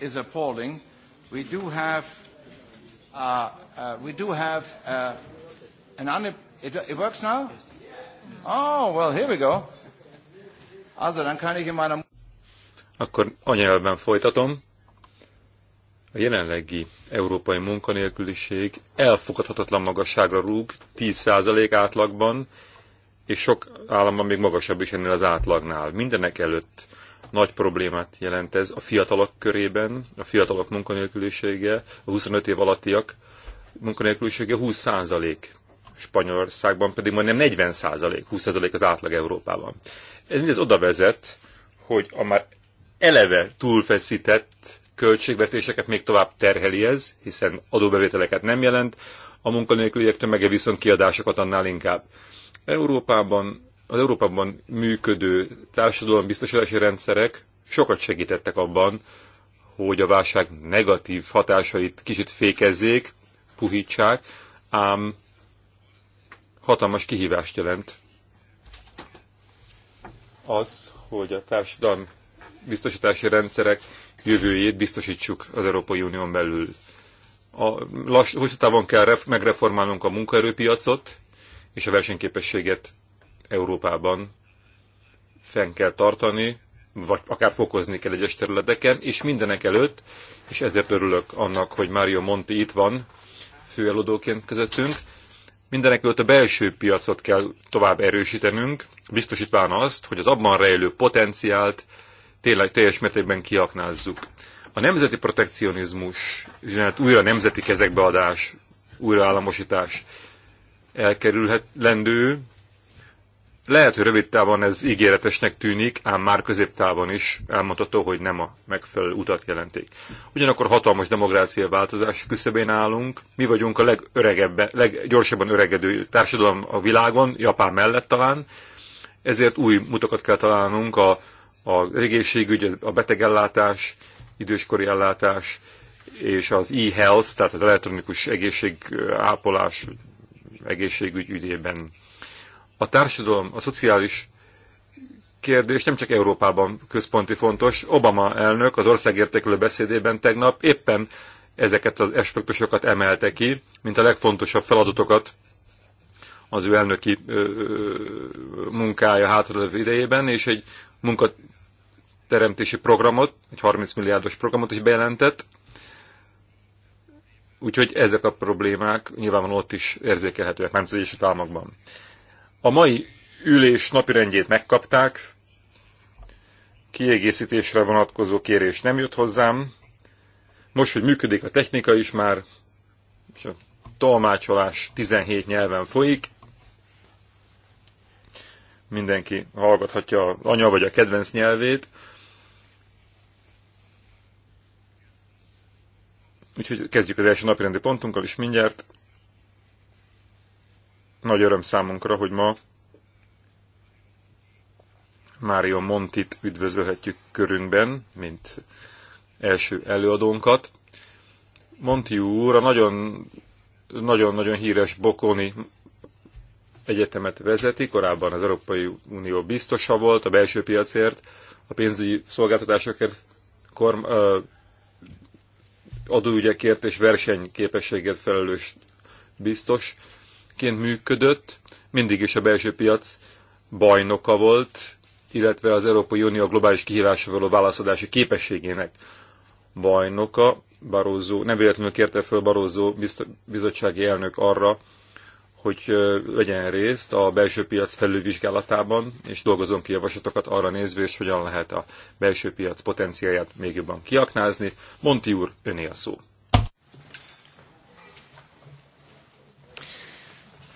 is appalling. We do have, uh, uh, we do have uh, an un. It, it works now. Oh well, here we go. Also, dann kann ich in meiner. Akkor anyelben folytatom. A jelenlegi európai munkanélküliség elfogadhatatlan magasságra rúg, 10% átlagban, és sok államban még magasabb is ennél az átlagnál. Mindenek előtt nagy problémát jelent ez a fiatalok körében, a fiatalok munkanélkülisége, a 25 év alattiak munkanélkülisége 20 százalék. Spanyolországban pedig majdnem 40 százalék, 20 százalék az átlag Európában. Ez mindez oda vezet, hogy a már eleve túlfeszített költségvetéseket még tovább terheli ez, hiszen adóbevételeket nem jelent, a munkanélküliek tömege viszont kiadásokat annál inkább. Európában az Európában működő társadalombiztosítási rendszerek sokat segítettek abban, hogy a válság negatív hatásait kicsit fékezzék, puhítsák, ám hatalmas kihívást jelent az, hogy a társadalmi biztosítási rendszerek jövőjét biztosítsuk az Európai Unión belül. A lass, hosszú távon kell megreformálnunk a munkaerőpiacot és a versenyképességet Európában fenn kell tartani, vagy akár fokozni kell egyes területeken, és mindenek előtt, és ezért örülök annak, hogy Mário Monti itt van, főelodóként közöttünk, mindenek előtt a belső piacot kell tovább erősítenünk, biztosítván azt, hogy az abban rejlő potenciált tényleg teljes mértékben kiaknázzuk. A nemzeti protekcionizmus, hát újra nemzeti kezekbeadás, újraállamosítás elkerülhet lendő, lehet, hogy rövid távon ez ígéretesnek tűnik, ám már középtávon is elmondható, hogy nem a megfelelő utat jelentik. Ugyanakkor hatalmas demográcia változás küszöbén állunk. Mi vagyunk a legöregebb, leggyorsabban öregedő társadalom a világon, Japán mellett talán. Ezért új mutakat kell találnunk a, a egészségügy, a betegellátás, időskori ellátás és az e-health, tehát az elektronikus egészségápolás egészségügy ügyében a társadalom, a szociális kérdés nem csak Európában központi fontos. Obama elnök az országértékelő beszédében tegnap éppen ezeket az aspektusokat emelte ki, mint a legfontosabb feladatokat az ő elnöki ö, munkája hátralévő idejében, és egy munkateremtési programot, egy 30 milliárdos programot is bejelentett. Úgyhogy ezek a problémák nyilvánvalóan ott is érzékelhetőek, nem az a Államokban. A mai ülés napirendjét megkapták, kiegészítésre vonatkozó kérés nem jött hozzám. Most, hogy működik a technika is már, és a tolmácsolás 17 nyelven folyik, mindenki hallgathatja a anya vagy a kedvenc nyelvét. Úgyhogy kezdjük az első napirendi pontunkkal is mindjárt. Nagy öröm számunkra, hogy ma Mário Montit üdvözölhetjük körünkben, mint első előadónkat. Monti úr a nagyon-nagyon híres Bokoni egyetemet vezeti, korábban az Európai Unió biztosa volt a belső piacért, a pénzügyi szolgáltatásokért, korm, ö, adóügyekért és versenyképességért felelős biztos ként működött, mindig is a belső piac bajnoka volt, illetve az Európai Unió globális kihívásra való válaszadási képességének bajnoka. Barózó, nem véletlenül kérte fel Barózó bizottsági elnök arra, hogy legyen részt a belső piac felülvizsgálatában, és dolgozom ki javaslatokat arra nézve, és hogyan lehet a belső piac potenciáját még jobban kiaknázni. Monti úr, öné a szó.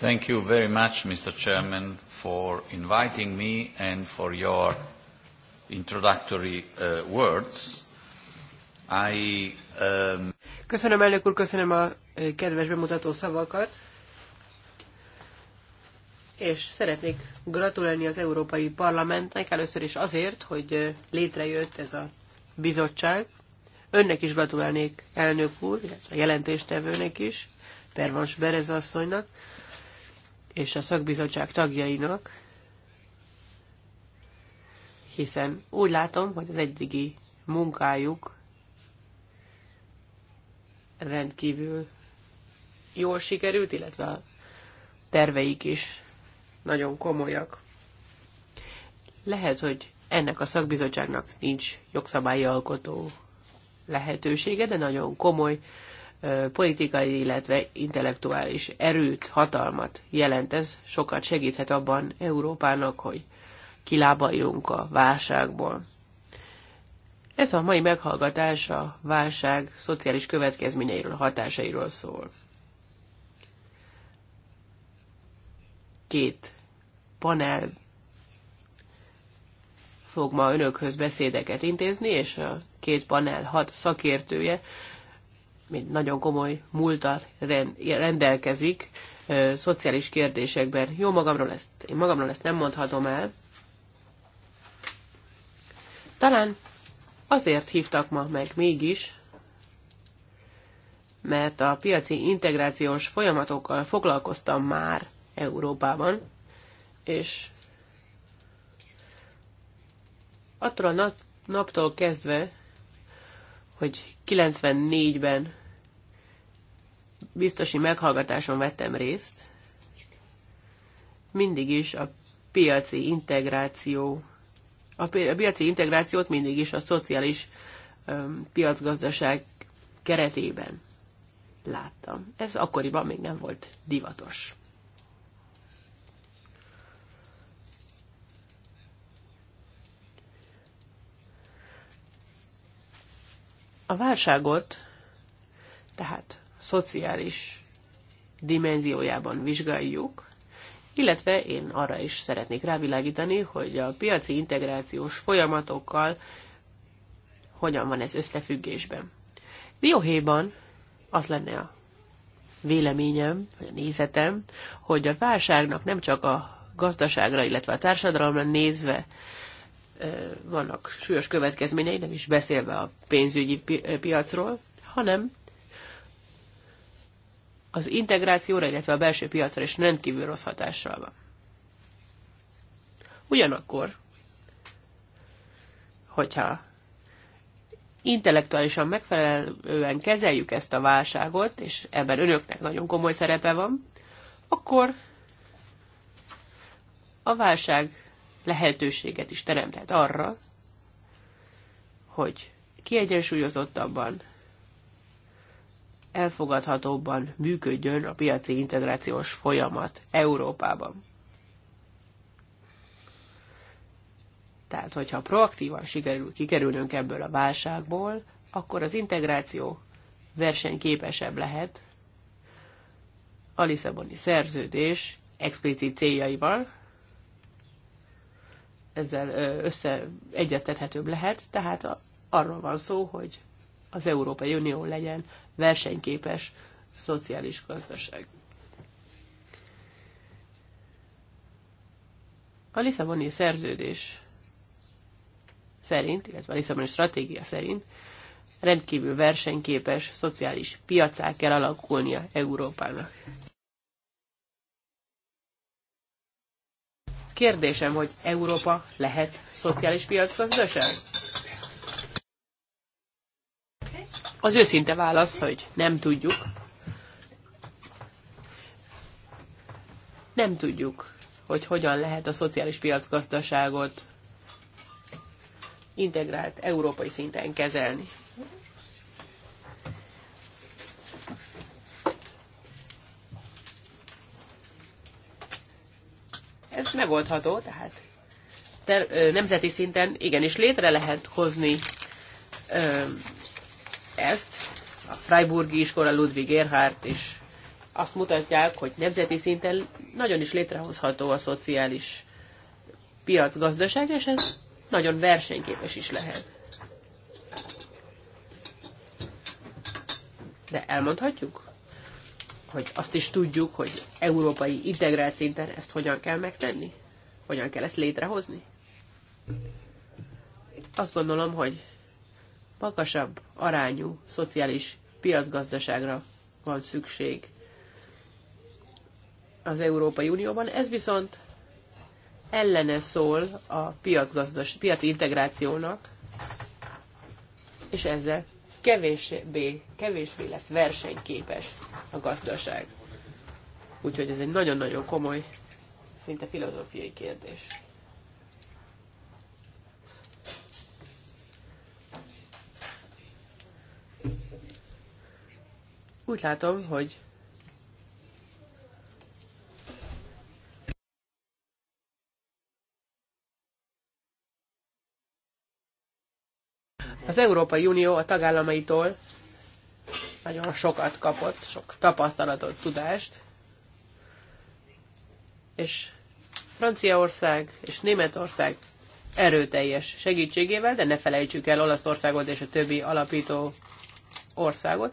Thank you very much, Mr. Chairman, for inviting me and for your introductory uh, words. I, um... Köszönöm, elnök úr, köszönöm a kedves bemutató szavakat, és szeretnék gratulálni az Európai Parlamentnek először is azért, hogy létrejött ez a bizottság. Önnek is gratulálnék, elnök úr, a jelentéstevőnek is, Pervans Berez asszonynak és a szakbizottság tagjainak, hiszen úgy látom, hogy az eddigi munkájuk rendkívül jól sikerült, illetve a terveik is nagyon komolyak. Lehet, hogy ennek a szakbizottságnak nincs jogszabályi alkotó lehetősége, de nagyon komoly politikai, illetve intellektuális erőt, hatalmat jelent ez, sokat segíthet abban Európának, hogy kilábaljunk a válságból. Ez a mai meghallgatás a válság szociális következményeiről, hatásairól szól. Két panel fog ma önökhöz beszédeket intézni, és a két panel hat szakértője mint nagyon komoly múltal rendelkezik ö, szociális kérdésekben. Jó magamról ezt, én magamról ezt nem mondhatom el. Talán azért hívtak ma meg mégis, mert a piaci integrációs folyamatokkal foglalkoztam már Európában, és attól a nap, naptól kezdve, hogy 94-ben biztosi meghallgatáson vettem részt, mindig is a piaci integráció, a piaci integrációt mindig is a szociális piacgazdaság keretében láttam. Ez akkoriban még nem volt divatos. A válságot tehát szociális dimenziójában vizsgáljuk, illetve én arra is szeretnék rávilágítani, hogy a piaci integrációs folyamatokkal hogyan van ez összefüggésben. Dióhéjban az lenne a véleményem, vagy a nézetem, hogy a válságnak nem csak a gazdaságra, illetve a társadalomra nézve vannak súlyos következményei, nem is beszélve a pénzügyi piacról, hanem az integrációra, illetve a belső piacra is rendkívül rossz hatással van. Ugyanakkor, hogyha intellektuálisan megfelelően kezeljük ezt a válságot, és ebben önöknek nagyon komoly szerepe van, akkor a válság lehetőséget is teremthet arra, hogy kiegyensúlyozottabban elfogadhatóbban működjön a piaci integrációs folyamat Európában. Tehát, hogyha proaktívan sikerül kikerülnünk ebből a válságból, akkor az integráció versenyképesebb lehet a Lisszaboni szerződés explicit céljaival, ezzel összeegyeztethetőbb lehet, tehát arról van szó, hogy az Európai Unió legyen versenyképes szociális gazdaság. A Lisszaboni szerződés szerint, illetve a Lisszaboni stratégia szerint rendkívül versenyképes szociális piacá kell alakulnia Európának. Kérdésem, hogy Európa lehet szociális piacgazdaság? Az őszinte válasz, hogy nem tudjuk. Nem tudjuk, hogy hogyan lehet a szociális piacgazdaságot integrált európai szinten kezelni. Ez megoldható, tehát ter, ö, nemzeti szinten igenis létre lehet hozni ö, ezt a Freiburgi iskola Ludwig Erhardt is azt mutatják, hogy nemzeti szinten nagyon is létrehozható a szociális piacgazdaság, és ez nagyon versenyképes is lehet. De elmondhatjuk, hogy azt is tudjuk, hogy európai integrált szinten ezt hogyan kell megtenni? Hogyan kell ezt létrehozni? Azt gondolom, hogy magasabb arányú szociális piacgazdaságra van szükség az Európai Unióban. Ez viszont ellene szól a piacgazdas, piaci integrációnak, és ezzel kevésbé, kevésbé lesz versenyképes a gazdaság. Úgyhogy ez egy nagyon-nagyon komoly, szinte filozófiai kérdés. Úgy látom, hogy az Európai Unió a tagállamaitól nagyon sokat kapott, sok tapasztalatot, tudást, és Franciaország és Németország erőteljes segítségével, de ne felejtsük el Olaszországot és a többi alapító országot,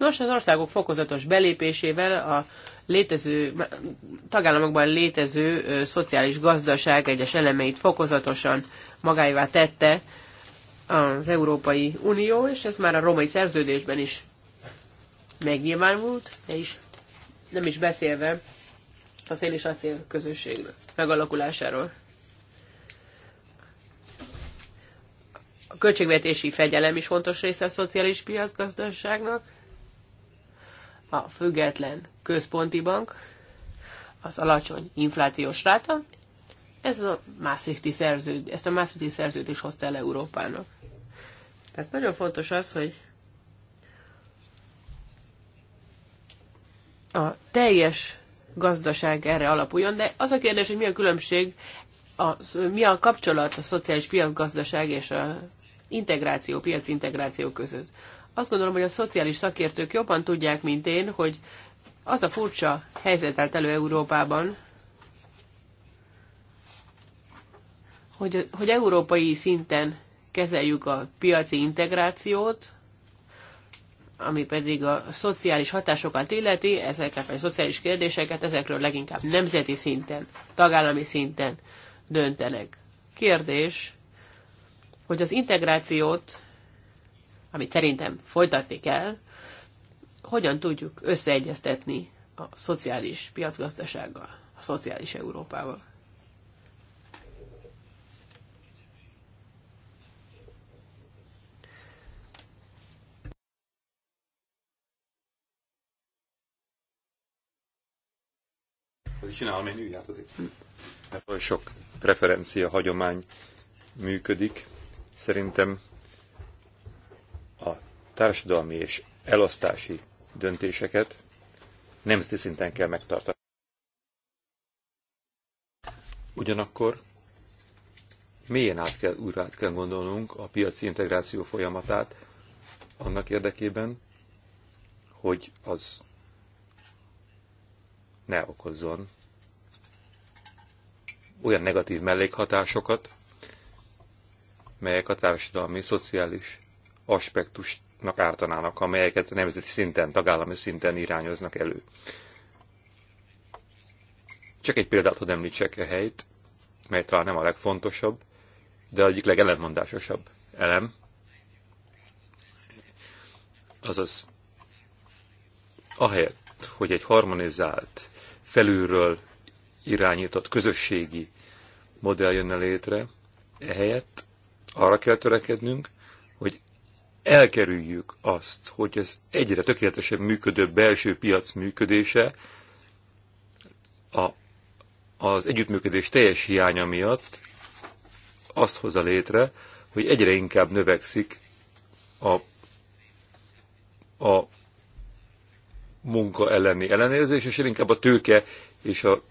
Nos, az országok fokozatos belépésével a létező, tagállamokban létező ö, szociális gazdaság egyes elemeit fokozatosan magáivá tette az Európai Unió, és ez már a romai szerződésben is megnyilvánult, de is, nem is beszélve a szél és acél közösség megalakulásáról. A költségvetési fegyelem is fontos része a szociális piacgazdaságnak, a független központi bank, az alacsony inflációs ráta, ez a Maastrichti szerződ, ezt a Maastrichti szerződés hozta el Európának. Tehát nagyon fontos az, hogy a teljes gazdaság erre alapuljon, de az a kérdés, hogy mi a különbség, a, mi a kapcsolat a szociális piacgazdaság és a integráció, piacintegráció között. Azt gondolom, hogy a szociális szakértők jobban tudják, mint én, hogy az a furcsa helyzet állt elő Európában, hogy, hogy európai szinten kezeljük a piaci integrációt, ami pedig a szociális hatásokat illeti, ezeket, a szociális kérdéseket, ezekről leginkább nemzeti szinten, tagállami szinten döntenek. Kérdés, hogy az integrációt amit szerintem folytatni kell, hogyan tudjuk összeegyeztetni a szociális piacgazdasággal, a szociális Európával. Csinálom én ügyjátodik. Sok preferencia hagyomány működik. Szerintem társadalmi és elosztási döntéseket nemzeti szinten kell megtartani. Ugyanakkor mélyen át kell, újra át kell gondolnunk a piaci integráció folyamatát annak érdekében, hogy az ne okozzon olyan negatív mellékhatásokat, melyek a társadalmi, szociális aspektust szabályoknak ártanának, amelyeket nemzeti szinten, tagállami szinten irányoznak elő. Csak egy példát, hogy említsek a e helyt, mely talán nem a legfontosabb, de egyik legellentmondásosabb elem. Azaz, ahelyett, hogy egy harmonizált, felülről irányított közösségi modell jönne létre, ehelyett arra kell törekednünk, hogy elkerüljük azt, hogy ez egyre tökéletesen működő belső piac működése a, az együttműködés teljes hiánya miatt azt hozza létre, hogy egyre inkább növekszik a, a munka elleni ellenérzés, és inkább a tőke és a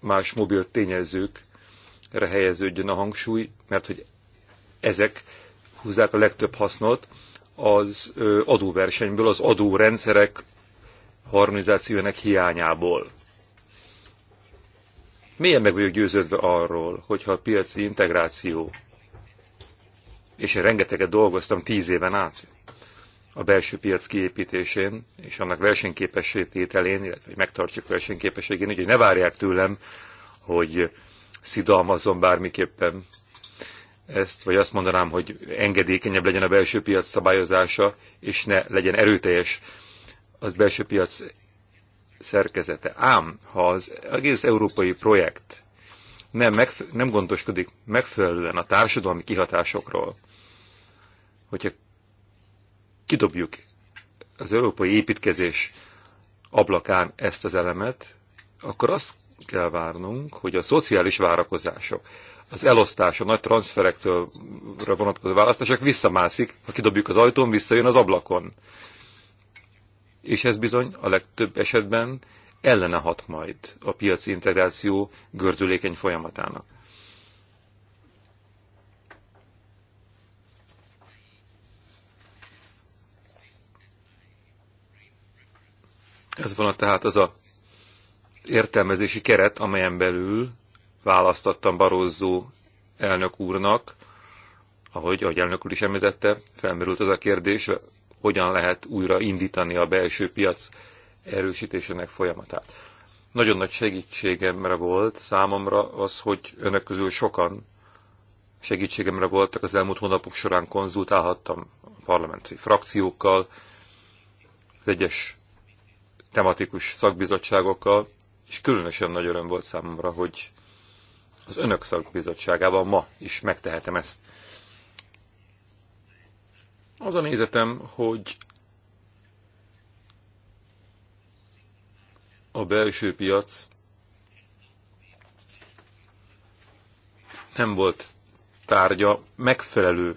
más mobil tényezőkre helyeződjön a hangsúly, mert hogy ezek húzzák a legtöbb hasznot az adóversenyből, az adórendszerek harmonizációjának hiányából. Mélyen meg vagyok győződve arról, hogyha a piaci integráció, és én rengeteget dolgoztam tíz éven át a belső piac kiépítésén, és annak versenyképessé tételén, illetve hogy megtartsuk versenyképességén, úgyhogy ne várják tőlem, hogy szidalmazom bármiképpen ezt, vagy azt mondanám, hogy engedékenyebb legyen a belső piac szabályozása, és ne legyen erőteljes az belső piac szerkezete. Ám, ha az egész európai projekt nem, megfe- nem gondoskodik megfelelően a társadalmi kihatásokról, hogyha kidobjuk az európai építkezés ablakán ezt az elemet, akkor azt kell várnunk, hogy a szociális várakozások, az elosztás, a nagy transferektől vonatkozó választások visszamászik, ha kidobjuk az ajtón, visszajön az ablakon. És ez bizony a legtöbb esetben ellene hat majd a piaci integráció gördülékeny folyamatának. Ez van a, tehát az a értelmezési keret, amelyen belül választottam Barózó elnök úrnak, ahogy, ahogy elnök úr is említette, felmerült az a kérdés, hogyan lehet újra indítani a belső piac erősítésének folyamatát. Nagyon nagy segítségemre volt számomra az, hogy önök közül sokan segítségemre voltak az elmúlt hónapok során konzultálhattam a parlamenti frakciókkal, az egyes tematikus szakbizottságokkal, és különösen nagy öröm volt számomra, hogy az önök szakbizottságában ma is megtehetem ezt. Az a nézetem, hogy a belső piac nem volt tárgya megfelelő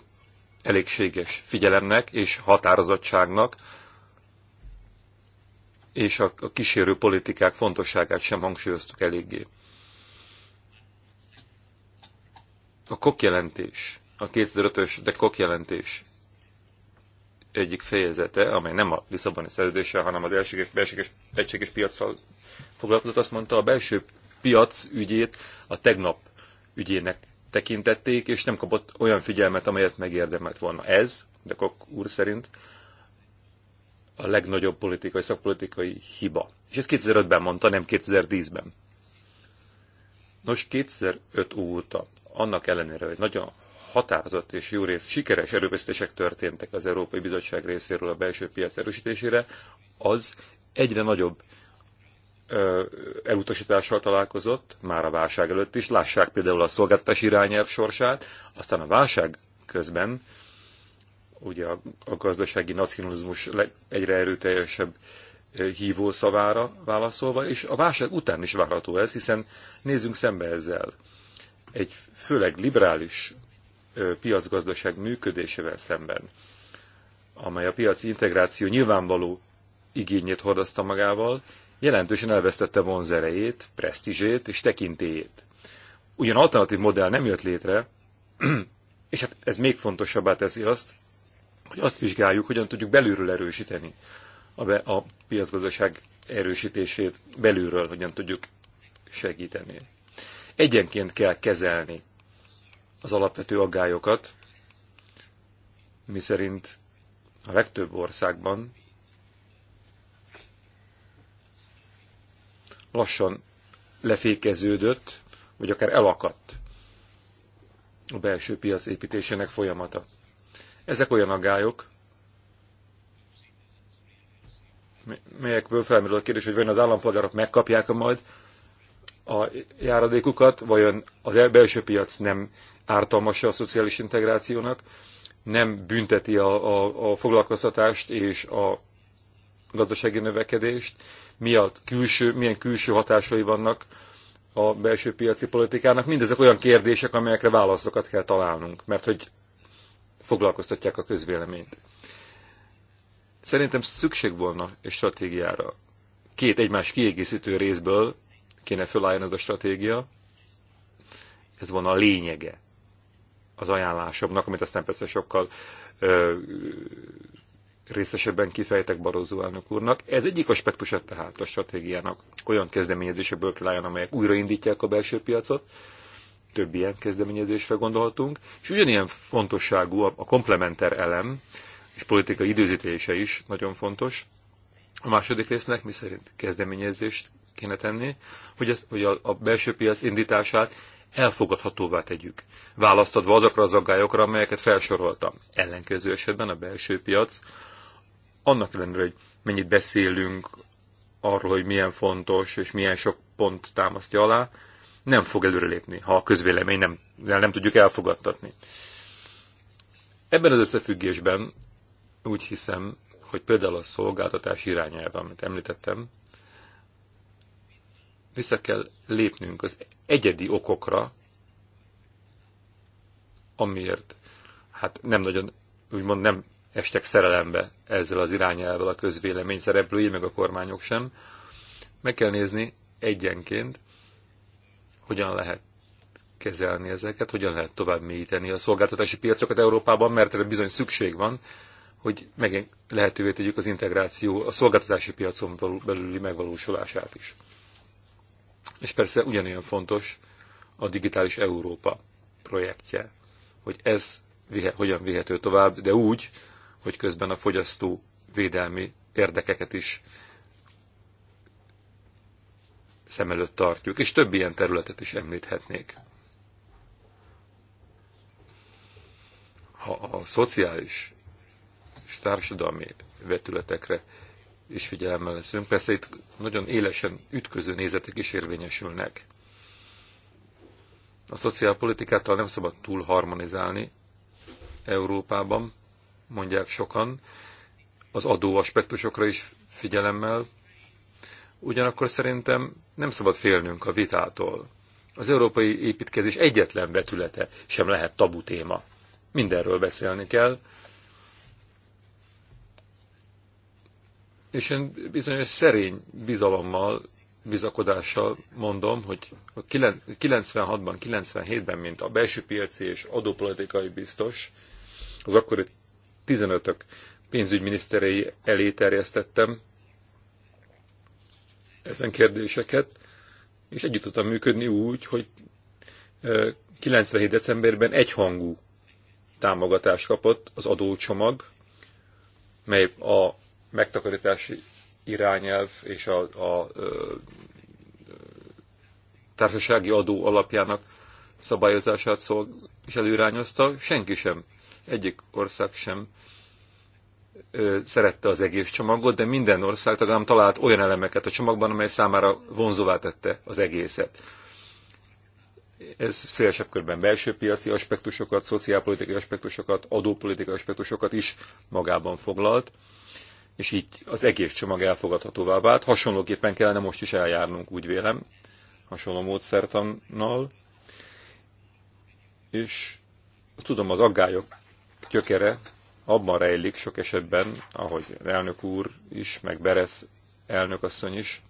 elégséges figyelemnek és határozottságnak, és a, kísérő politikák fontosságát sem hangsúlyoztuk eléggé. A KOK jelentés, a 2005-ös de KOK jelentés egyik fejezete, amely nem a Lisszaboni szerződéssel, hanem az elsőges, belsőges, egységes piacsal foglalkozott, azt mondta, a belső piac ügyét a tegnap ügyének tekintették, és nem kapott olyan figyelmet, amelyet megérdemelt volna. Ez, de Kok úr szerint, a legnagyobb politikai, szakpolitikai hiba. És ezt 2005-ben mondta, nem 2010-ben. Nos, 2005 óta annak ellenére, hogy nagyon határozott és jó rész sikeres erőfeszítések történtek az Európai Bizottság részéről a belső piac erősítésére, az egyre nagyobb ö, elutasítással találkozott, már a válság előtt is, lássák például a szolgáltatás irányelv sorsát, aztán a válság közben ugye a, a gazdasági nacionalizmus egyre erőteljesebb hívószavára válaszolva, és a válság után is várható ez, hiszen nézzünk szembe ezzel egy főleg liberális piacgazdaság működésével szemben, amely a piaci integráció nyilvánvaló igényét hordozta magával, jelentősen elvesztette vonzerejét, presztízsét és tekintélyét. Ugyan alternatív modell nem jött létre, és hát ez még fontosabbá teszi azt, hogy azt vizsgáljuk, hogyan tudjuk belülről erősíteni a, be, a piacgazdaság erősítését belülről, hogyan tudjuk segíteni egyenként kell kezelni az alapvető aggályokat, miszerint a legtöbb országban lassan lefékeződött, vagy akár elakadt a belső piac építésének folyamata. Ezek olyan agályok, melyekből felmerül a kérdés, hogy vajon az állampolgárok megkapják -e majd a járadékukat, vajon a belső piac nem ártalmasa a szociális integrációnak, nem bünteti a, a, a foglalkoztatást és a gazdasági növekedést, miatt külső, milyen külső hatásai vannak a belső piaci politikának. Mindezek olyan kérdések, amelyekre válaszokat kell találnunk, mert hogy foglalkoztatják a közvéleményt. Szerintem szükség volna egy stratégiára. Két egymás kiegészítő részből, kéne fölálljon ez a stratégia. Ez van a lényege az ajánlásomnak, amit aztán persze sokkal ö, részesebben kifejtek Barozó elnök úrnak. Ez egyik aspektusa tehát a stratégiának olyan kezdeményezésekből kell álljon, amelyek újraindítják a belső piacot, több ilyen kezdeményezésre gondolhatunk, és ugyanilyen fontosságú a komplementer elem, és politikai időzítése is nagyon fontos. A második résznek mi szerint kezdeményezést kéne tenni, hogy, ezt, hogy a, a belső piac indítását elfogadhatóvá tegyük, választadva azokra az aggályokra, amelyeket felsoroltam. Ellenkező esetben a belső piac, annak ellenére, hogy mennyit beszélünk arról, hogy milyen fontos és milyen sok pont támasztja alá, nem fog előrelépni, ha a közvélemény nem, nem tudjuk elfogadtatni. Ebben az összefüggésben úgy hiszem, hogy például a szolgáltatás irányelve, amit említettem, vissza kell lépnünk az egyedi okokra, amiért hát nem nagyon, úgymond nem estek szerelembe ezzel az irányával a közvélemény szereplői, meg a kormányok sem. Meg kell nézni egyenként, hogyan lehet kezelni ezeket, hogyan lehet tovább mélyíteni a szolgáltatási piacokat Európában, mert erre bizony szükség van, hogy meg lehetővé tegyük az integráció a szolgáltatási piacon belüli megvalósulását is. És persze ugyanilyen fontos a Digitális Európa projektje, hogy ez vihe, hogyan vihető tovább, de úgy, hogy közben a fogyasztó védelmi érdekeket is szem előtt tartjuk, és több ilyen területet is említhetnék. Ha a szociális és társadalmi vetületekre és figyelemmel leszünk. Persze itt nagyon élesen ütköző nézetek is érvényesülnek. A szociálpolitikától nem szabad túl harmonizálni Európában, mondják sokan, az adó aspektusokra is figyelemmel. Ugyanakkor szerintem nem szabad félnünk a vitától. Az európai építkezés egyetlen vetülete sem lehet tabu téma. Mindenről beszélni kell, és én bizonyos szerény bizalommal, bizakodással mondom, hogy a 96-ban, 97-ben, mint a belső piaci és adópolitikai biztos, az akkori 15-ök pénzügyminiszterei elé terjesztettem ezen kérdéseket, és együtt tudtam működni úgy, hogy 97. decemberben egyhangú támogatást kapott az adócsomag, mely a megtakarítási irányelv és a, a, a társasági adó alapjának szabályozását szól, és előirányozta, senki sem, egyik ország sem ö, szerette az egész csomagot, de minden ország tagállam talált olyan elemeket a csomagban, amely számára vonzóvá tette az egészet. Ez szélesebb körben belső piaci aspektusokat, szociálpolitikai aspektusokat, adópolitikai aspektusokat is magában foglalt és így az egész csomag elfogadhatóvá vált. Hasonlóképpen kellene most is eljárnunk, úgy vélem, hasonló módszertannal. És tudom, az aggályok gyökere abban rejlik sok esetben, ahogy elnök úr is, meg Beresz elnökasszony is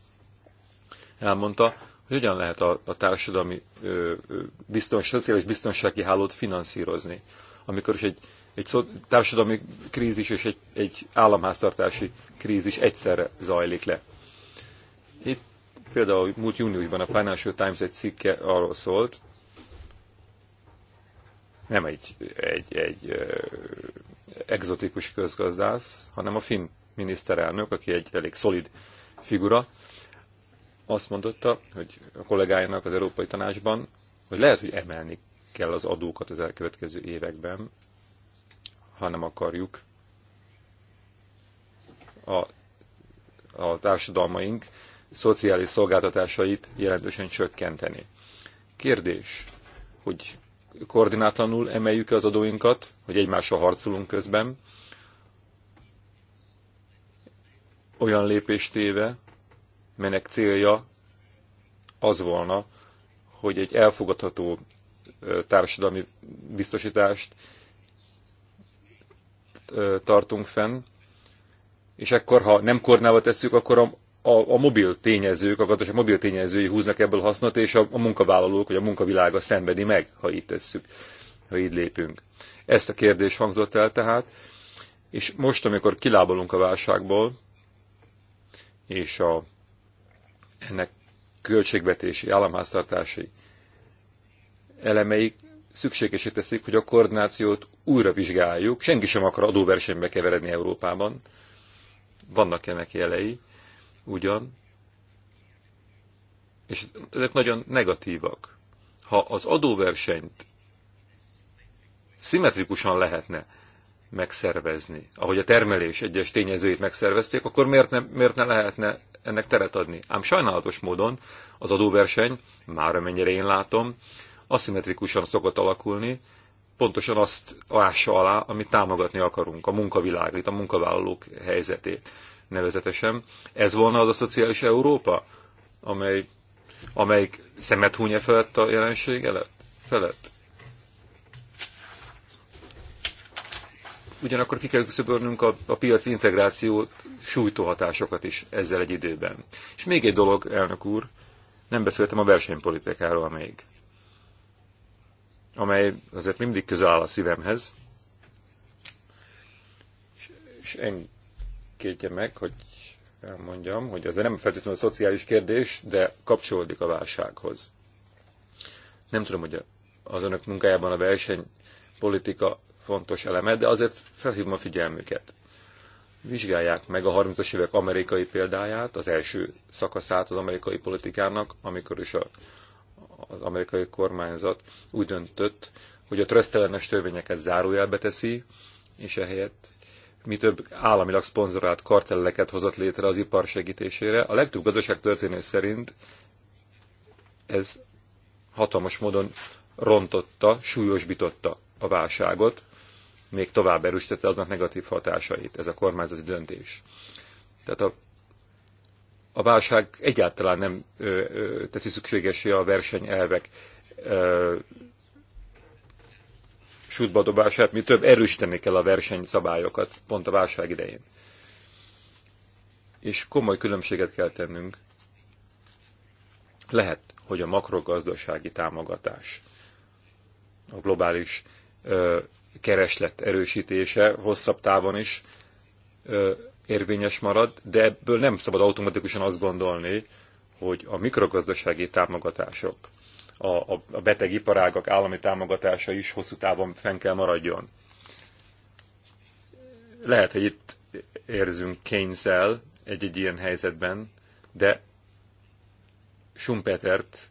elmondta, hogy hogyan lehet a, a társadalmi ö, ö, biztonság, szociális biztonsági hálót finanszírozni, amikor is egy egy társadalmi krízis és egy, egy államháztartási krízis egyszerre zajlik le. Itt például múlt júniusban a Financial Times egy cikke arról szólt, nem egy, egy, egy ö, egzotikus közgazdász, hanem a finn miniszterelnök, aki egy elég szolid figura, azt mondotta, hogy a kollégájának az Európai Tanácsban, hogy lehet, hogy emelni kell az adókat az elkövetkező években, ha nem akarjuk a, a társadalmaink szociális szolgáltatásait jelentősen csökkenteni. Kérdés, hogy koordinátlanul emeljük az adóinkat, hogy egymással harcolunk közben, olyan lépést téve, melynek célja az volna, hogy egy elfogadható társadalmi biztosítást tartunk fenn, és ekkor, ha nem kornába tesszük, akkor a, a, a mobil tényezők, a gazdaság mobil tényezői húznak ebből hasznot, és a, a munkavállalók, vagy a munkavilága szenvedi meg, ha így tesszük, ha így lépünk. Ezt a kérdés hangzott el tehát, és most, amikor kilábalunk a válságból, és a, ennek költségvetési, államháztartási elemei szükségesé teszik, hogy a koordinációt újra vizsgáljuk. Senki sem akar adóversenybe keveredni Európában. Vannak ennek jelei, ugyan. És ezek nagyon negatívak. Ha az adóversenyt szimmetrikusan lehetne megszervezni, ahogy a termelés egyes tényezőit megszervezték, akkor miért ne, miért ne lehetne ennek teret adni? Ám sajnálatos módon az adóverseny, már amennyire én látom, aszimmetrikusan szokott alakulni, pontosan azt ássa alá, amit támogatni akarunk, a munkavilágot, a munkavállalók helyzetét nevezetesen. Ez volna az a szociális Európa, amely, amelyik szemet húnya felett a jelenség elett, felett? Ugyanakkor ki kell küszöbölnünk a, a piaci integrációt, sújtó hatásokat is ezzel egy időben. És még egy dolog, elnök úr, nem beszéltem a versenypolitikáról még amely azért mindig közel áll a szívemhez, és engedje meg, hogy elmondjam, hogy ez nem feltétlenül a szociális kérdés, de kapcsolódik a válsághoz. Nem tudom, hogy az önök munkájában a politika fontos eleme, de azért felhívom a figyelmüket. Vizsgálják meg a 30-as évek amerikai példáját, az első szakaszát az amerikai politikának, amikor is a az amerikai kormányzat úgy döntött, hogy a trösztelenes törvényeket zárójelbe teszi, és ehelyett mi több államilag szponzorált kartelleket hozott létre az ipar segítésére. A legtöbb gazdaság történés szerint ez hatalmas módon rontotta, súlyosbította a válságot, még tovább erősítette aznak negatív hatásait ez a kormányzati döntés. Tehát a a válság egyáltalán nem ö, ö, teszi szükségesé a versenyelvek sútba dobását, mi több erősíteni kell a versenyszabályokat pont a válság idején. És komoly különbséget kell tennünk. Lehet, hogy a makrogazdasági támogatás, a globális ö, kereslet erősítése hosszabb távon is ö, érvényes marad, de ebből nem szabad automatikusan azt gondolni, hogy a mikrogazdasági támogatások, a, a, a beteg iparágak állami támogatása is hosszú távon fenn kell maradjon. Lehet, hogy itt érzünk kényszel egy-egy ilyen helyzetben, de Schumpetert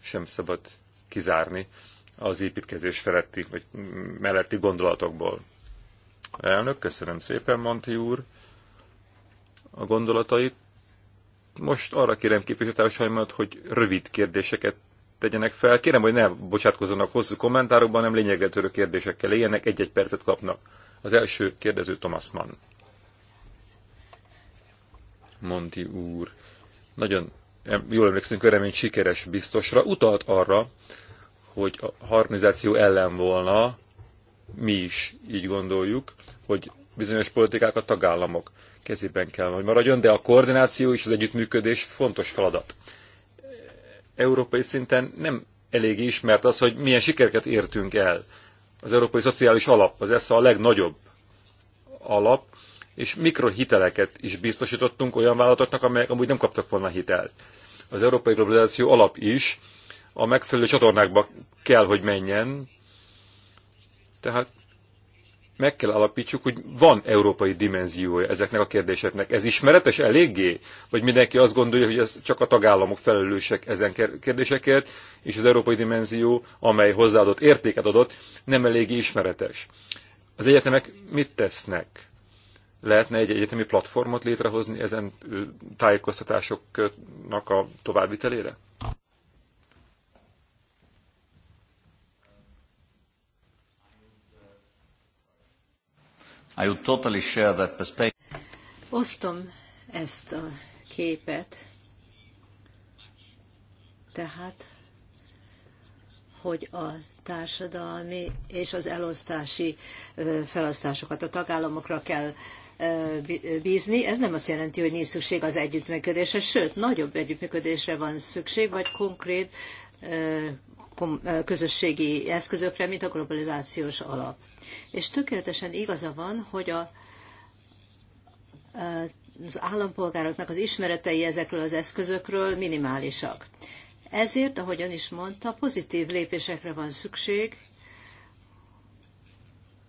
sem szabad kizárni az építkezés feletti, vagy melletti gondolatokból. Elnök, köszönöm szépen, Monti úr a gondolatait. Most arra kérem képviselőtársaimat, hogy rövid kérdéseket tegyenek fel. Kérem, hogy ne bocsátkozzanak hosszú kommentárokban, hanem lényegre törő kérdésekkel éljenek, egy-egy percet kapnak. Az első kérdező Thomas Mann. Monti úr. Nagyon jól emlékszünk erre, sikeres biztosra. Utalt arra, hogy a harmonizáció ellen volna, mi is így gondoljuk, hogy bizonyos politikák a tagállamok kezében kell, hogy maradjon, de a koordináció és az együttműködés fontos feladat. Európai szinten nem elég ismert az, hogy milyen sikereket értünk el. Az Európai Szociális Alap, az ESZA a legnagyobb alap, és mikrohiteleket is biztosítottunk olyan vállalatoknak, amelyek amúgy nem kaptak volna hitelt. Az Európai Globalizáció alap is a megfelelő csatornákba kell, hogy menjen, tehát meg kell alapítsuk, hogy van európai dimenziója ezeknek a kérdéseknek. Ez ismeretes eléggé? Vagy mindenki azt gondolja, hogy ez csak a tagállamok felelősek ezen kérdésekért, és az európai dimenzió, amely hozzáadott értéket adott, nem eléggé ismeretes. Az egyetemek mit tesznek? Lehetne egy egyetemi platformot létrehozni ezen tájékoztatásoknak a továbbvitelére? I would totally share that perspective. Osztom ezt a képet. Tehát, hogy a társadalmi és az elosztási felosztásokat a tagállamokra kell bízni. Ez nem azt jelenti, hogy nincs szükség az együttműködésre, sőt, nagyobb együttműködésre van szükség, vagy konkrét közösségi eszközökre, mint a globalizációs alap. És tökéletesen igaza van, hogy a, az állampolgároknak az ismeretei ezekről az eszközökről minimálisak. Ezért, ahogy ön is mondta, pozitív lépésekre van szükség,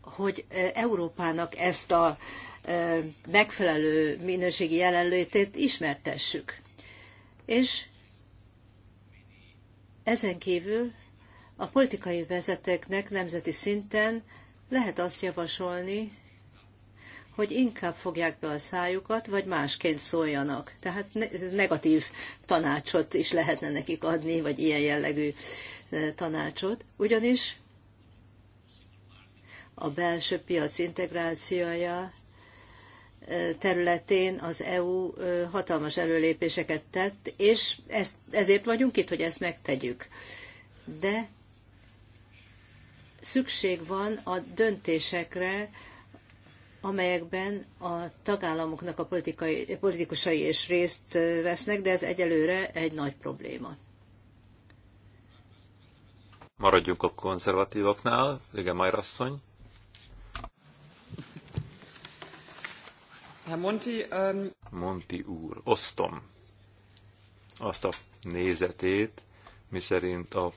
hogy Európának ezt a megfelelő minőségi jelenlétét ismertessük. És ezen kívül a politikai vezetőknek nemzeti szinten lehet azt javasolni, hogy inkább fogják be a szájukat, vagy másként szóljanak. Tehát negatív tanácsot is lehetne nekik adni, vagy ilyen jellegű e, tanácsot. Ugyanis a belső piac integrációja területén az EU hatalmas előlépéseket tett, és ezt, ezért vagyunk itt, hogy ezt megtegyük. De szükség van a döntésekre, amelyekben a tagállamoknak a politikai, politikusai is részt vesznek, de ez egyelőre egy nagy probléma. Maradjunk a konzervatívoknál, igen, Majrasszony. Monti, um... Monti úr, osztom azt a nézetét, miszerint a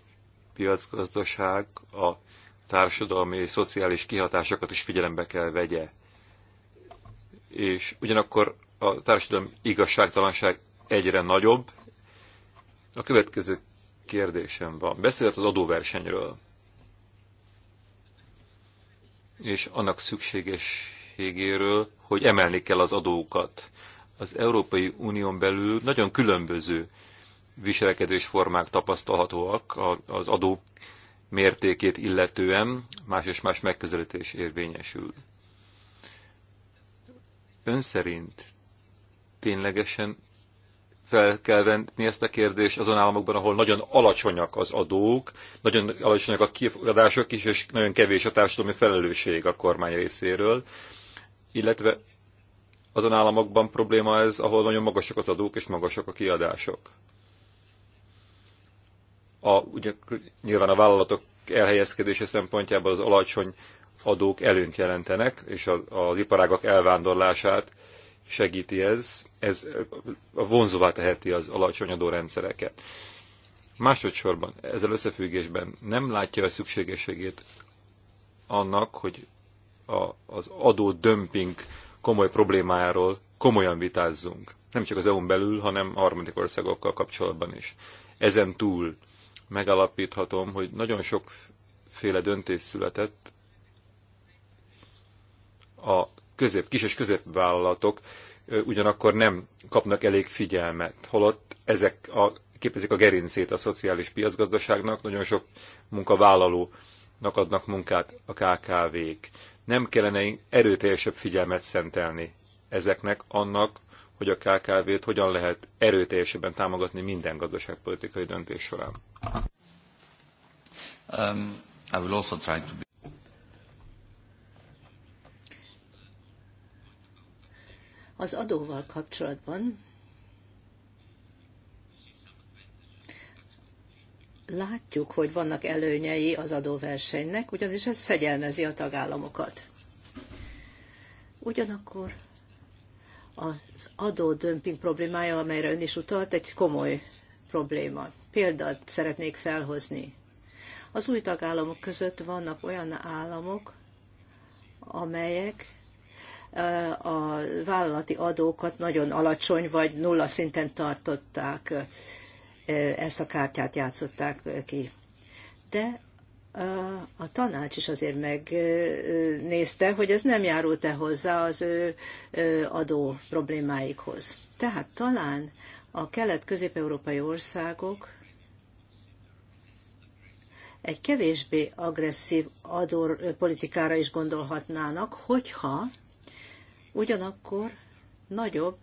piacgazdaság a társadalmi és szociális kihatásokat is figyelembe kell vegye. És ugyanakkor a társadalmi igazságtalanság egyre nagyobb. A következő kérdésem van. Beszélt az adóversenyről és annak szükséges végéről, hogy emelni kell az adókat. Az Európai Unión belül nagyon különböző viselkedés formák tapasztalhatóak az adó mértékét illetően, más és más megközelítés érvényesül. Ön szerint ténylegesen fel kell venni ezt a kérdést azon államokban, ahol nagyon alacsonyak az adók, nagyon alacsonyak a kiadások is, és nagyon kevés a társadalmi felelősség a kormány részéről illetve azon államokban probléma ez, ahol nagyon magasak az adók és magasak a kiadások. A, ugye, nyilván a vállalatok elhelyezkedése szempontjából az alacsony adók előnyt jelentenek, és a, az iparágak elvándorlását segíti ez, ez vonzóvá teheti az alacsony adórendszereket. Másodszorban, ezzel összefüggésben nem látja a szükségességét annak, hogy a, az adó dömping komoly problémájáról komolyan vitázzunk. Nem csak az EU-n belül, hanem a harmadik országokkal kapcsolatban is. Ezen túl megalapíthatom, hogy nagyon sokféle döntés született a közép, kis és középvállalatok ugyanakkor nem kapnak elég figyelmet, holott ezek a, képezik a gerincét a szociális piacgazdaságnak, nagyon sok munkavállalónak adnak munkát a KKV-k nem kellene erőteljesebb figyelmet szentelni ezeknek, annak, hogy a KKV-t hogyan lehet erőteljesebben támogatni minden gazdaságpolitikai döntés során. Um, I will also try to be... Az adóval kapcsolatban Látjuk, hogy vannak előnyei az adóversenynek, ugyanis ez fegyelmezi a tagállamokat. Ugyanakkor az adódömping problémája, amelyre ön is utalt, egy komoly probléma. Példát szeretnék felhozni. Az új tagállamok között vannak olyan államok, amelyek a vállalati adókat nagyon alacsony vagy nulla szinten tartották ezt a kártyát játszották ki. De a tanács is azért megnézte, hogy ez nem járult-e hozzá az ő adó problémáikhoz. Tehát talán a kelet-közép-európai országok egy kevésbé agresszív adópolitikára is gondolhatnának, hogyha ugyanakkor nagyobb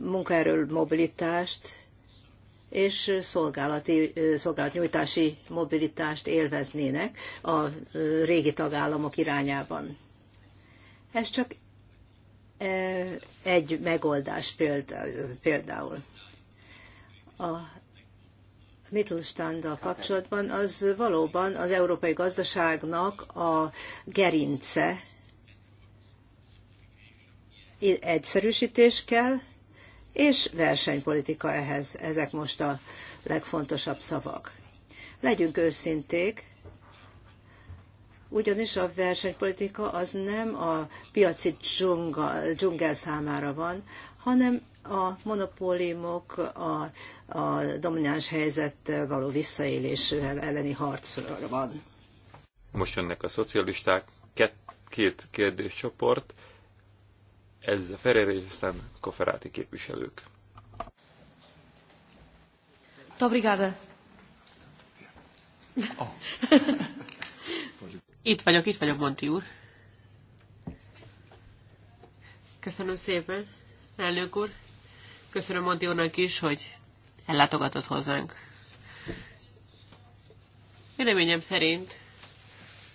munkaerő mobilitást és szolgálati, szolgálatnyújtási mobilitást élveznének a régi tagállamok irányában. Ez csak egy megoldás például. A Mittelstand kapcsolatban az valóban az európai gazdaságnak a gerince. Egyszerűsítés kell, és versenypolitika ehhez. Ezek most a legfontosabb szavak. Legyünk őszinték, ugyanis a versenypolitika az nem a piaci dzsungel, dzsungel számára van, hanem a monopóliumok, a, a domináns helyzettel való visszaélés elleni harcról van. Most jönnek a szocialisták, két, két kérdéscsoport, ez a Ferreira és aztán Koferáti képviselők. Obrigada. Oh. itt vagyok, itt vagyok, Monti úr. Köszönöm szépen, elnök úr. Köszönöm Monti úrnak is, hogy ellátogatott hozzánk. Véleményem szerint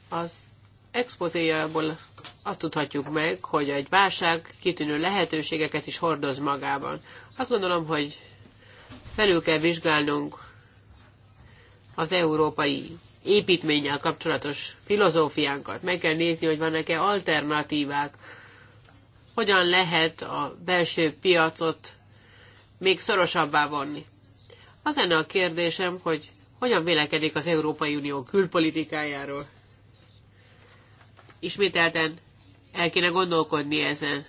az expozéjából azt tudhatjuk meg, hogy egy válság kitűnő lehetőségeket is hordoz magában. Azt gondolom, hogy felül kell vizsgálnunk az európai építménnyel kapcsolatos filozófiánkat. Meg kell nézni, hogy vannak-e alternatívák, hogyan lehet a belső piacot még szorosabbá vonni. Az lenne a kérdésem, hogy hogyan vélekedik az Európai Unió külpolitikájáról. Ismételten el kéne gondolkodni ezen.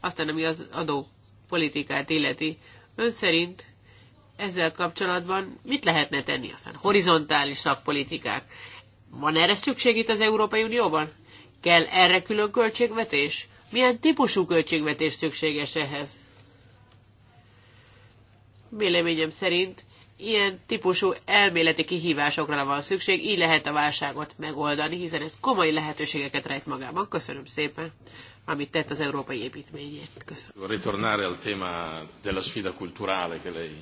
Aztán, ami az adó politikát illeti, ön szerint ezzel kapcsolatban mit lehetne tenni? Aztán horizontális szakpolitikák. Van erre szükség itt az Európai Unióban? Kell erre külön költségvetés? Milyen típusú költségvetés szükséges ehhez? Véleményem szerint ilyen típusú elméleti kihívásokra van szükség, így lehet a válságot megoldani, hiszen ez komoly lehetőségeket rejt magában. Köszönöm szépen, amit tett az európai építményét. Köszönöm. Ritornare al tema della sfida culturale che lei...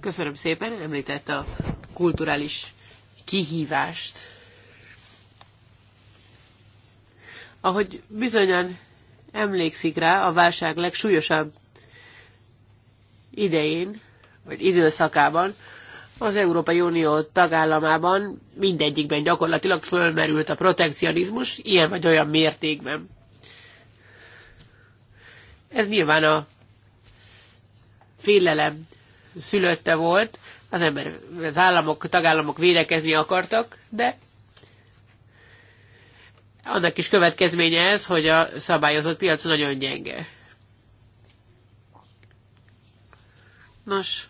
Köszönöm szépen, említette a kulturális kihívást. Ahogy bizonyan emlékszik rá, a válság legsúlyosabb idején, vagy időszakában az Európai Unió tagállamában mindegyikben gyakorlatilag fölmerült a protekcionizmus ilyen vagy olyan mértékben. Ez nyilván a félelem szülötte volt, az ember, az államok, tagállamok védekezni akartak, de annak is következménye ez, hogy a szabályozott piac nagyon gyenge. Nos,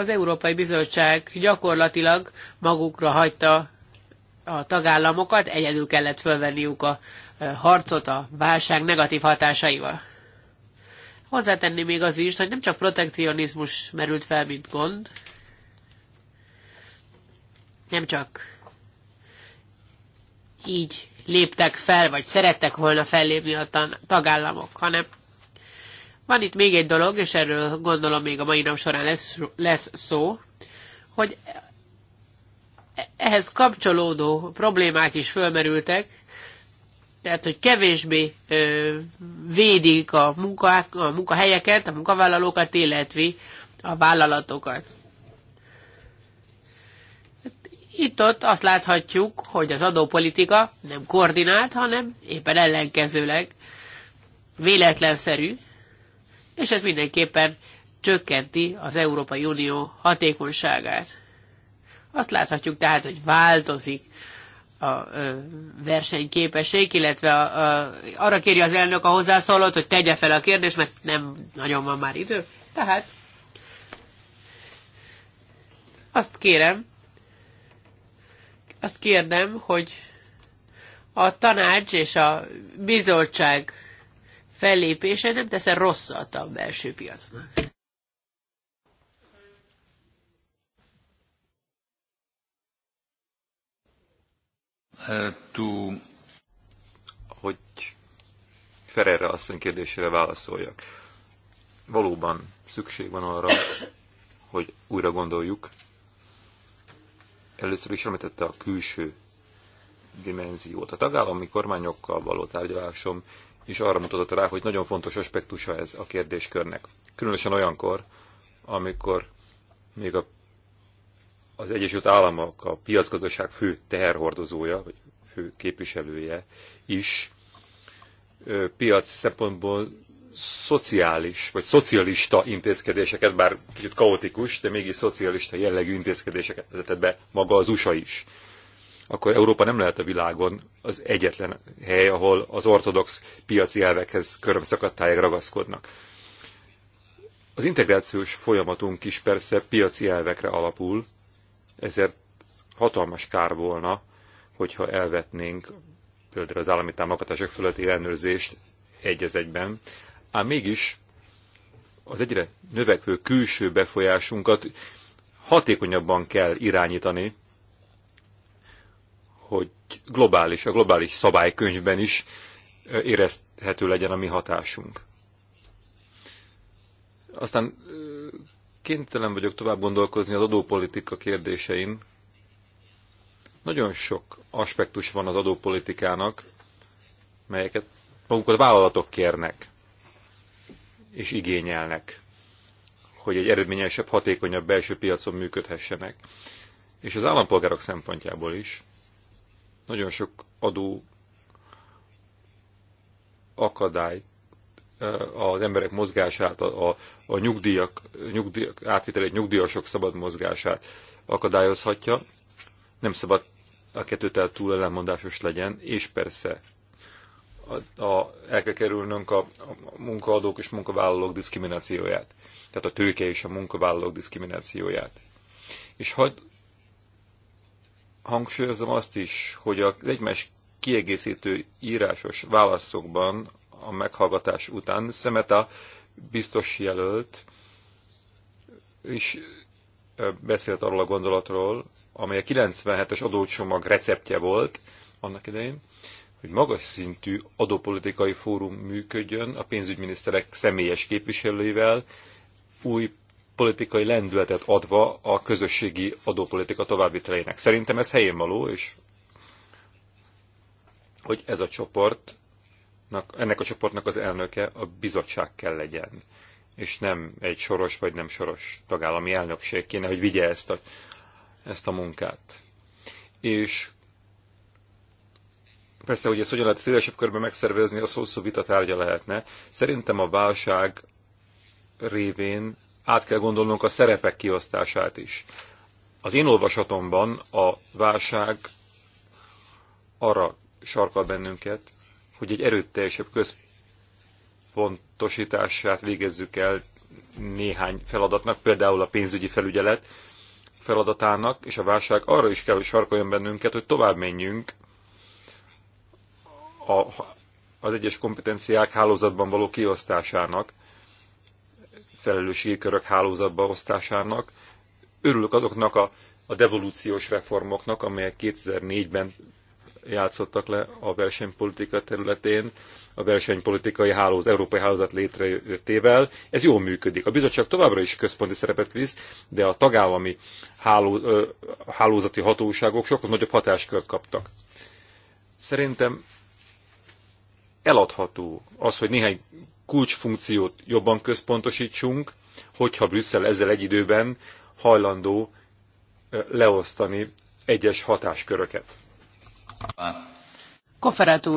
az Európai Bizottság gyakorlatilag magukra hagyta a tagállamokat, egyedül kellett fölvenniuk a e, harcot a válság negatív hatásaival. Hozzátenni még az is, hogy nem csak protekcionizmus merült fel, mint gond, nem csak így léptek fel, vagy szerettek volna fellépni a tagállamok, hanem van itt még egy dolog, és erről gondolom még a mai nap során lesz, lesz szó, hogy ehhez kapcsolódó problémák is fölmerültek, tehát, hogy kevésbé ö, védik a, munkák, a munkahelyeket, a munkavállalókat, illetve a vállalatokat. Itt-ott azt láthatjuk, hogy az adópolitika nem koordinált, hanem éppen ellenkezőleg véletlenszerű, és ez mindenképpen csökkenti az Európai Unió hatékonyságát. Azt láthatjuk tehát, hogy változik a versenyképesség, illetve a, a, arra kéri az elnök a hozzászólót, hogy tegye fel a kérdést, mert nem nagyon van már idő. Tehát azt kérem, azt kérdem, hogy a tanács és a bizottság fellépése nem tesz rosszat a belső piacnak. Eh, to... Hogy Ferre asszony kérdésére válaszoljak. Valóban szükség van arra, hogy újra gondoljuk. Először is említette a külső dimenziót. A tagállami kormányokkal való tárgyalásom is arra mutatott rá, hogy nagyon fontos aspektusa ez a kérdéskörnek. Különösen olyankor, amikor még a, az Egyesült Államok a piacgazdaság fő teherhordozója, vagy fő képviselője is ö, piac szempontból szociális, vagy szocialista intézkedéseket, bár kicsit kaotikus, de mégis szocialista jellegű intézkedéseket vezetett be maga az USA is akkor Európa nem lehet a világon az egyetlen hely, ahol az ortodox piaci elvekhez körömszakadtáig ragaszkodnak. Az integrációs folyamatunk is persze piaci elvekre alapul, ezért hatalmas kár volna, hogyha elvetnénk például az állami támogatások fölötti ellenőrzést egy az egyben, ám mégis az egyre növekvő külső befolyásunkat hatékonyabban kell irányítani, hogy globális, a globális szabálykönyvben is érezhető legyen a mi hatásunk. Aztán kénytelen vagyok tovább gondolkozni az adópolitika kérdésein. Nagyon sok aspektus van az adópolitikának, melyeket magukat vállalatok kérnek és igényelnek, hogy egy eredményesebb, hatékonyabb belső piacon működhessenek. És az állampolgárok szempontjából is nagyon sok adó akadály az emberek mozgását, a, a, a nyugdíjak, nyugdíjak átvitelét, nyugdíjasok szabad mozgását akadályozhatja. Nem szabad a kettőtel túl ellenmondásos legyen, és persze a, a, el kell kerülnünk a, a munkaadók és munkavállalók diszkriminációját, tehát a tőke és a munkavállalók diszkriminációját. És hadd hangsúlyozom azt is, hogy az egymás kiegészítő írásos válaszokban a meghallgatás után Szemeta biztos jelölt is beszélt arról a gondolatról, amely a 97-es adócsomag receptje volt annak idején, hogy magas szintű adópolitikai fórum működjön a pénzügyminiszterek személyes képviselőivel, új politikai lendületet adva a közösségi adópolitika továbbviteleinek. Szerintem ez helyén való, és hogy ez a csoport, ennek a csoportnak az elnöke a bizottság kell legyen, és nem egy soros vagy nem soros tagállami elnökség kéne, hogy vigye ezt a, ezt a munkát. És persze, hogy ezt hogyan lehet szélesebb körben megszervezni, a szó-szó vita tárgya lehetne. Szerintem a válság révén át kell gondolnunk a szerepek kiosztását is. Az én olvasatomban a válság arra sarkal bennünket, hogy egy erőteljesebb központosítását végezzük el néhány feladatnak, például a pénzügyi felügyelet feladatának, és a válság arra is kell, hogy sarkoljon bennünket, hogy tovább menjünk a, az egyes kompetenciák hálózatban való kiosztásának, felelősségi körök hálózatba osztásának. Örülök azoknak a, a devolúciós reformoknak, amelyek 2004-ben játszottak le a versenypolitika területén, a versenypolitikai hálóz, európai hálózat létrejöttével. Ez jól működik. A bizottság továbbra is központi szerepet visz, de a tagállami háló, hálózati hatóságok sokkal nagyobb hatáskört kaptak. Szerintem eladható az, hogy néhány kulcsfunkciót jobban központosítsunk, hogyha Brüsszel ezzel egy időben hajlandó leosztani egyes hatásköröket. Konferát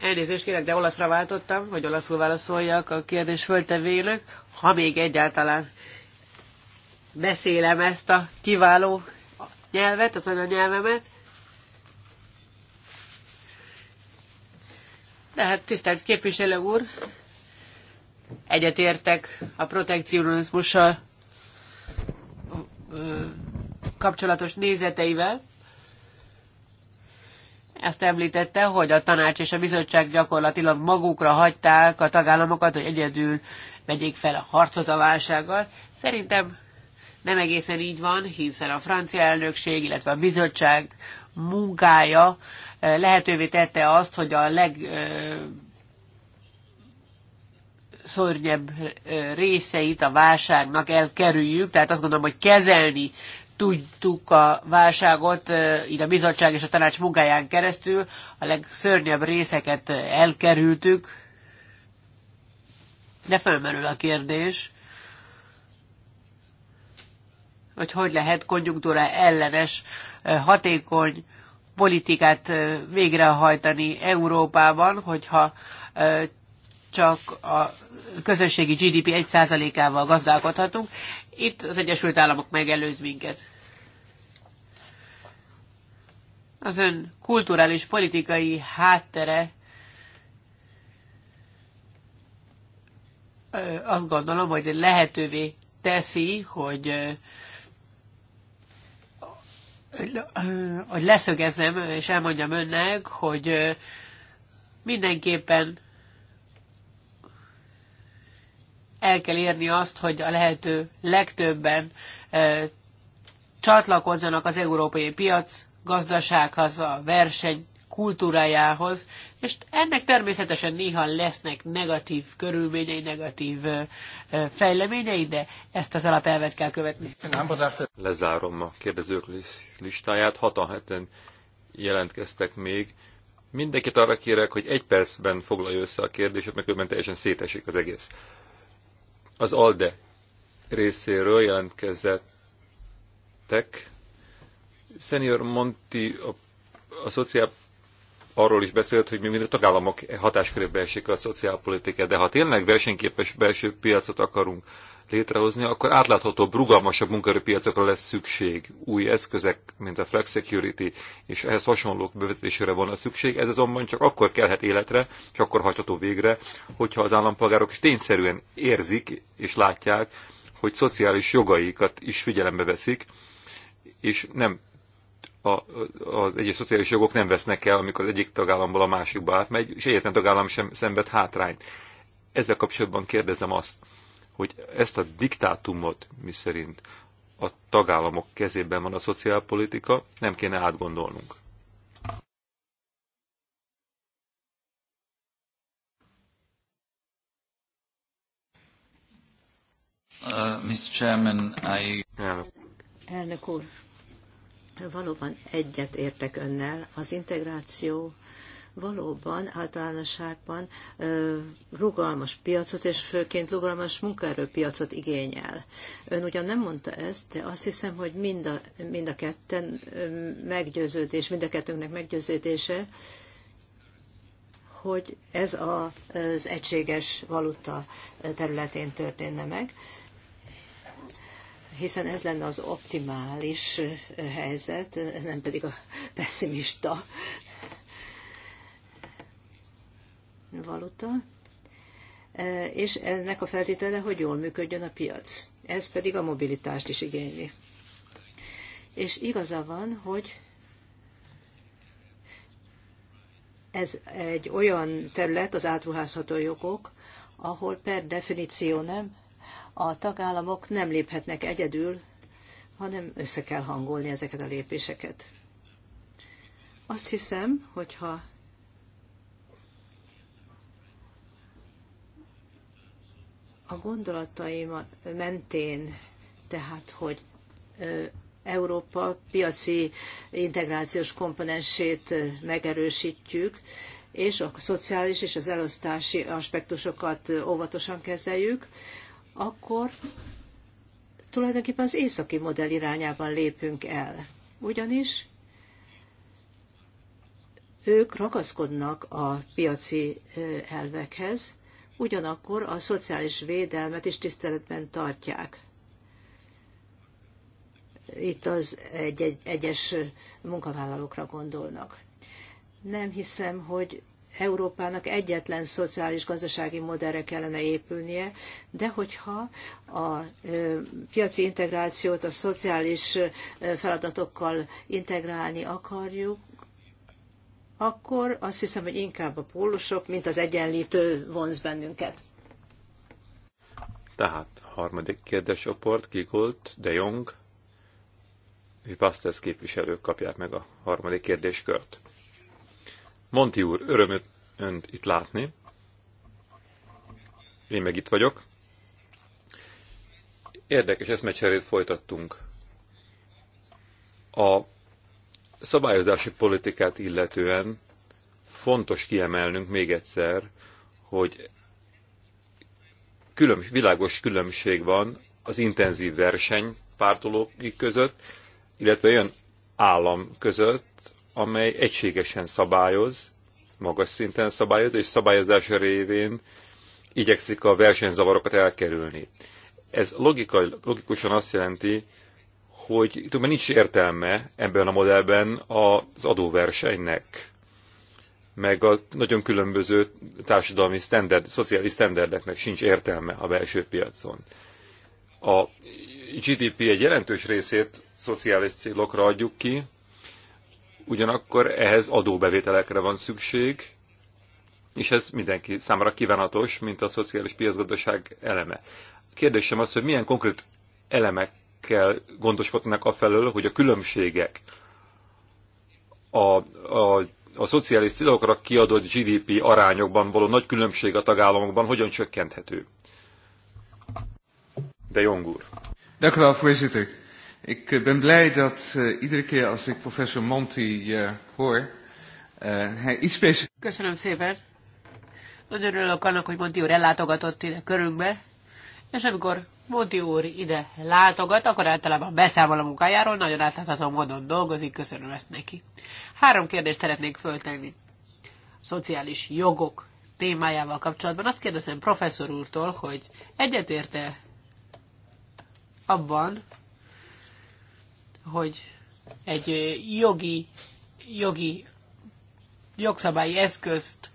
Elnézést kérek, de olaszra váltottam, hogy olaszul válaszoljak a kérdés föltevének, ha még egyáltalán beszélem ezt a kiváló nyelvet, az anyanyelvemet. hát tisztelt képviselő úr, egyetértek a protekcionizmussal kapcsolatos nézeteivel. Ezt említette, hogy a tanács és a bizottság gyakorlatilag magukra hagyták a tagállamokat, hogy egyedül vegyék fel a harcot a válsággal. Szerintem nem egészen így van, hiszen a francia elnökség, illetve a bizottság munkája lehetővé tette azt, hogy a leg szörnyebb részeit a válságnak elkerüljük, tehát azt gondolom, hogy kezelni tudtuk a válságot, így a bizottság és a tanács munkáján keresztül, a legszörnyebb részeket elkerültük, de fölmerül a kérdés, hogy hogy lehet konjunktúra ellenes, hatékony politikát végrehajtani Európában, hogyha csak a közösségi GDP 1%-ával gazdálkodhatunk. Itt az Egyesült Államok megelőz minket. Az ön kulturális politikai háttere azt gondolom, hogy lehetővé teszi, hogy hogy leszögezzem és elmondjam önnek, hogy mindenképpen el kell érni azt, hogy a lehető legtöbben csatlakozzanak az európai piac gazdasághoz, a verseny kultúrájához, és ennek természetesen néha lesznek negatív körülményei, negatív fejleményei, de ezt az alapelvet kell követni. Lezárom a kérdezők listáját, hatan heten jelentkeztek még. Mindenkit arra kérek, hogy egy percben foglalja össze a kérdéset, mert különben teljesen szétesik az egész. Az ALDE részéről jelentkezettek. Senior Monti, a, a szociál arról is beszélt, hogy mi mind a tagállamok hatáskörébe esik a szociálpolitika, de ha tényleg versenyképes belső piacot akarunk létrehozni, akkor átláthatóbb, rugalmasabb munkaerőpiacokra lesz szükség. Új eszközek, mint a Flex Security és ehhez hasonlók bevetésére van a szükség. Ez azonban csak akkor kelhet életre, és akkor hajtható végre, hogyha az állampolgárok tényszerűen érzik és látják, hogy szociális jogaikat is figyelembe veszik, és nem a, az egyes szociális jogok nem vesznek el, amikor az egyik tagállamból a másikba átmegy, és egyetlen tagállam sem szenved hátrányt. Ezzel kapcsolatban kérdezem azt, hogy ezt a diktátumot, mi szerint a tagállamok kezében van a szociálpolitika, nem kéne átgondolnunk. Uh, Mr. Chairman, I... Elnök úr, Valóban egyet értek önnel. Az integráció valóban általánosságban rugalmas piacot, és főként rugalmas munkaerőpiacot igényel. Ön ugyan nem mondta ezt, de azt hiszem, hogy mind a, mind a ketten meggyőződés, mind a kettőnknek meggyőződése, hogy ez az egységes valuta területén történne meg hiszen ez lenne az optimális helyzet, nem pedig a pessimista valuta. És ennek a feltétele, hogy jól működjön a piac. Ez pedig a mobilitást is igényli. És igaza van, hogy ez egy olyan terület, az átruházható jogok, ahol per definíció nem a tagállamok nem léphetnek egyedül, hanem össze kell hangolni ezeket a lépéseket. Azt hiszem, hogyha a gondolataim mentén, tehát, hogy Európa piaci integrációs komponensét megerősítjük, és a szociális és az elosztási aspektusokat óvatosan kezeljük, akkor tulajdonképpen az északi modell irányában lépünk el. Ugyanis ők ragaszkodnak a piaci elvekhez, ugyanakkor a szociális védelmet is tiszteletben tartják. Itt az egy, egy, egyes munkavállalókra gondolnak. Nem hiszem, hogy Európának egyetlen szociális-gazdasági modellre kellene épülnie, de hogyha a piaci integrációt a szociális feladatokkal integrálni akarjuk, akkor azt hiszem, hogy inkább a pólusok, mint az egyenlítő vonz bennünket. Tehát harmadik kérdésoport, Gigolt, De Jong és Bastes képviselők kapják meg a harmadik kérdéskört. Monti úr, öröm önt itt látni. Én meg itt vagyok. Érdekes eszmecserét folytattunk. A szabályozási politikát illetően fontos kiemelnünk még egyszer, hogy külön, világos különbség van az intenzív verseny pártolók között, illetve olyan állam között, amely egységesen szabályoz, magas szinten szabályoz, és szabályozása révén igyekszik a versenyzavarokat elkerülni. Ez logika, logikusan azt jelenti, hogy tudom, nincs értelme ebben a modellben az adóversenynek, meg a nagyon különböző társadalmi standard, szociális standardeknek sincs értelme a belső piacon. A GDP egy jelentős részét szociális célokra adjuk ki, ugyanakkor ehhez adóbevételekre van szükség, és ez mindenki számára kívánatos, mint a szociális piacgazdaság eleme. Kérdésem az, hogy milyen konkrét elemekkel gondoskodnak a felől, hogy a különbségek a, a, a szociális célokra kiadott GDP arányokban való nagy különbség a tagállamokban hogyan csökkenthető? De Jong úr. De Ik eh, ben blij dat uh, iedere keer als ik professor Monti uh, hoor, uh, hij iets specifiek... Köszönöm szépen. Nagyon örülök annak, hogy Monti úr ellátogatott ide körünkbe, és amikor Monti úr ide látogat, akkor általában beszámol a munkájáról, nagyon átlátható módon dolgozik, köszönöm ezt neki. Három kérdést szeretnék föltenni. Szociális jogok témájával kapcsolatban. Azt kérdezem professzor úrtól, hogy egyetérte abban, hogy egy jogi, jogi, jogszabályi eszközt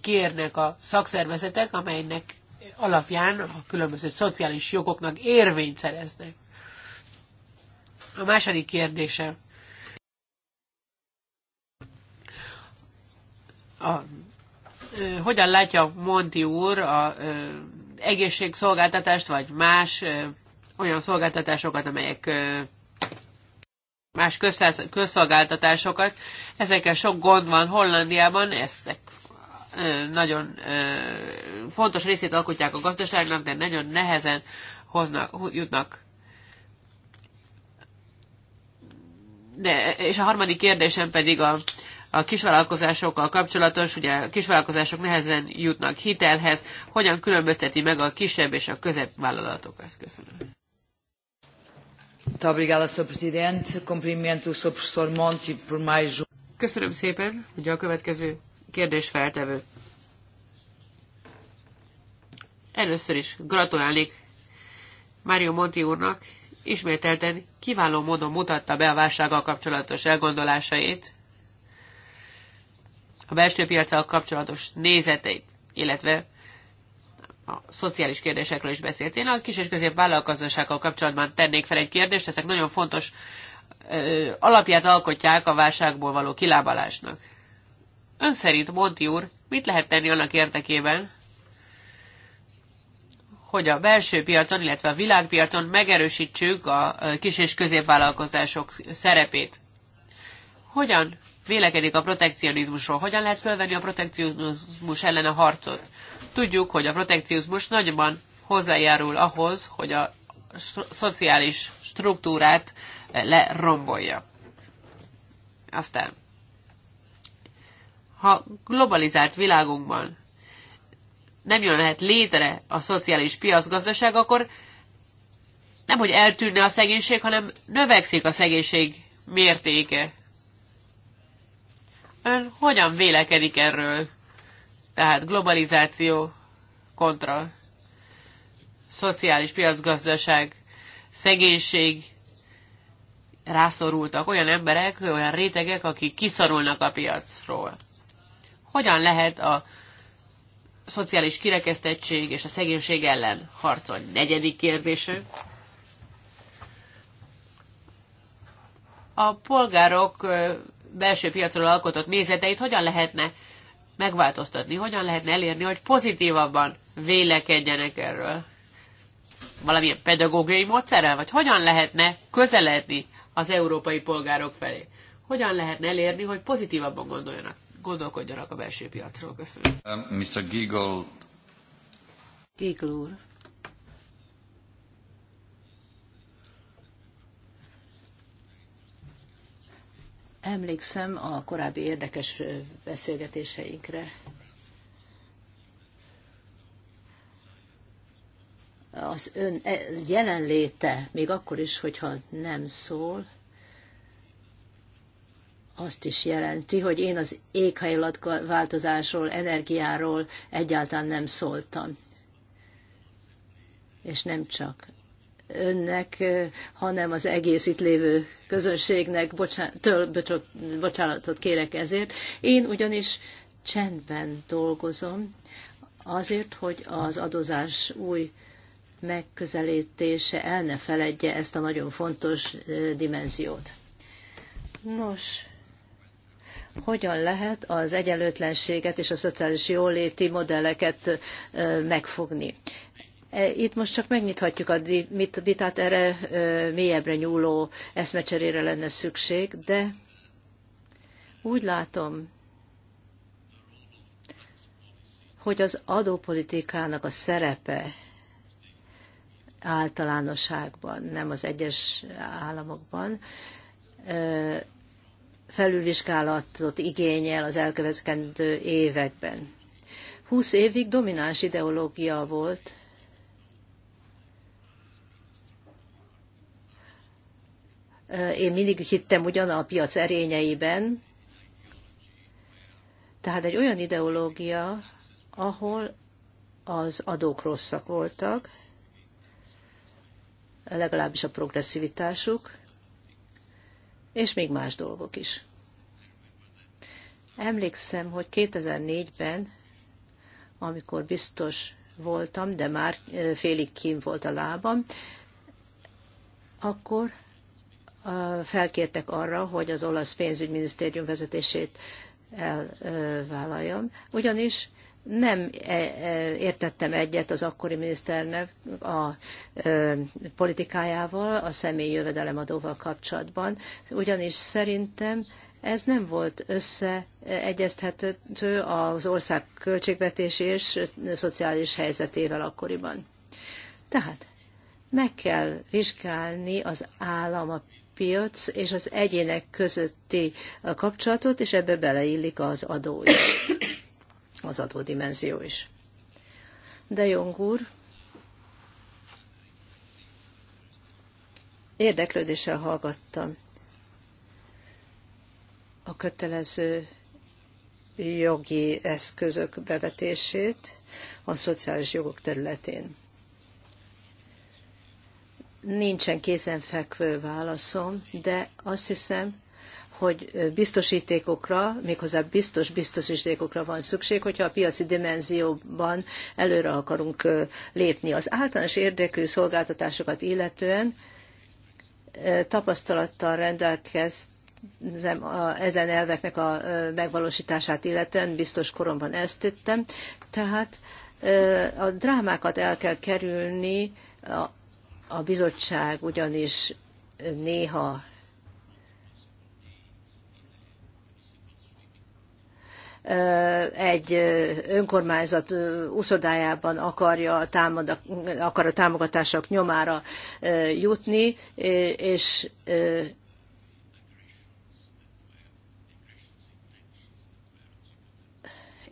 kérnek a szakszervezetek, amelynek alapján a különböző szociális jogoknak érvényt szereznek. A második kérdése. A, ö, hogyan látja Monti úr a egészségszolgáltatást, vagy más olyan szolgáltatásokat, amelyek más közszolgáltatásokat. Ezekkel sok gond van Hollandiában, ezek nagyon fontos részét alkotják a gazdaságnak, de nagyon nehezen hoznak, jutnak. De, és a harmadik kérdésem pedig a, a kisvállalkozásokkal kapcsolatos, ugye a kisvállalkozások nehezen jutnak hitelhez, hogyan különbözteti meg a kisebb és a közepvállalatokat Köszönöm. Muito obrigada, Sr. Presidente. Cumprimento o Sr. Professor Monti por mais um. Köszönöm szépen, hogy a következő kérdés feltevő. Először is gratulálnék Mário Monti úrnak, ismételten kiváló módon mutatta be a válsággal kapcsolatos elgondolásait, a belső piacsal kapcsolatos nézeteit, illetve a szociális kérdésekről is beszélt. Én a kis és középvállalkozósággal kapcsolatban tennék fel egy kérdést, ezek nagyon fontos ö, alapját alkotják a válságból való kilábalásnak. Ön szerint, Monti úr, mit lehet tenni annak érdekében, hogy a belső piacon, illetve a világpiacon megerősítsük a kis és középvállalkozások szerepét? Hogyan vélekedik a protekcionizmusról? Hogyan lehet fölvenni a protekcionizmus ellen a harcot? Tudjuk, hogy a protekciózmus nagyban hozzájárul ahhoz, hogy a szociális struktúrát eh, lerombolja. Aztán, ha globalizált világunkban nem jön lehet létre a szociális piacgazdaság, akkor nem, hogy eltűnne a szegénység, hanem növekszik a szegénység mértéke. Ön hogyan vélekedik erről? Tehát globalizáció kontra szociális piacgazdaság, szegénység, rászorultak olyan emberek, olyan rétegek, akik kiszorulnak a piacról. Hogyan lehet a szociális kirekesztettség és a szegénység ellen harcolni? Negyedik kérdése. A polgárok belső piacról alkotott nézeteit hogyan lehetne megváltoztatni? Hogyan lehetne elérni, hogy pozitívabban vélekedjenek erről? Valamilyen pedagógiai módszerrel? Vagy hogyan lehetne közeledni az európai polgárok felé? Hogyan lehetne elérni, hogy pozitívabban gondoljanak, gondolkodjanak a belső piacról? Köszönöm. Um, Mr. Giggle. Giggle úr. Emlékszem a korábbi érdekes beszélgetéseinkre. Az ön e, jelenléte, még akkor is, hogyha nem szól, azt is jelenti, hogy én az változásról, energiáról egyáltalán nem szóltam. És nem csak önnek, hanem az egész itt lévő közönségnek bocsánat, től, bötrök, bocsánatot kérek ezért. Én ugyanis csendben dolgozom azért, hogy az adozás új megközelítése el ne feledje ezt a nagyon fontos dimenziót. Nos, hogyan lehet az egyenlőtlenséget és a szociális jóléti modelleket megfogni. E, itt most csak megnyithatjuk a vitát, erre e, mélyebbre nyúló eszmecserére lenne szükség, de úgy látom, hogy az adópolitikának a szerepe általánosságban, nem az egyes államokban, e, felülvizsgálatot igényel az elkövetkezendő években. Húsz évig domináns ideológia volt, Én mindig hittem ugyan a piac erényeiben, tehát egy olyan ideológia, ahol az adók rosszak voltak, legalábbis a progresszivitásuk, és még más dolgok is. Emlékszem, hogy 2004-ben, amikor biztos voltam, de már félig kín volt a lábam, akkor felkértek arra, hogy az olasz pénzügyminisztérium vezetését elvállaljam, ugyanis nem e, e, értettem egyet az akkori miniszternek a e, politikájával, a személyi jövedelemadóval kapcsolatban, ugyanis szerintem ez nem volt összeegyezthető az ország költségvetési és szociális helyzetével akkoriban. Tehát meg kell vizsgálni az állam a piac és az egyének közötti kapcsolatot, és ebbe beleillik az adó is, az adódimenzió is. De Jong úr, érdeklődéssel hallgattam a kötelező jogi eszközök bevetését a szociális jogok területén nincsen kézenfekvő válaszom, de azt hiszem, hogy biztosítékokra, méghozzá biztos biztosítékokra van szükség, hogyha a piaci dimenzióban előre akarunk lépni. Az általános érdekű szolgáltatásokat illetően tapasztalattal rendelkezem a, ezen elveknek a megvalósítását illetően, biztos koromban ezt tettem, tehát a drámákat el kell kerülni, a bizottság ugyanis néha egy önkormányzat uszodájában akarja, támad, akar a támogatások nyomára jutni, és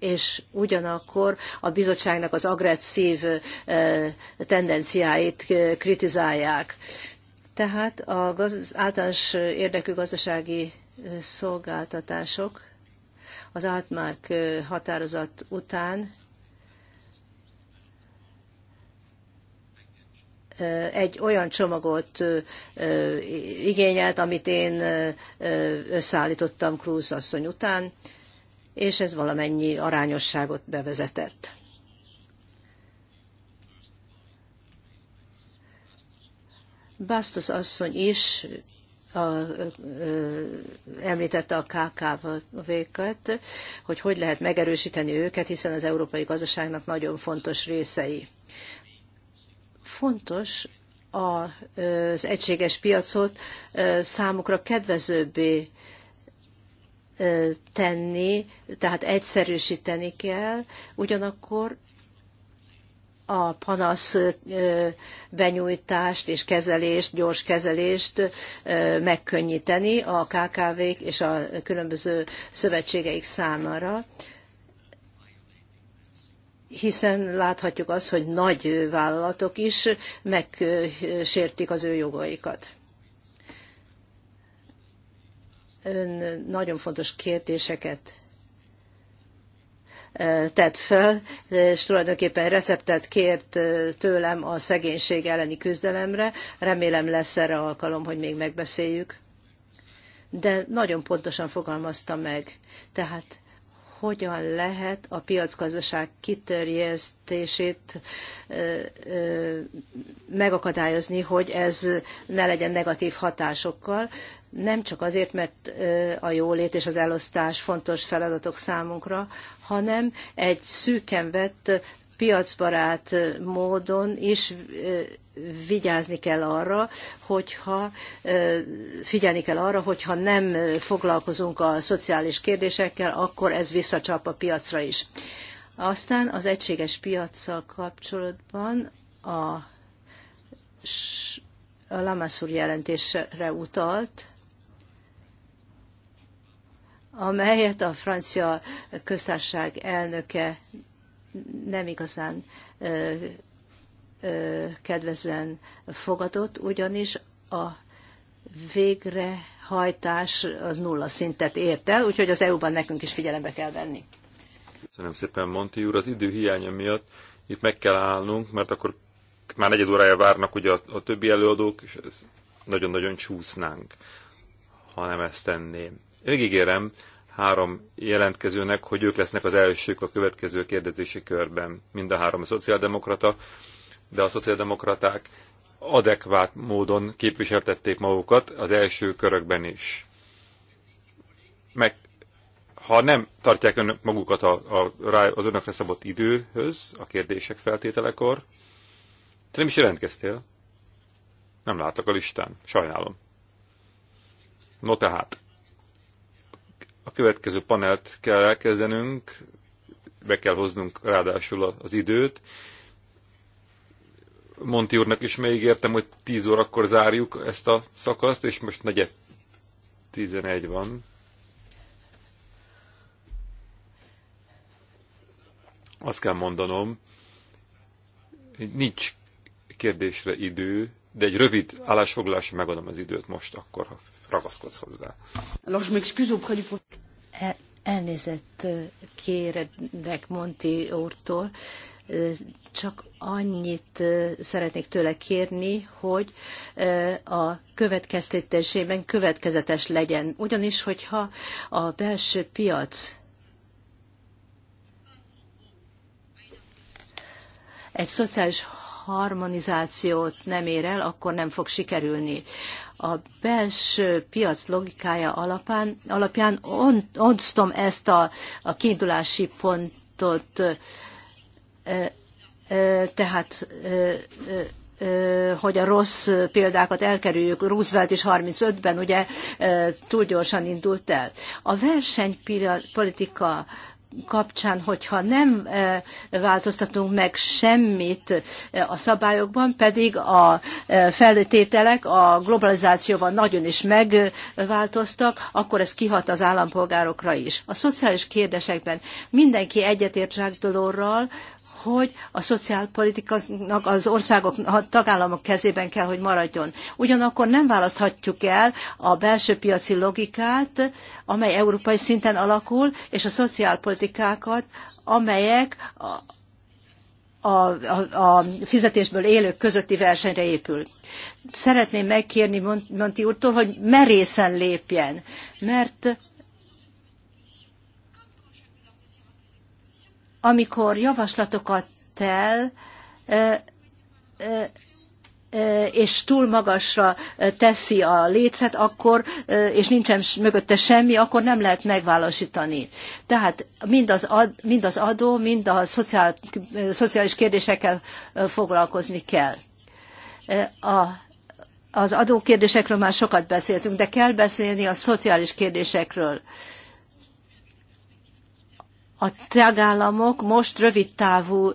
és ugyanakkor a bizottságnak az agresszív tendenciáit kritizálják. Tehát az általános érdekű gazdasági szolgáltatások az átmárk határozat után egy olyan csomagot igényelt, amit én összeállítottam Krúz asszony után, és ez valamennyi arányosságot bevezetett. Bastos asszony is a, ö, ö, említette a KKV-kat, hogy hogy lehet megerősíteni őket, hiszen az európai gazdaságnak nagyon fontos részei. Fontos az egységes piacot számukra kedvezőbbé tenni, tehát egyszerűsíteni kell, ugyanakkor a panasz benyújtást és kezelést, gyors kezelést megkönnyíteni a KKV-k és a különböző szövetségeik számára, hiszen láthatjuk azt, hogy nagy vállalatok is megsértik az ő jogaikat. Ön nagyon fontos kérdéseket e, tett fel, és tulajdonképpen receptet kért e, tőlem a szegénység elleni küzdelemre. Remélem lesz erre alkalom, hogy még megbeszéljük. De nagyon pontosan fogalmazta meg. Tehát hogyan lehet a piacgazdaság kiterjesztését megakadályozni, hogy ez ne legyen negatív hatásokkal, nem csak azért, mert a jólét és az elosztás fontos feladatok számunkra, hanem egy szűken vett piacbarát módon is vigyázni kell arra, hogyha figyelni kell arra, hogyha nem foglalkozunk a szociális kérdésekkel, akkor ez visszacsap a piacra is. Aztán az egységes piaccal kapcsolatban a, a Lamassur jelentésre utalt, amelyet a francia köztársaság elnöke nem igazán kedvezően fogadott, ugyanis a végrehajtás az nulla szintet ért el, úgyhogy az EU-ban nekünk is figyelembe kell venni. Köszönöm szépen, Monti úr. Az idő hiánya miatt itt meg kell állnunk, mert akkor már negyed órája várnak ugye a, a többi előadók, és ez nagyon-nagyon csúsznánk, ha nem ezt tenném. ígérem három jelentkezőnek, hogy ők lesznek az elsők a következő kérdezési körben. Mind a három a szociáldemokrata, de a szociáldemokraták adekvát módon képviseltették magukat az első körökben is. Meg ha nem tartják önök magukat a, a, az önökre szabott időhöz, a kérdések feltételekor, te nem is jelentkeztél. Nem látok a listán. Sajnálom. No tehát, a következő panelt kell elkezdenünk, be kell hoznunk ráadásul az időt. Monti úrnak is megígértem, hogy 10 órakor zárjuk ezt a szakaszt, és most negyed 11 van. Azt kell mondanom, hogy nincs kérdésre idő, de egy rövid állásfoglalásra megadom az időt most akkor, ha ragaszkodsz hozzá. Alors, je auprès du... E- Elnézést kérek Monti úrtól csak annyit szeretnék tőle kérni, hogy a következtetésében következetes legyen. Ugyanis, hogyha a belső piac egy szociális harmonizációt nem ér el, akkor nem fog sikerülni. A belső piac logikája alapán, alapján on, ezt a, a kiindulási pontot, tehát hogy a rossz példákat elkerüljük. Roosevelt is 35-ben ugye túl gyorsan indult el. A versenypolitika kapcsán, hogyha nem változtatunk meg semmit a szabályokban, pedig a feltételek a globalizációval nagyon is megváltoztak, akkor ez kihat az állampolgárokra is. A szociális kérdésekben mindenki egyetért Jacques hogy a szociálpolitikának az országok, a tagállamok kezében kell, hogy maradjon. Ugyanakkor nem választhatjuk el a belső piaci logikát, amely európai szinten alakul, és a szociálpolitikákat, amelyek a, a, a, a fizetésből élők közötti versenyre épül. Szeretném megkérni Monti úrtól, hogy merészen lépjen, mert amikor javaslatokat tel, és túl magasra teszi a lécet, akkor, és nincsen mögötte semmi, akkor nem lehet megválasítani. Tehát mind az, ad, mind az adó, mind a szociál, szociális kérdésekkel foglalkozni kell. A, az adókérdésekről már sokat beszéltünk, de kell beszélni a szociális kérdésekről a tagállamok most rövidtávú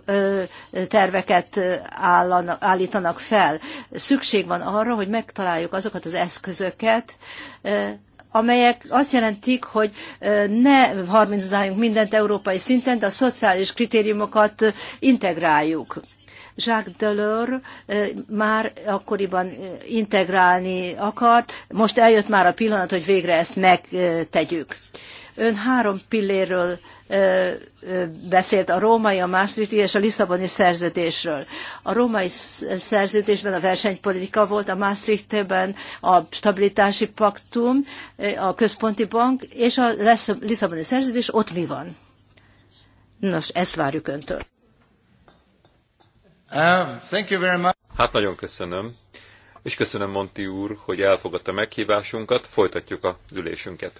terveket állítanak fel. Szükség van arra, hogy megtaláljuk azokat az eszközöket, amelyek azt jelentik, hogy ne harmonizáljunk mindent európai szinten, de a szociális kritériumokat integráljuk. Jacques Delors már akkoriban integrálni akart, most eljött már a pillanat, hogy végre ezt megtegyük. Ön három pilléről beszélt a római, a Maastrichti és a Lisszaboni szerződésről. A római szerződésben a versenypolitika volt, a Maastrichtben a stabilitási paktum, a központi bank, és a Lisszaboni szerződés ott mi van? Nos, ezt várjuk öntől. Um, hát nagyon köszönöm. És köszönöm Monti úr, hogy elfogadta meghívásunkat, folytatjuk a ülésünket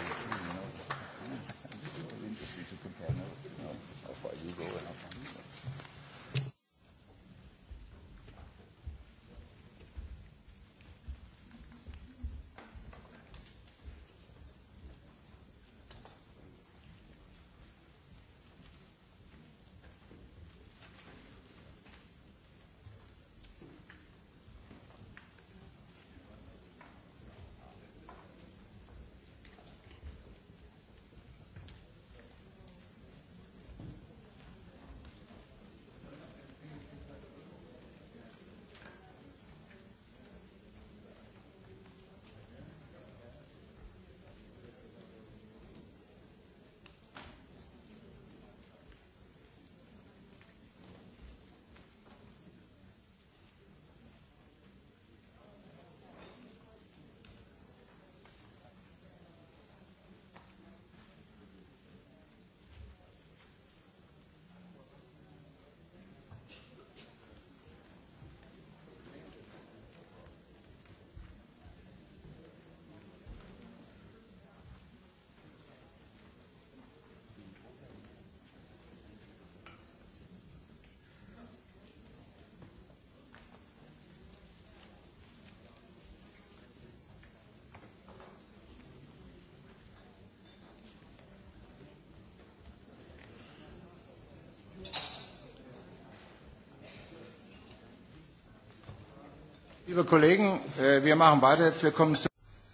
Äh,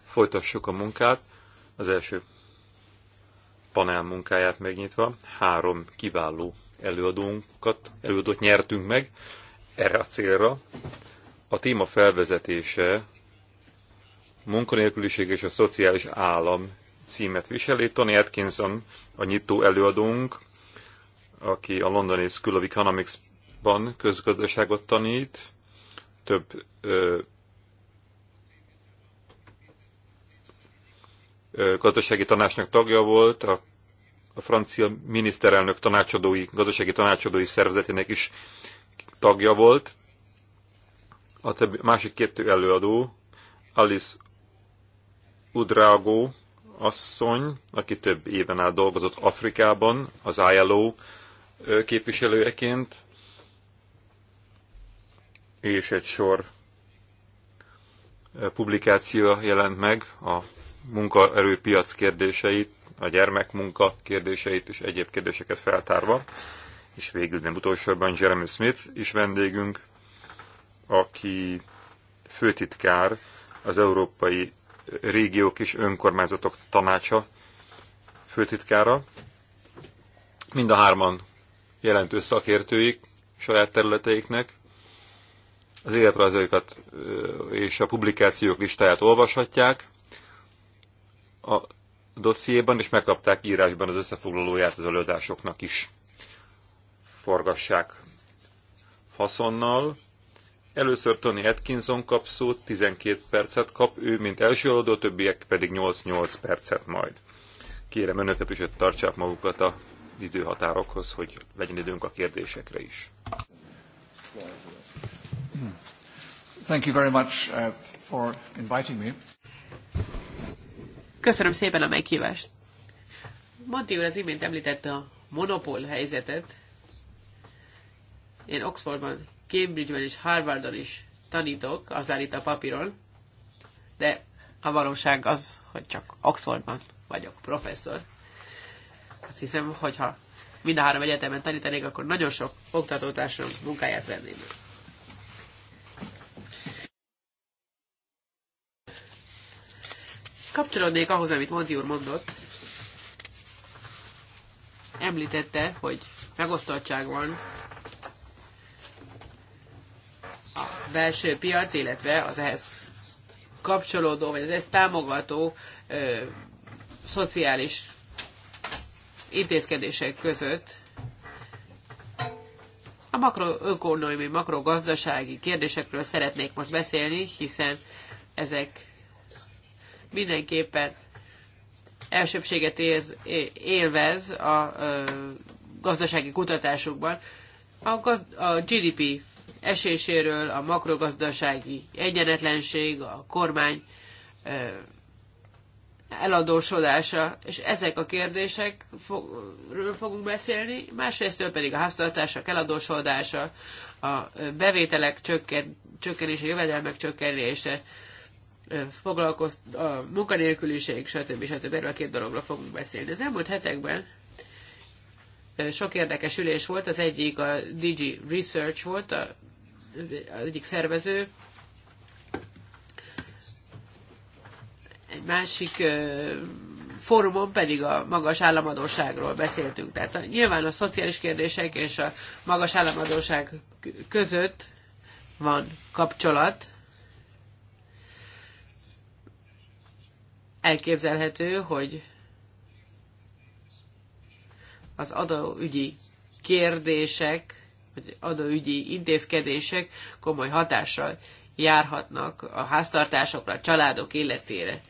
Folytassuk a munkát. Az első panel munkáját megnyitva három kiváló előadónkat, előadót nyertünk meg erre a célra. A téma felvezetése munkanélküliség és a szociális állam címet viseli. Tony Atkinson a nyitó előadónk, aki a Londoni School of Economics-ban közgazdaságot tanít, több ö, ö, gazdasági tanácsnak tagja volt, a, a francia miniszterelnök tanácsadói, gazdasági tanácsadói szervezetének is tagja volt. A többi, másik kettő előadó, Alice Udrago asszony, aki több éven át dolgozott Afrikában, az ILO képviselőjeként, és egy sor publikáció jelent meg a munkaerőpiac kérdéseit, a gyermekmunka kérdéseit és egyéb kérdéseket feltárva, és végül nem utolsóban Jeremy Smith is vendégünk, aki főtitkár az Európai Régiók és Önkormányzatok Tanácsa főtitkára. Mind a hárman jelentős szakértőik saját területeiknek, az életrajzaikat és a publikációk listáját olvashatják a dossziéban, és megkapták írásban az összefoglalóját az előadásoknak is. Forgassák haszonnal. Először Tony Atkinson kap szót, 12 percet kap, ő mint első előadó, többiek pedig 8-8 percet majd. Kérem önöket is, hogy tartsák magukat a időhatárokhoz, hogy legyen időnk a kérdésekre is. Hmm. Thank you very much uh, for inviting me. Köszönöm szépen a meghívást. Monti úr az imént említette a monopól helyzetet. Én Oxfordban, Cambridgeben és Harvardon is tanítok, az állít a papíron, de a valóság az, hogy csak Oxfordban vagyok professzor. Azt hiszem, hogyha mind a három egyetemen tanítanék, akkor nagyon sok oktatótársam munkáját venném. kapcsolódnék ahhoz, amit Monti úr mondott. Említette, hogy megosztottság van a belső piac, illetve az ehhez kapcsolódó, vagy az ezt támogató ö, szociális intézkedések között a makroökonomi, makrogazdasági kérdésekről szeretnék most beszélni, hiszen ezek mindenképpen elsőbséget érz, élvez a gazdasági kutatásokban. A, gaz, a GDP eséséről, a makrogazdasági egyenetlenség, a kormány eladósodása, és ezek a kérdésekről fogunk beszélni, másrésztől pedig a háztartások eladósodása, a bevételek csökken, csökkenése, jövedelmek csökkenése, foglalkozt, a munkanélküliség, stb. stb. Erről a két dologról fogunk beszélni. Az elmúlt hetekben sok érdekes ülés volt, az egyik a Digi Research volt, a, az egyik szervező, egy másik fórumon pedig a magas államadóságról beszéltünk. Tehát a, nyilván a szociális kérdések és a magas államadóság között van kapcsolat, Elképzelhető, hogy az adóügyi kérdések, vagy adóügyi intézkedések komoly hatással járhatnak a háztartásokra, a családok életére,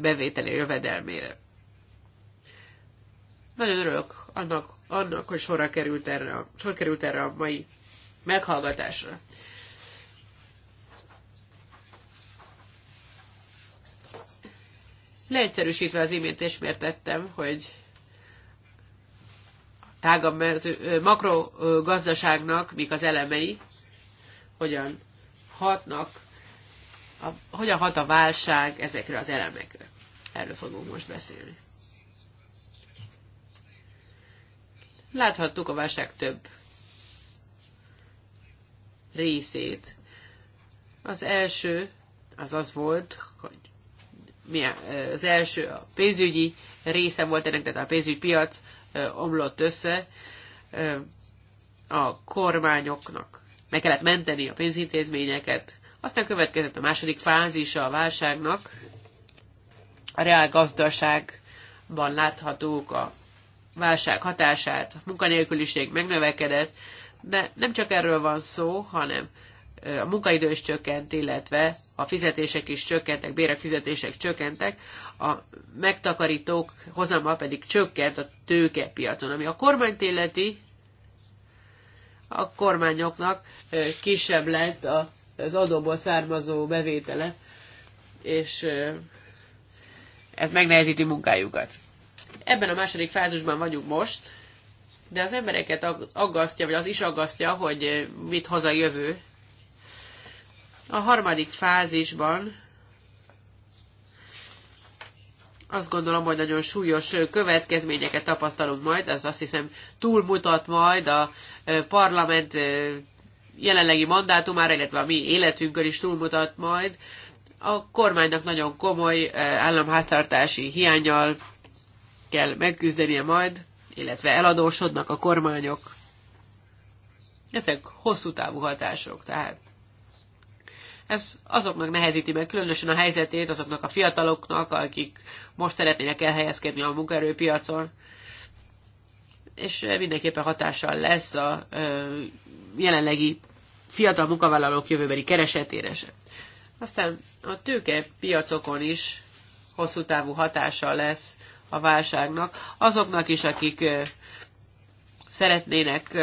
bevételi jövedelmére. Nagyon örülök annak, annak hogy sorra került erre, sor került erre a mai meghallgatásra. Leegyszerűsítve az imént ismertettem, hogy tágabb makrogazdaságnak mik az elemei, hogyan hatnak, a, hogyan hat a válság ezekre az elemekre. Erről fogunk most beszélni. Láthattuk a válság több részét. Az első az az volt, milyen, az első a pénzügyi része volt ennek, tehát a pénzügyi piac omlott össze. A kormányoknak meg kellett menteni a pénzintézményeket. Aztán következett a második fázisa a válságnak. A gazdaságban láthatók a válság hatását, a munkanélküliség megnövekedett, de nem csak erről van szó, hanem a munkaidő is csökkent, illetve a fizetések is csökkentek, bérek fizetések csökkentek, a megtakarítók hozama pedig csökkent a tőkepiacon, ami a kormányt illeti, a kormányoknak kisebb lett az adóból származó bevétele, és ez megnehezíti munkájukat. Ebben a második fázisban vagyunk most, de az embereket aggasztja, vagy az is aggasztja, hogy mit hoz a jövő, a harmadik fázisban azt gondolom, hogy nagyon súlyos következményeket tapasztalunk majd, az azt hiszem túlmutat majd a parlament jelenlegi mandátumára, illetve a mi életünkön is túlmutat majd. A kormánynak nagyon komoly államháztartási hiányal kell megküzdenie majd, illetve eladósodnak a kormányok. Ezek hosszú távú hatások, tehát ez azoknak nehezíti meg különösen a helyzetét, azoknak a fiataloknak, akik most szeretnének elhelyezkedni a munkaerőpiacon, és mindenképpen hatással lesz a jelenlegi fiatal munkavállalók jövőbeli keresetére se. Aztán a tőkepiacokon is hosszú távú hatása lesz a válságnak. Azoknak is, akik szeretnének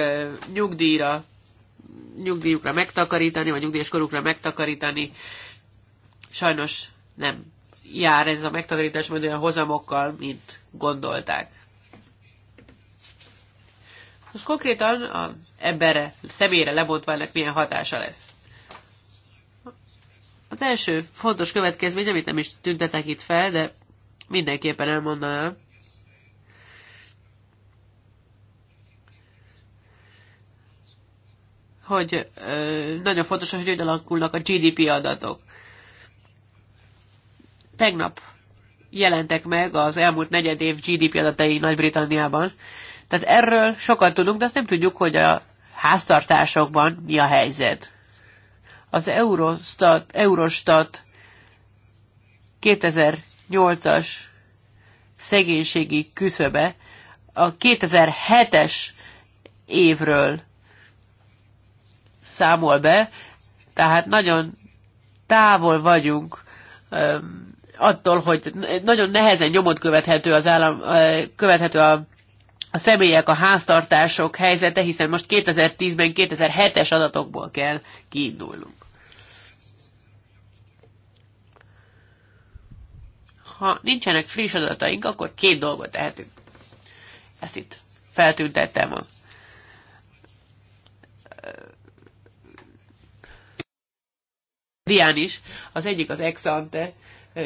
nyugdíjra nyugdíjukra megtakarítani, vagy nyugdíjas korukra megtakarítani. Sajnos nem jár ez a megtakarítás majd olyan hozamokkal, mint gondolták. Most konkrétan a, emberre, személyre lebontva ennek milyen hatása lesz. Az első fontos következmény, amit nem is tüntetek itt fel, de mindenképpen elmondanám, hogy nagyon fontos, hogy hogy alakulnak a GDP adatok. Tegnap jelentek meg az elmúlt negyed év GDP adatai Nagy-Britanniában. Tehát erről sokat tudunk, de azt nem tudjuk, hogy a háztartásokban mi a helyzet. Az Eurostat, Eurostat 2008-as szegénységi küszöbe a 2007-es évről számol be, tehát nagyon távol vagyunk attól, hogy nagyon nehezen nyomot követhető az állam, követhető a, a személyek, a háztartások helyzete, hiszen most 2010-ben 2007-es adatokból kell kiindulnunk. Ha nincsenek friss adataink, akkor két dolgot tehetünk. Ezt itt feltüntettem a dián is. Az egyik az ex-ante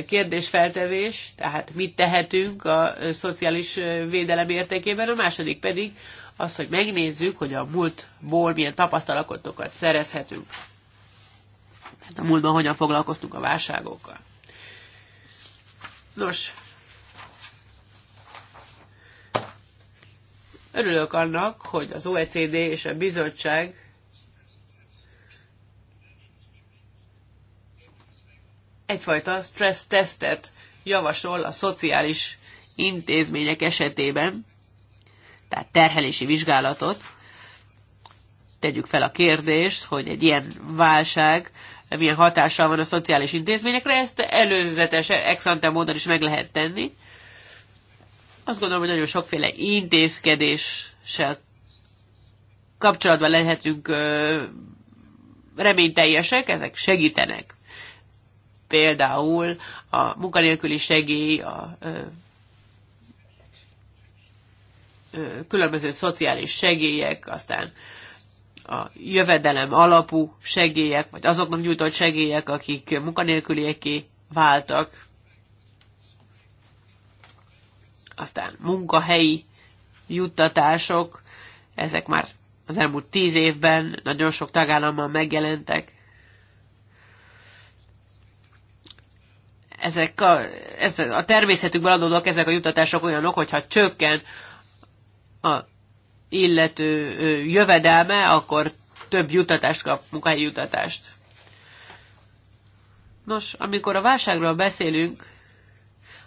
kérdésfeltevés, tehát mit tehetünk a szociális védelem értékében, a második pedig az, hogy megnézzük, hogy a múltból milyen tapasztalatokat szerezhetünk. Tehát a múltban hogyan foglalkoztunk a válságokkal. Nos, örülök annak, hogy az OECD és a bizottság egyfajta stressz tesztet javasol a szociális intézmények esetében, tehát terhelési vizsgálatot. Tegyük fel a kérdést, hogy egy ilyen válság milyen hatással van a szociális intézményekre, ezt előzetes ex ante módon is meg lehet tenni. Azt gondolom, hogy nagyon sokféle intézkedéssel kapcsolatban lehetünk reményteljesek, ezek segítenek például a munkanélküli segély, a különböző szociális segélyek, aztán a jövedelem alapú segélyek, vagy azoknak nyújtott segélyek, akik munkanélkülieké váltak, aztán munkahelyi juttatások, ezek már az elmúlt tíz évben nagyon sok tagállamban megjelentek. ezek a, ez a természetükből adódóak ezek a jutatások olyanok, hogyha csökken a illető jövedelme, akkor több jutatást kap, munkahelyi jutatást. Nos, amikor a válságról beszélünk,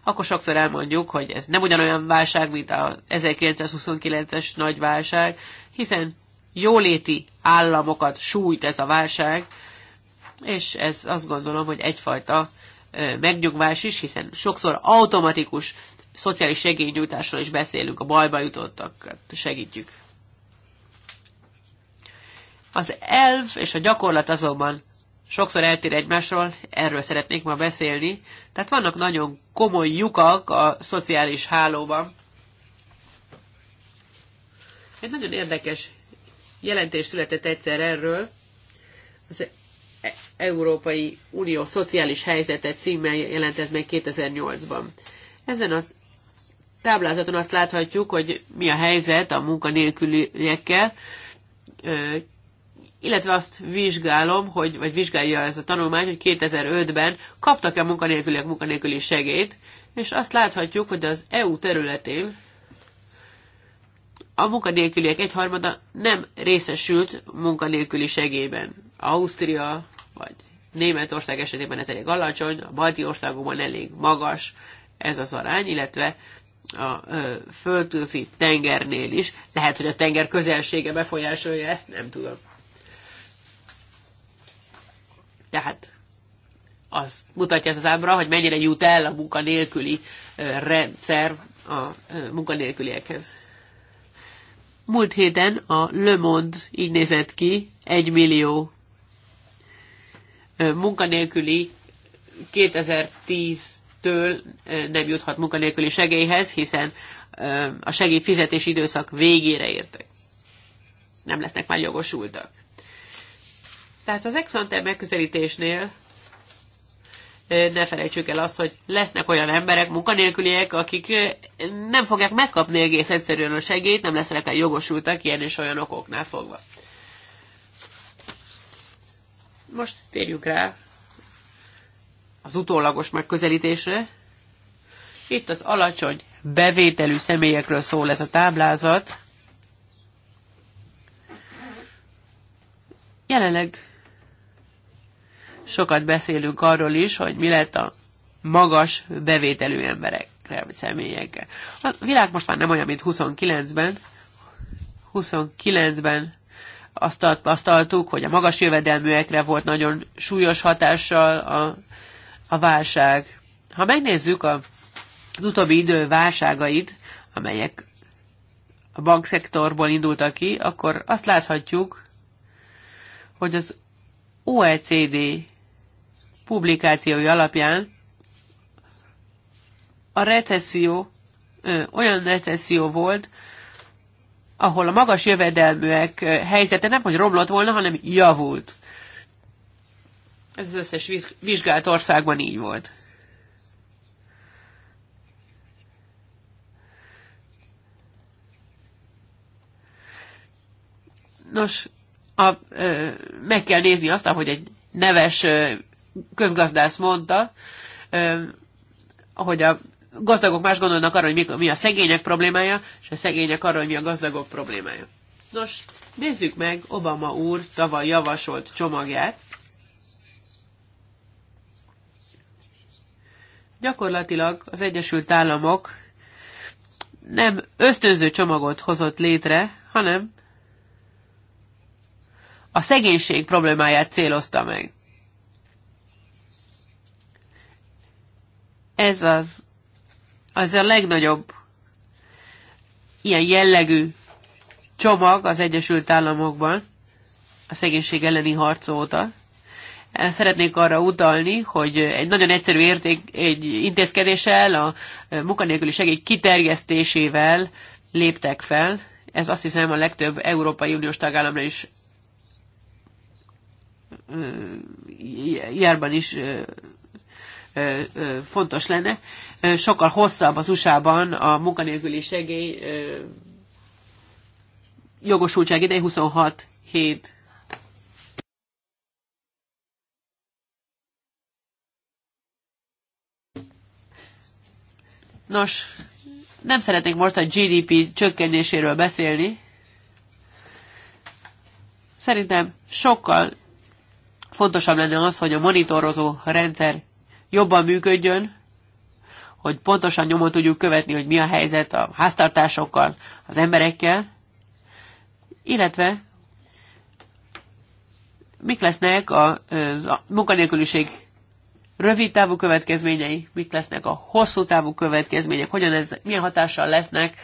akkor sokszor elmondjuk, hogy ez nem ugyanolyan válság, mint a 1929-es nagy válság, hiszen jóléti államokat sújt ez a válság, és ez azt gondolom, hogy egyfajta megnyugvás is, hiszen sokszor automatikus szociális segélynyújtásról is beszélünk, a bajba jutottak, hát segítjük. Az elv és a gyakorlat azonban sokszor eltér egymásról, erről szeretnék ma beszélni. Tehát vannak nagyon komoly lyukak a szociális hálóban. Egy nagyon érdekes jelentés született egyszer erről. Az Európai Unió szociális helyzete címmel jelent ez meg 2008-ban. Ezen a táblázaton azt láthatjuk, hogy mi a helyzet a munkanélküliekkel, illetve azt vizsgálom, hogy, vagy vizsgálja ez a tanulmány, hogy 2005-ben kaptak-e a munkanélküliek munkanélküli segélyt, és azt láthatjuk, hogy az EU területén a munkanélküliek egyharmada nem részesült munkanélküli segélyben. Ausztria, vagy Németország esetében ez elég alacsony, a balti országokban elég magas ez az arány, illetve a földtűzi tengernél is. Lehet, hogy a tenger közelsége befolyásolja ezt, nem tudom. Tehát az mutatja ez az ábra, hogy mennyire jut el a munkanélküli rendszer a munkanélküliekhez. Múlt héten a Le Monde így nézett ki, egy millió munkanélküli 2010-től nem juthat munkanélküli segélyhez, hiszen a segélyfizetés időszak végére értek. Nem lesznek már jogosultak. Tehát az ex megközelítésnél ne felejtsük el azt, hogy lesznek olyan emberek, munkanélküliek, akik nem fogják megkapni egész egyszerűen a segélyt, nem lesznek el jogosultak ilyen és olyan okoknál fogva. Most térjük rá az utólagos megközelítésre. Itt az alacsony bevételű személyekről szól ez a táblázat. Jelenleg sokat beszélünk arról is, hogy mi lett a magas bevételű emberekre, vagy személyekkel. A világ most már nem olyan, mint 29-ben. 29-ben azt tapasztaltuk, hogy a magas jövedelműekre volt nagyon súlyos hatással a, a válság. Ha megnézzük a, az utóbbi idő válságait, amelyek a bankszektorból indultak ki, akkor azt láthatjuk, hogy az OECD publikációi alapján a recesszió ö, olyan recesszió volt, ahol a magas jövedelműek helyzete nem, hogy romlott volna, hanem javult. Ez az összes vizsgált országban így volt. Nos, a, ö, meg kell nézni azt, ahogy egy neves ö, közgazdász mondta, ö, hogy a gazdagok más gondolnak arra, hogy mi a szegények problémája, és a szegények arra, hogy mi a gazdagok problémája. Nos, nézzük meg Obama úr tavaly javasolt csomagját. Gyakorlatilag az Egyesült Államok nem ösztönző csomagot hozott létre, hanem a szegénység problémáját célozta meg. Ez az az a legnagyobb ilyen jellegű csomag az Egyesült Államokban a szegénység elleni harc óta. Szeretnék arra utalni, hogy egy nagyon egyszerű érték, egy intézkedéssel, a munkanélküli segély kiterjesztésével léptek fel. Ez azt hiszem a legtöbb Európai Uniós tagállamra is járban is fontos lenne. Sokkal hosszabb az USA-ban a munkanélküli segély jogosultság ideje 26 hét. Nos, nem szeretnék most a GDP csökkenéséről beszélni. Szerintem sokkal fontosabb lenne az, hogy a monitorozó rendszer jobban működjön, hogy pontosan nyomon tudjuk követni, hogy mi a helyzet a háztartásokkal, az emberekkel, illetve mik lesznek a, a munkanélküliség rövid távú következményei, mik lesznek a hosszú távú következmények, hogyan ez, milyen hatással lesznek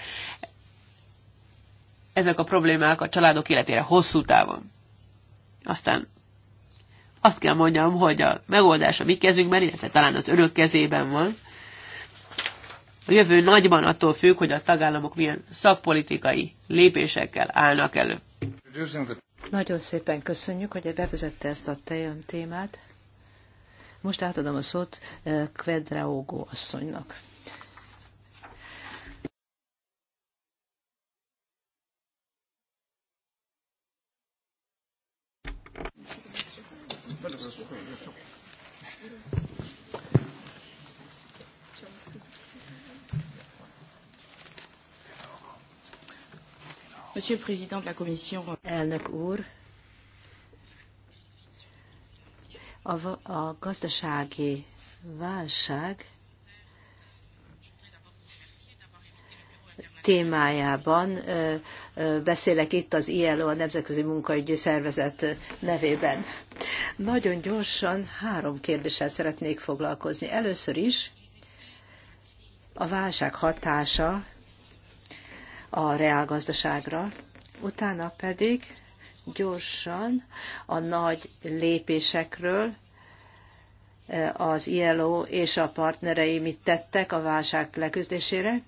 ezek a problémák a családok életére hosszú távon. Aztán azt kell mondjam, hogy a megoldás a mi kezünkben, illetve talán az örök kezében van. A jövő nagyban attól függ, hogy a tagállamok milyen szakpolitikai lépésekkel állnak elő. Nagyon szépen köszönjük, hogy bevezette ezt a tejön témát. Most átadom a szót eh, Kvedraógó asszonynak. Monsieur le Président de la Commission. Elnök úr, a, a gazdasági válság témájában beszélek itt az ILO, a Nemzetközi Munkaügyi Szervezet nevében. Nagyon gyorsan három kérdéssel szeretnék foglalkozni. Először is a válság hatása a reálgazdaságra, utána pedig gyorsan a nagy lépésekről, az ILO és a partnerei mit tettek a válság leküzdésére,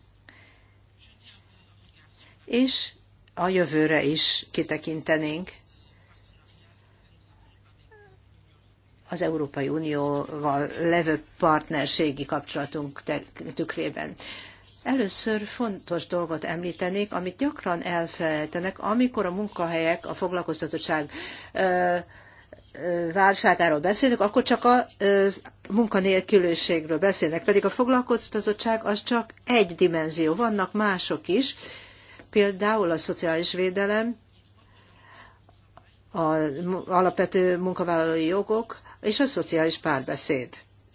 és a jövőre is kitekintenénk az Európai Unióval levő partnerségi kapcsolatunk tükrében. Először fontos dolgot említenék, amit gyakran elfelejtenek, amikor a munkahelyek, a foglalkoztatottság válságáról beszélnek, akkor csak a munkanélkülőségről beszélnek, pedig a foglalkoztatottság az csak egy dimenzió, vannak mások is, Például a szociális védelem, az alapvető munkavállalói jogok és a szociális párbeszéd.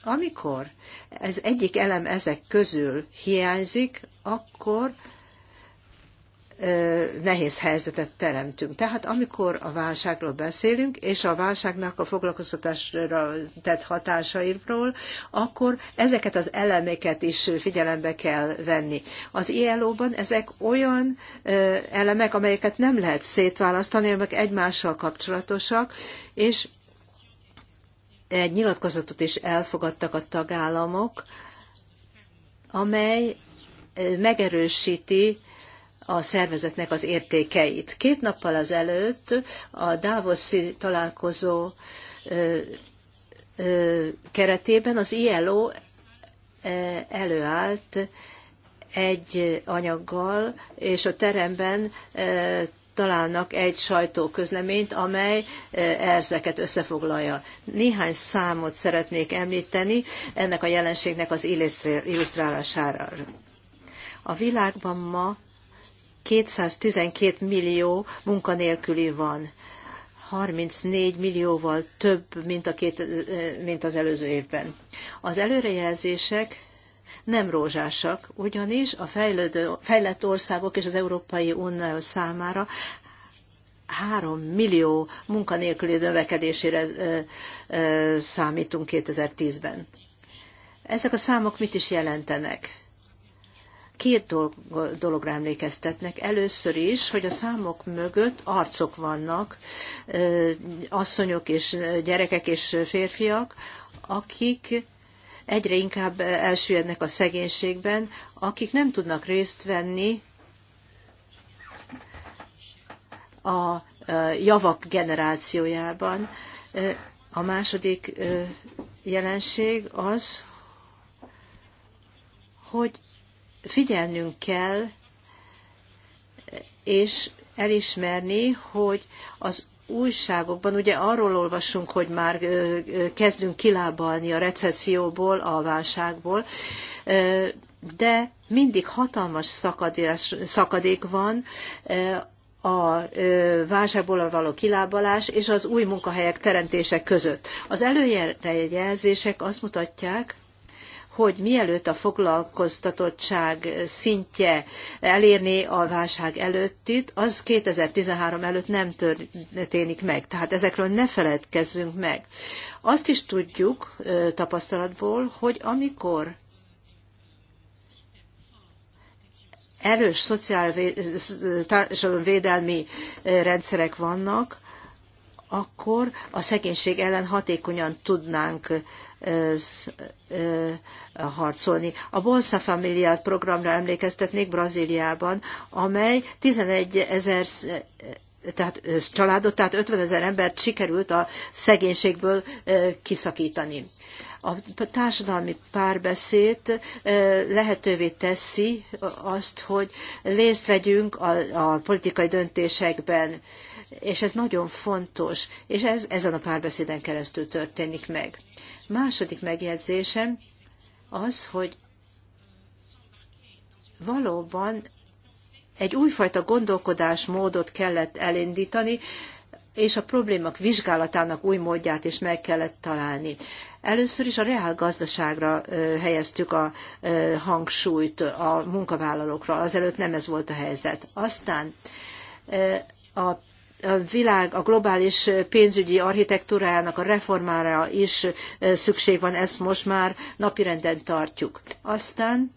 Amikor ez egyik elem ezek közül hiányzik, akkor nehéz helyzetet teremtünk. Tehát amikor a válságról beszélünk, és a válságnak a foglalkoztatásra tett hatásairól, akkor ezeket az elemeket is figyelembe kell venni. Az ILO-ban ezek olyan elemek, amelyeket nem lehet szétválasztani, amelyek egymással kapcsolatosak, és egy nyilatkozatot is elfogadtak a tagállamok, amely megerősíti a szervezetnek az értékeit. Két nappal azelőtt a Davoszi találkozó keretében az ILO előállt egy anyaggal, és a teremben találnak egy sajtóközleményt, amely ezeket összefoglalja. Néhány számot szeretnék említeni ennek a jelenségnek az illusztrálására. A világban ma 212 millió munkanélküli van. 34 millióval több, mint, a két, mint az előző évben. Az előrejelzések nem rózsásak, ugyanis a fejlődő, fejlett országok és az Európai Unió számára 3 millió munkanélküli növekedésére ö, ö, számítunk 2010-ben. Ezek a számok mit is jelentenek? két dologra emlékeztetnek. Először is, hogy a számok mögött arcok vannak, asszonyok és gyerekek és férfiak, akik egyre inkább elsüllyednek a szegénységben, akik nem tudnak részt venni a javak generációjában. A második jelenség az, hogy figyelnünk kell, és elismerni, hogy az újságokban ugye arról olvasunk, hogy már kezdünk kilábalni a recesszióból, a válságból, de mindig hatalmas szakadék van a válságból való kilábalás és az új munkahelyek teremtése között. Az előjelzések azt mutatják, hogy mielőtt a foglalkoztatottság szintje elérné a válság előttit, az 2013 előtt nem történik meg. Tehát ezekről ne feledkezzünk meg. Azt is tudjuk tapasztalatból, hogy amikor erős szociálvédelmi rendszerek vannak, akkor a szegénység ellen hatékonyan tudnánk harcolni. A Bolsa Familia programra emlékeztetnék Brazíliában, amely 11 ezer tehát családot, tehát 50 ezer embert sikerült a szegénységből kiszakítani. A társadalmi párbeszéd lehetővé teszi azt, hogy részt vegyünk a, a politikai döntésekben és ez nagyon fontos, és ez ezen a párbeszéden keresztül történik meg. Második megjegyzésem az, hogy valóban egy újfajta gondolkodásmódot kellett elindítani, és a problémák vizsgálatának új módját is meg kellett találni. Először is a reál gazdaságra helyeztük a hangsúlyt a munkavállalókra, azelőtt nem ez volt a helyzet. Aztán a a világ, a globális pénzügyi architektúrájának a reformára is szükség van, ezt most már napirenden tartjuk. Aztán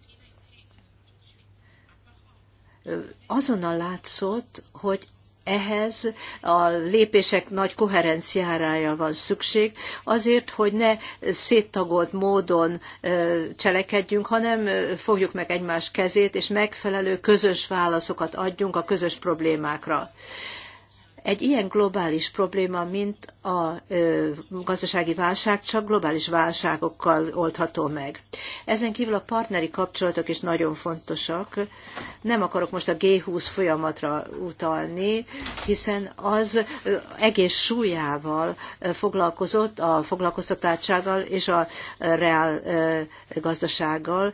azonnal látszott, hogy ehhez a lépések nagy koherenciárája van szükség, azért, hogy ne széttagolt módon cselekedjünk, hanem fogjuk meg egymás kezét, és megfelelő közös válaszokat adjunk a közös problémákra. Egy ilyen globális probléma, mint a gazdasági válság, csak globális válságokkal oldható meg. Ezen kívül a partneri kapcsolatok is nagyon fontosak. Nem akarok most a G20 folyamatra utalni, hiszen az egész súlyával foglalkozott a foglalkoztatátsággal és a reál gazdasággal,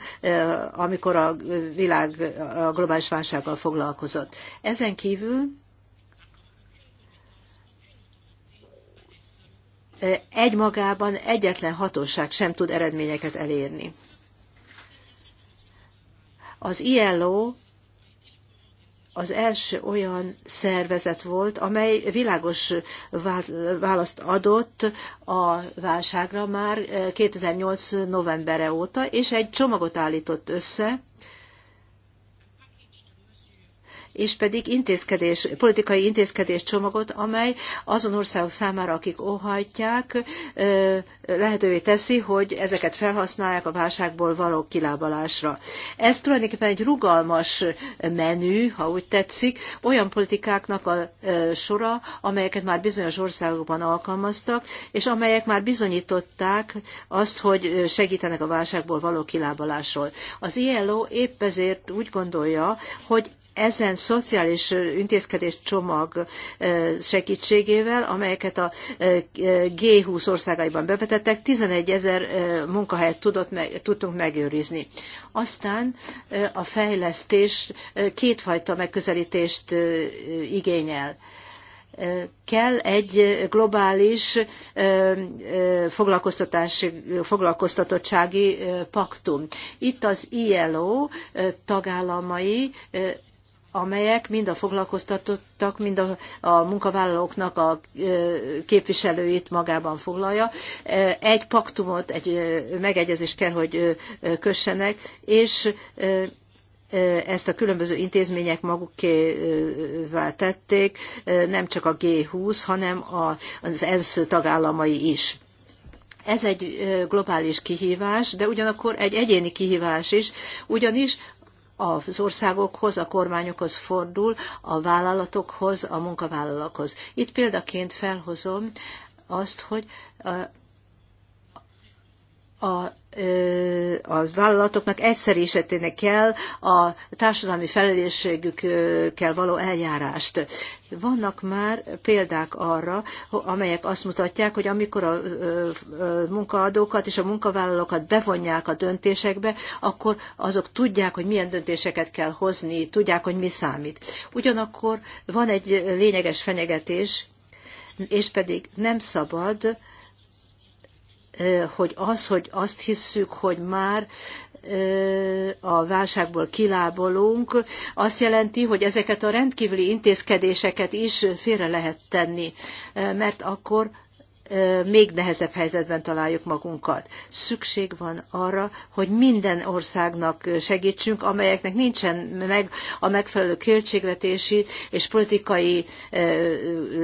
amikor a világ a globális válsággal foglalkozott. Ezen kívül egymagában egyetlen hatóság sem tud eredményeket elérni. Az ILO az első olyan szervezet volt, amely világos választ adott a válságra már 2008. novembere óta, és egy csomagot állított össze, és pedig intézkedés, politikai intézkedés csomagot, amely azon országok számára, akik óhajtják, lehetővé teszi, hogy ezeket felhasználják a válságból való kilábalásra. Ez tulajdonképpen egy rugalmas menü, ha úgy tetszik, olyan politikáknak a sora, amelyeket már bizonyos országokban alkalmaztak, és amelyek már bizonyították azt, hogy segítenek a válságból való kilábalásról. Az ILO épp ezért úgy gondolja, hogy ezen szociális intézkedés csomag segítségével, amelyeket a G20 országaiban bevetettek, 11 ezer munkahelyet tudott, tudtunk megőrizni. Aztán a fejlesztés kétfajta megközelítést igényel kell egy globális foglalkoztatási, foglalkoztatottsági paktum. Itt az ILO tagállamai amelyek mind a foglalkoztatottak, mind a, a munkavállalóknak a képviselőit magában foglalja. Egy paktumot, egy megegyezést kell, hogy kössenek, és ezt a különböző intézmények magukévá tették, nem csak a G20, hanem az ENSZ tagállamai is. Ez egy globális kihívás, de ugyanakkor egy egyéni kihívás is, ugyanis az országokhoz, a kormányokhoz fordul, a vállalatokhoz, a munkavállalókhoz. Itt példaként felhozom azt, hogy a, a a vállalatoknak egyszer esetének kell a társadalmi felelősségükkel való eljárást. Vannak már példák arra, amelyek azt mutatják, hogy amikor a munkaadókat és a munkavállalókat bevonják a döntésekbe, akkor azok tudják, hogy milyen döntéseket kell hozni, tudják, hogy mi számít. Ugyanakkor van egy lényeges fenyegetés, és pedig nem szabad hogy az, hogy azt hisszük, hogy már a válságból kilábolunk, azt jelenti, hogy ezeket a rendkívüli intézkedéseket is félre lehet tenni, mert akkor még nehezebb helyzetben találjuk magunkat. Szükség van arra, hogy minden országnak segítsünk, amelyeknek nincsen meg a megfelelő költségvetési és politikai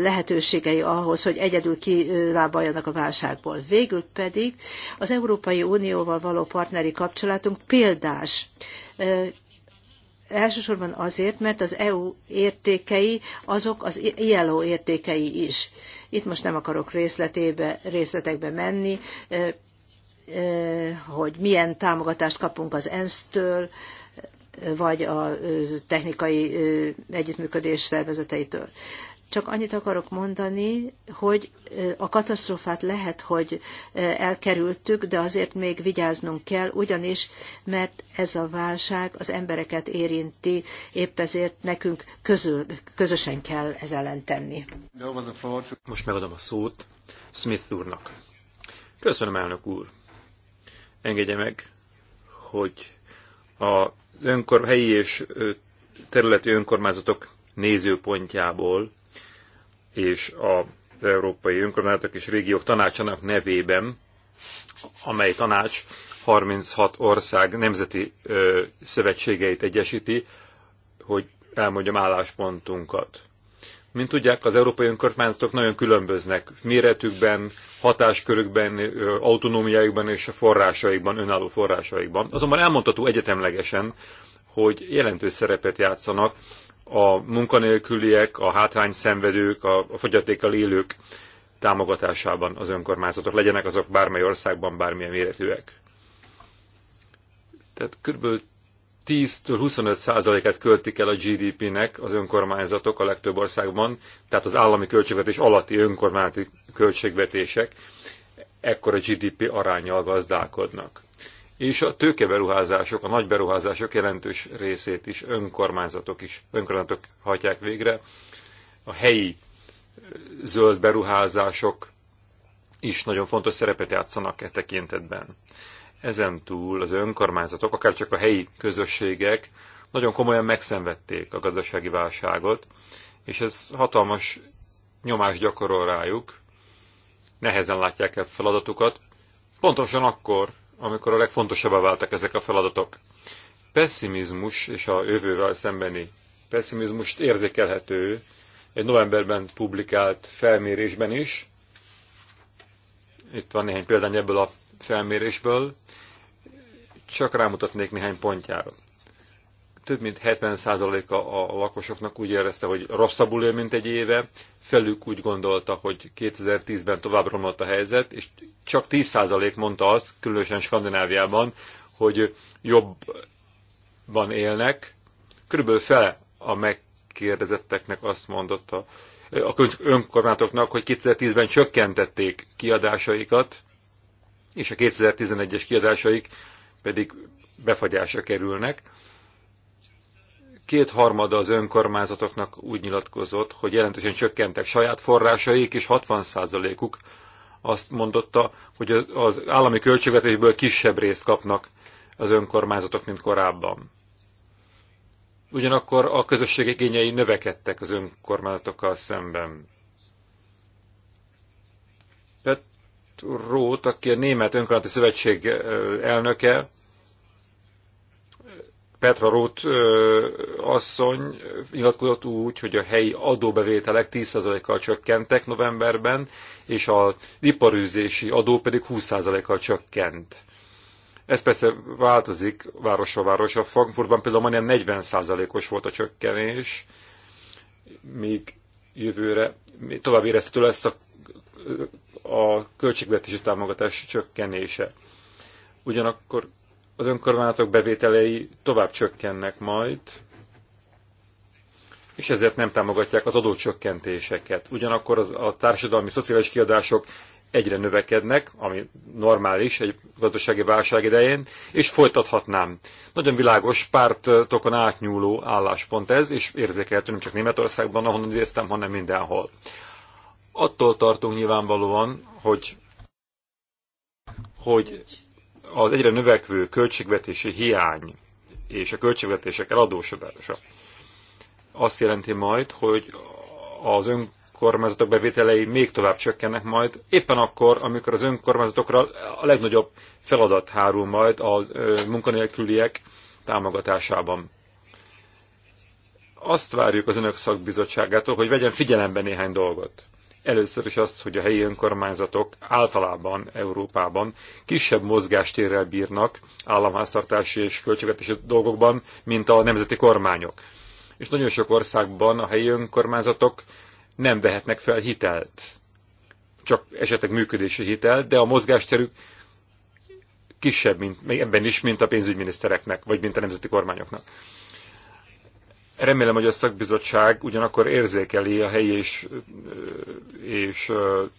lehetőségei ahhoz, hogy egyedül kilábaljanak a válságból. Végül pedig az Európai Unióval való partneri kapcsolatunk példás elsősorban azért, mert az EU értékei azok az ILO értékei is. Itt most nem akarok részletébe, részletekbe menni, eh, eh, hogy milyen támogatást kapunk az ENSZ-től, eh, vagy a technikai együttműködés szervezeteitől. Csak annyit akarok mondani, hogy a katasztrófát lehet, hogy elkerültük, de azért még vigyáznunk kell, ugyanis, mert ez a válság az embereket érinti, épp ezért nekünk közül, közösen kell ez ellen tenni. Most megadom a szót Smith úrnak. Köszönöm, elnök úr. Engedje meg, hogy a önkor, helyi és területi önkormányzatok nézőpontjából és az Európai Önkormányzatok és Régiók Tanácsának nevében, amely tanács 36 ország nemzeti ö, szövetségeit egyesíti, hogy elmondjam álláspontunkat. Mint tudják, az európai önkormányzatok nagyon különböznek méretükben, hatáskörükben, autonómiájukban és a forrásaikban, önálló forrásaikban. Azonban elmondható egyetemlegesen, hogy jelentős szerepet játszanak a munkanélküliek, a hátrányszenvedők, a fogyatékkal élők támogatásában az önkormányzatok, legyenek azok bármely országban, bármilyen méretűek. Tehát kb. 10-től 25 százalékát költik el a GDP-nek az önkormányzatok a legtöbb országban, tehát az állami költségvetés alatti önkormányzati költségvetések ekkora GDP arányjal gazdálkodnak és a tőkeberuházások, a nagy beruházások jelentős részét is önkormányzatok is, önkormányzatok hajtják végre. A helyi zöld beruházások is nagyon fontos szerepet játszanak e tekintetben. Ezen túl az önkormányzatok, akár csak a helyi közösségek nagyon komolyan megszenvedték a gazdasági válságot, és ez hatalmas nyomást gyakorol rájuk, nehezen látják el feladatukat, pontosan akkor, amikor a legfontosabbá váltak ezek a feladatok. Pessimizmus és a jövővel szembeni pessimizmust érzékelhető egy novemberben publikált felmérésben is. Itt van néhány példány ebből a felmérésből. Csak rámutatnék néhány pontjára több mint 70%-a a lakosoknak úgy érezte, hogy rosszabbul él, mint egy éve. Felük úgy gondolta, hogy 2010-ben tovább romlott a helyzet, és csak 10% mondta azt, különösen Skandináviában, hogy jobban élnek. Körülbelül fele a megkérdezetteknek azt mondotta, a önkormányzatoknak, hogy 2010-ben csökkentették kiadásaikat, és a 2011-es kiadásaik pedig befagyásra kerülnek kétharmada az önkormányzatoknak úgy nyilatkozott, hogy jelentősen csökkentek saját forrásaik, és 60%-uk azt mondotta, hogy az állami költségvetésből kisebb részt kapnak az önkormányzatok, mint korábban. Ugyanakkor a közösség igényei növekedtek az önkormányzatokkal szemben. Pet Rót, aki a Német Önkormányzati Szövetség elnöke, Petra Roth asszony nyilatkozott úgy, hogy a helyi adóbevételek 10%-kal csökkentek novemberben, és a iparűzési adó pedig 20%-kal csökkent. Ez persze változik városra városra. Frankfurtban például majdnem 40%-os volt a csökkenés, míg jövőre tovább érezhető lesz a, a költségvetési támogatás csökkenése. Ugyanakkor az önkormányzatok bevételei tovább csökkennek majd, és ezért nem támogatják az adócsökkentéseket. Ugyanakkor az, a társadalmi szociális kiadások egyre növekednek, ami normális egy gazdasági válság idején, és folytathatnám. Nagyon világos pártokon átnyúló álláspont ez, és érzékelhető nem csak Németországban, ahonnan idéztem, hanem mindenhol. Attól tartunk nyilvánvalóan, hogy, hogy az egyre növekvő költségvetési hiány és a költségvetések eladósodása azt jelenti majd, hogy az önkormányzatok bevételei még tovább csökkennek majd, éppen akkor, amikor az önkormányzatokra a legnagyobb feladat hárul majd a munkanélküliek támogatásában. Azt várjuk az önök szakbizottságától, hogy vegyen figyelembe néhány dolgot. Először is azt, hogy a helyi önkormányzatok általában Európában kisebb mozgástérrel bírnak államháztartási és költségvetési dolgokban, mint a nemzeti kormányok. És nagyon sok országban a helyi önkormányzatok nem vehetnek fel hitelt, csak esetleg működési hitelt, de a mozgásterük kisebb, mint, ebben is, mint a pénzügyminisztereknek, vagy mint a nemzeti kormányoknak. Remélem, hogy a szakbizottság ugyanakkor érzékeli a helyi és, és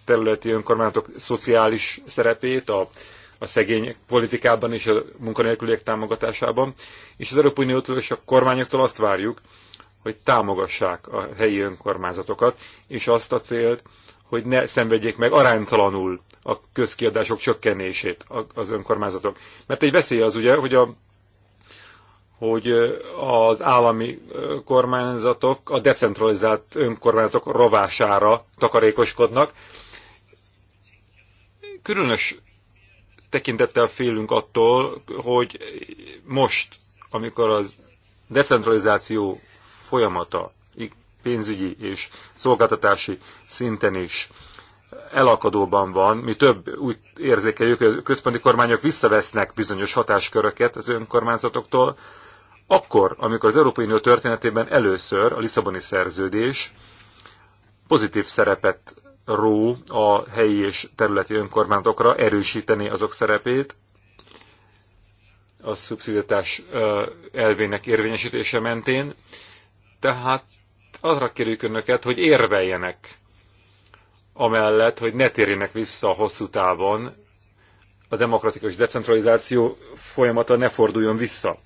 területi önkormányzatok szociális szerepét a, a szegény politikában és a munkanélküliek támogatásában, és az Európai Uniótól és a kormányoktól azt várjuk, hogy támogassák a helyi önkormányzatokat, és azt a célt, hogy ne szenvedjék meg aránytalanul a közkiadások csökkenését az önkormányzatok. Mert egy veszély az ugye, hogy a hogy az állami kormányzatok a decentralizált önkormányzatok rovására takarékoskodnak. Különös tekintettel félünk attól, hogy most, amikor az decentralizáció folyamata pénzügyi és szolgáltatási szinten is elakadóban van, mi több úgy érzékeljük, hogy a központi kormányok visszavesznek bizonyos hatásköröket az önkormányzatoktól, akkor, amikor az Európai Unió történetében először a Lisszaboni szerződés pozitív szerepet ró a helyi és területi önkormányzatokra, erősíteni azok szerepét, a szubszidiatás elvének érvényesítése mentén. Tehát arra kérjük önöket, hogy érveljenek amellett, hogy ne térjenek vissza a hosszú távon, a demokratikus decentralizáció folyamata ne forduljon vissza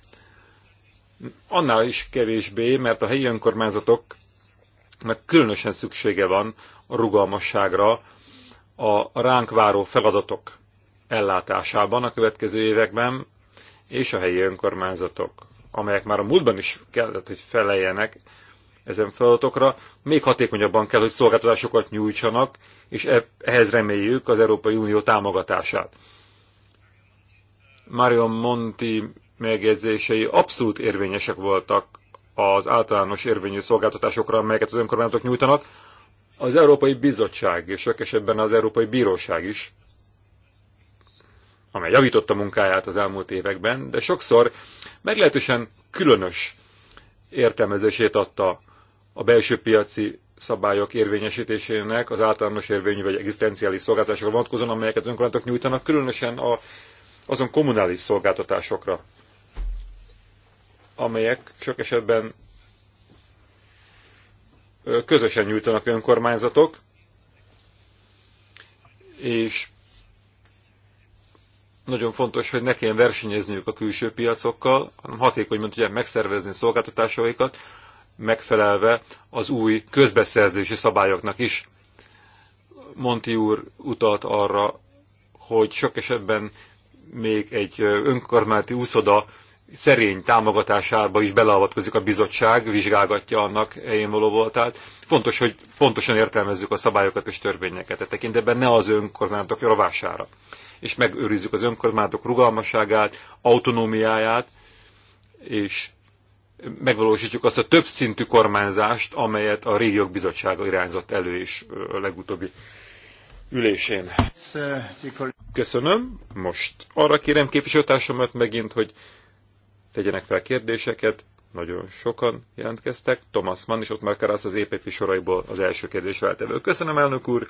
annál is kevésbé, mert a helyi önkormányzatoknak különösen szüksége van a rugalmasságra a ránk váró feladatok ellátásában a következő években, és a helyi önkormányzatok, amelyek már a múltban is kellett, hogy feleljenek ezen feladatokra, még hatékonyabban kell, hogy szolgáltatásokat nyújtsanak, és e- ehhez reméljük az Európai Unió támogatását. Mario Monti megjegyzései abszolút érvényesek voltak az általános érvényű szolgáltatásokra, amelyeket az önkormányzatok nyújtanak. Az Európai Bizottság és sok esetben az Európai Bíróság is, amely javította munkáját az elmúlt években, de sokszor meglehetősen különös értelmezését adta a belső piaci szabályok érvényesítésének az általános érvényű vagy egzisztenciális szolgáltatásokra vonatkozóan, amelyeket önkormányzatok nyújtanak, különösen a, azon kommunális szolgáltatásokra amelyek sok esetben közösen nyújtanak önkormányzatok, és nagyon fontos, hogy ne kelljen versenyezniük a külső piacokkal, hanem hatékonyan tudják megszervezni szolgáltatásaikat, megfelelve az új közbeszerzési szabályoknak is. Monti úr utalt arra, hogy sok esetben még egy önkormányzati úszoda szerény támogatásába is beleavatkozik a bizottság, vizsgálgatja annak helyén való voltát. Fontos, hogy pontosan értelmezzük a szabályokat és törvényeket. E tekintetben ne az önkormányzatok javására, És megőrizzük az önkormányzatok rugalmasságát, autonómiáját, és megvalósítsuk azt a többszintű kormányzást, amelyet a régiók bizottsága irányzott elő és a legutóbbi ülésén. Köszönöm. Most arra kérem képviselőtársamat megint, hogy tegyenek fel kérdéseket, nagyon sokan jelentkeztek. Thomas Mann is ott már kerász az EPP soraiból az első kérdés feltevő. Köszönöm, elnök úr!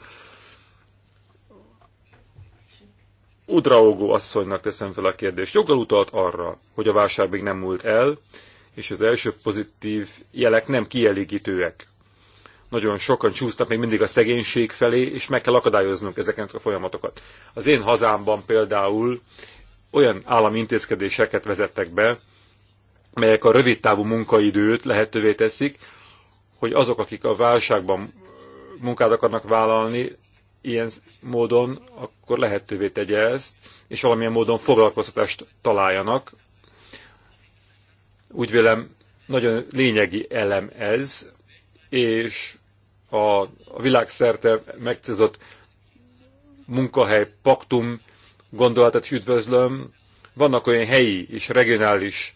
Udraogó asszonynak teszem fel a kérdést. Joggal utalt arra, hogy a válság még nem múlt el, és az első pozitív jelek nem kielégítőek. Nagyon sokan csúsztak még mindig a szegénység felé, és meg kell akadályoznunk ezeket a folyamatokat. Az én hazámban például olyan állami intézkedéseket vezettek be, melyek a rövidtávú munkaidőt lehetővé teszik, hogy azok, akik a válságban munkát akarnak vállalni, ilyen módon akkor lehetővé tegye ezt, és valamilyen módon foglalkoztatást találjanak. Úgy vélem, nagyon lényegi elem ez, és a, a világszerte megcélzott munkahely paktum gondolatot üdvözlöm. Vannak olyan helyi és regionális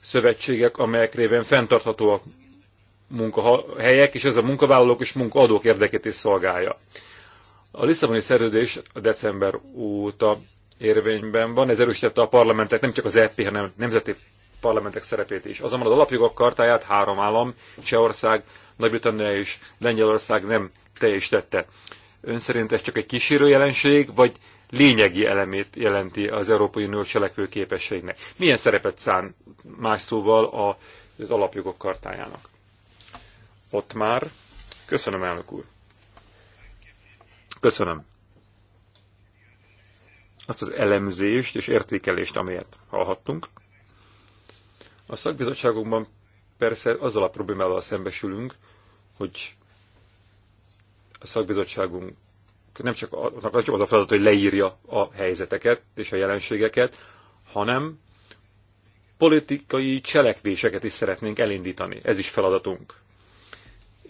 szövetségek, amelyek révén fenntarthatóak munkahelyek, és ez a munkavállalók és munkaadók érdekét is szolgálja. A Lisszaboni szerződés december óta érvényben van, ez erősítette a parlamentek, nem csak az EP, hanem a nemzeti parlamentek szerepét is. Azonban az alapjogok kartáját három állam, Csehország, Nagy-Britannia és Lengyelország nem teljesítette. Ön szerint ez csak egy kísérő jelenség, vagy lényegi elemét jelenti az Európai Unió képességnek. Milyen szerepet szán más szóval az alapjogok kartájának? Ott már. Köszönöm, elnök úr. Köszönöm. Azt az elemzést és értékelést, amelyet hallhattunk. A szakbizottságunkban persze azzal a problémával szembesülünk, hogy a szakbizottságunk nem csak, az, csak az a feladat, hogy leírja a helyzeteket és a jelenségeket, hanem politikai cselekvéseket is szeretnénk elindítani. Ez is feladatunk.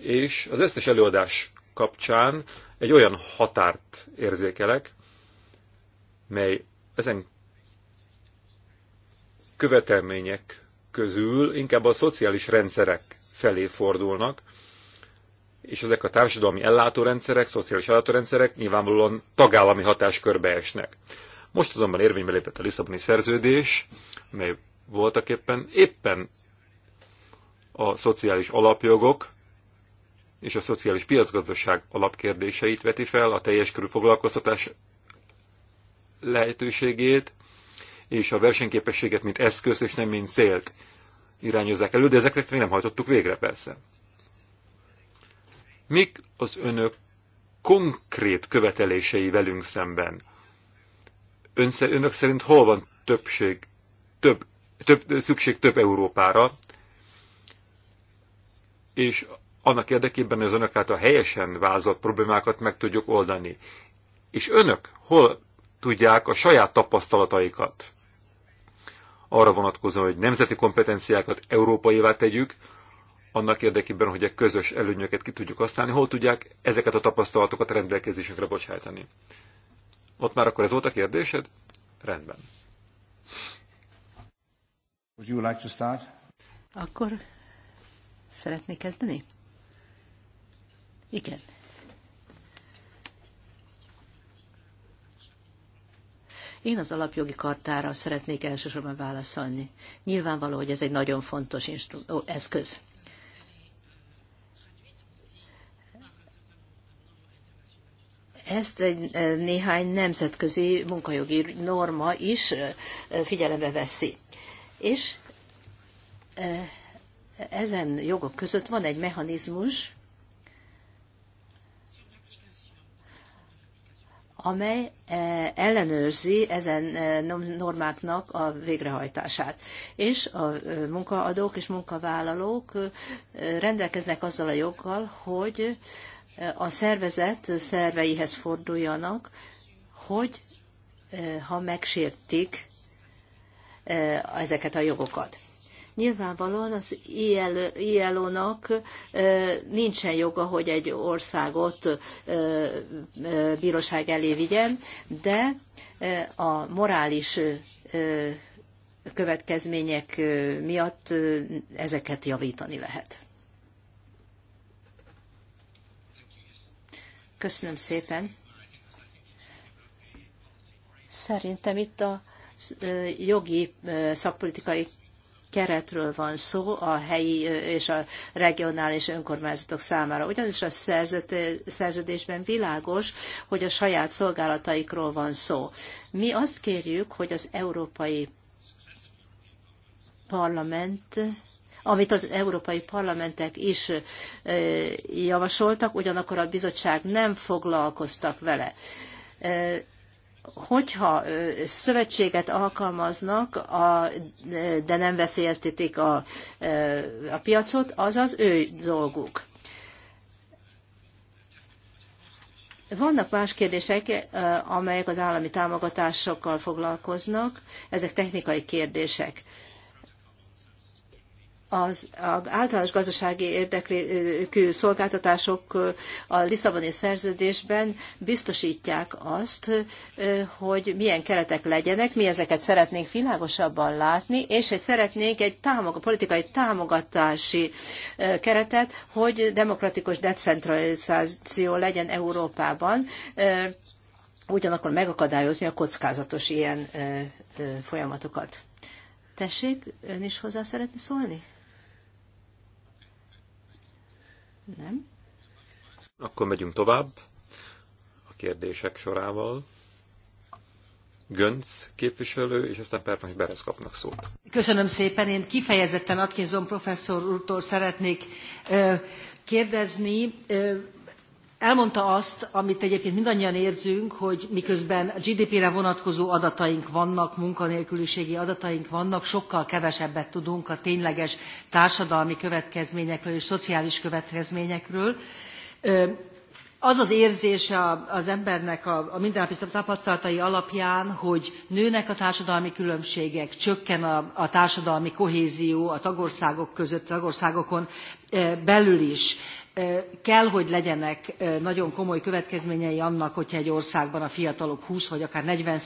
És az összes előadás kapcsán egy olyan határt érzékelek, mely ezen követelmények közül inkább a szociális rendszerek felé fordulnak, és ezek a társadalmi ellátórendszerek, szociális ellátórendszerek nyilvánvalóan tagállami hatáskörbe esnek. Most azonban érvénybe lépett a Lisszaboni szerződés, mely voltak éppen éppen a szociális alapjogok és a szociális piacgazdaság alapkérdéseit veti fel, a teljes körű foglalkoztatás lehetőségét, és a versenyképességet, mint eszköz, és nem mint célt irányozzák elő, de ezeket még nem hajtottuk végre persze. Mik az önök konkrét követelései velünk szemben? Ön, önök szerint hol van többség, több, több, szükség több Európára, és annak érdekében, hogy az önök által helyesen vázolt problémákat meg tudjuk oldani. És önök hol tudják a saját tapasztalataikat arra vonatkozóan, hogy nemzeti kompetenciákat európaivá tegyük, annak érdekében, hogy a közös előnyöket ki tudjuk használni, hol tudják ezeket a tapasztalatokat a rendelkezésünkre bocsájtani. Ott már akkor ez volt a kérdésed? Rendben. Would you like to start? Akkor szeretnék kezdeni? Igen. Én az alapjogi kartára szeretnék elsősorban válaszolni. Nyilvánvaló, hogy ez egy nagyon fontos eszköz. ezt egy e, néhány nemzetközi munkajogi norma is e, figyelembe veszi. És e, ezen jogok között van egy mechanizmus, amely eh, ellenőrzi ezen eh, normáknak a végrehajtását. És a eh, munkaadók és munkavállalók rendelkeznek azzal a joggal, hogy a szervezet szerveihez forduljanak, hogy ha megsértik ezeket a jogokat. Nyilvánvalóan az ILO-nak nincsen joga, hogy egy országot bíróság elé vigyen, de a morális következmények miatt ezeket javítani lehet. Köszönöm szépen. Szerintem itt a jogi szakpolitikai keretről van szó a helyi és a regionális önkormányzatok számára. Ugyanis a szerződésben világos, hogy a saját szolgálataikról van szó. Mi azt kérjük, hogy az Európai Parlament amit az európai parlamentek is javasoltak, ugyanakkor a bizottság nem foglalkoztak vele hogyha szövetséget alkalmaznak, a, de nem veszélyeztetik a, a piacot, az az ő dolguk. Vannak más kérdések, amelyek az állami támogatásokkal foglalkoznak, ezek technikai kérdések az, az általános gazdasági érdekű szolgáltatások a Lisszaboni szerződésben biztosítják azt, hogy milyen keretek legyenek, mi ezeket szeretnénk világosabban látni, és egy szeretnénk egy támog, politikai támogatási keretet, hogy demokratikus decentralizáció legyen Európában, ugyanakkor megakadályozni a kockázatos ilyen folyamatokat. Tessék, ön is hozzá szeretne szólni? Nem? Akkor megyünk tovább a kérdések sorával. Gönc képviselő, és aztán Perpans Berez kapnak szót. Köszönöm szépen. Én kifejezetten Atkinson professzor úrtól szeretnék kérdezni elmondta azt, amit egyébként mindannyian érzünk, hogy miközben a GDP-re vonatkozó adataink vannak, munkanélküliségi adataink vannak, sokkal kevesebbet tudunk a tényleges társadalmi következményekről és szociális következményekről. Az az érzése az embernek a, mindennapi tapasztalatai alapján, hogy nőnek a társadalmi különbségek, csökken a, a társadalmi kohézió a tagországok között, tagországokon belül is kell, hogy legyenek nagyon komoly következményei annak, hogyha egy országban a fiatalok 20 vagy akár 40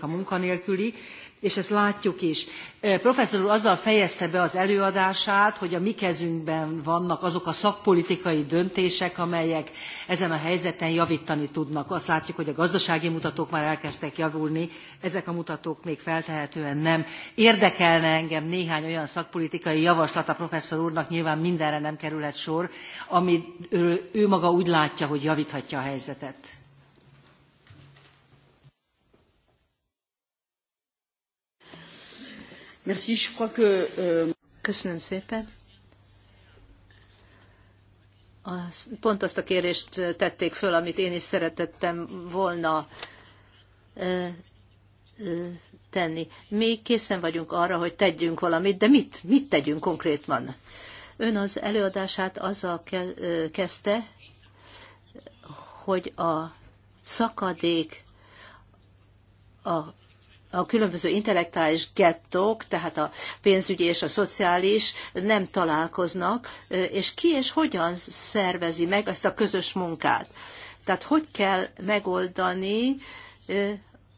a munkanélküli, és ezt látjuk is. Professzor úr azzal fejezte be az előadását, hogy a mi kezünkben vannak azok a szakpolitikai döntések, amelyek ezen a helyzeten javítani tudnak. Azt látjuk, hogy a gazdasági mutatók már elkezdtek javulni, ezek a mutatók még feltehetően nem. Érdekelne engem néhány olyan szakpolitikai javaslat a professzor úrnak, nyilván mindenre nem kerülhet sor, amit ő, ő maga úgy látja, hogy javíthatja a helyzetet. Merci, je crois que... Euh... Köszönöm szépen. Pont azt a kérést tették föl, amit én is szeretettem volna tenni. Mi készen vagyunk arra, hogy tegyünk valamit, de mit, mit tegyünk konkrétan? Ön az előadását azzal kezdte, hogy a szakadék a a különböző intellektuális gettók, tehát a pénzügyi és a szociális nem találkoznak, és ki és hogyan szervezi meg ezt a közös munkát. Tehát hogy kell megoldani,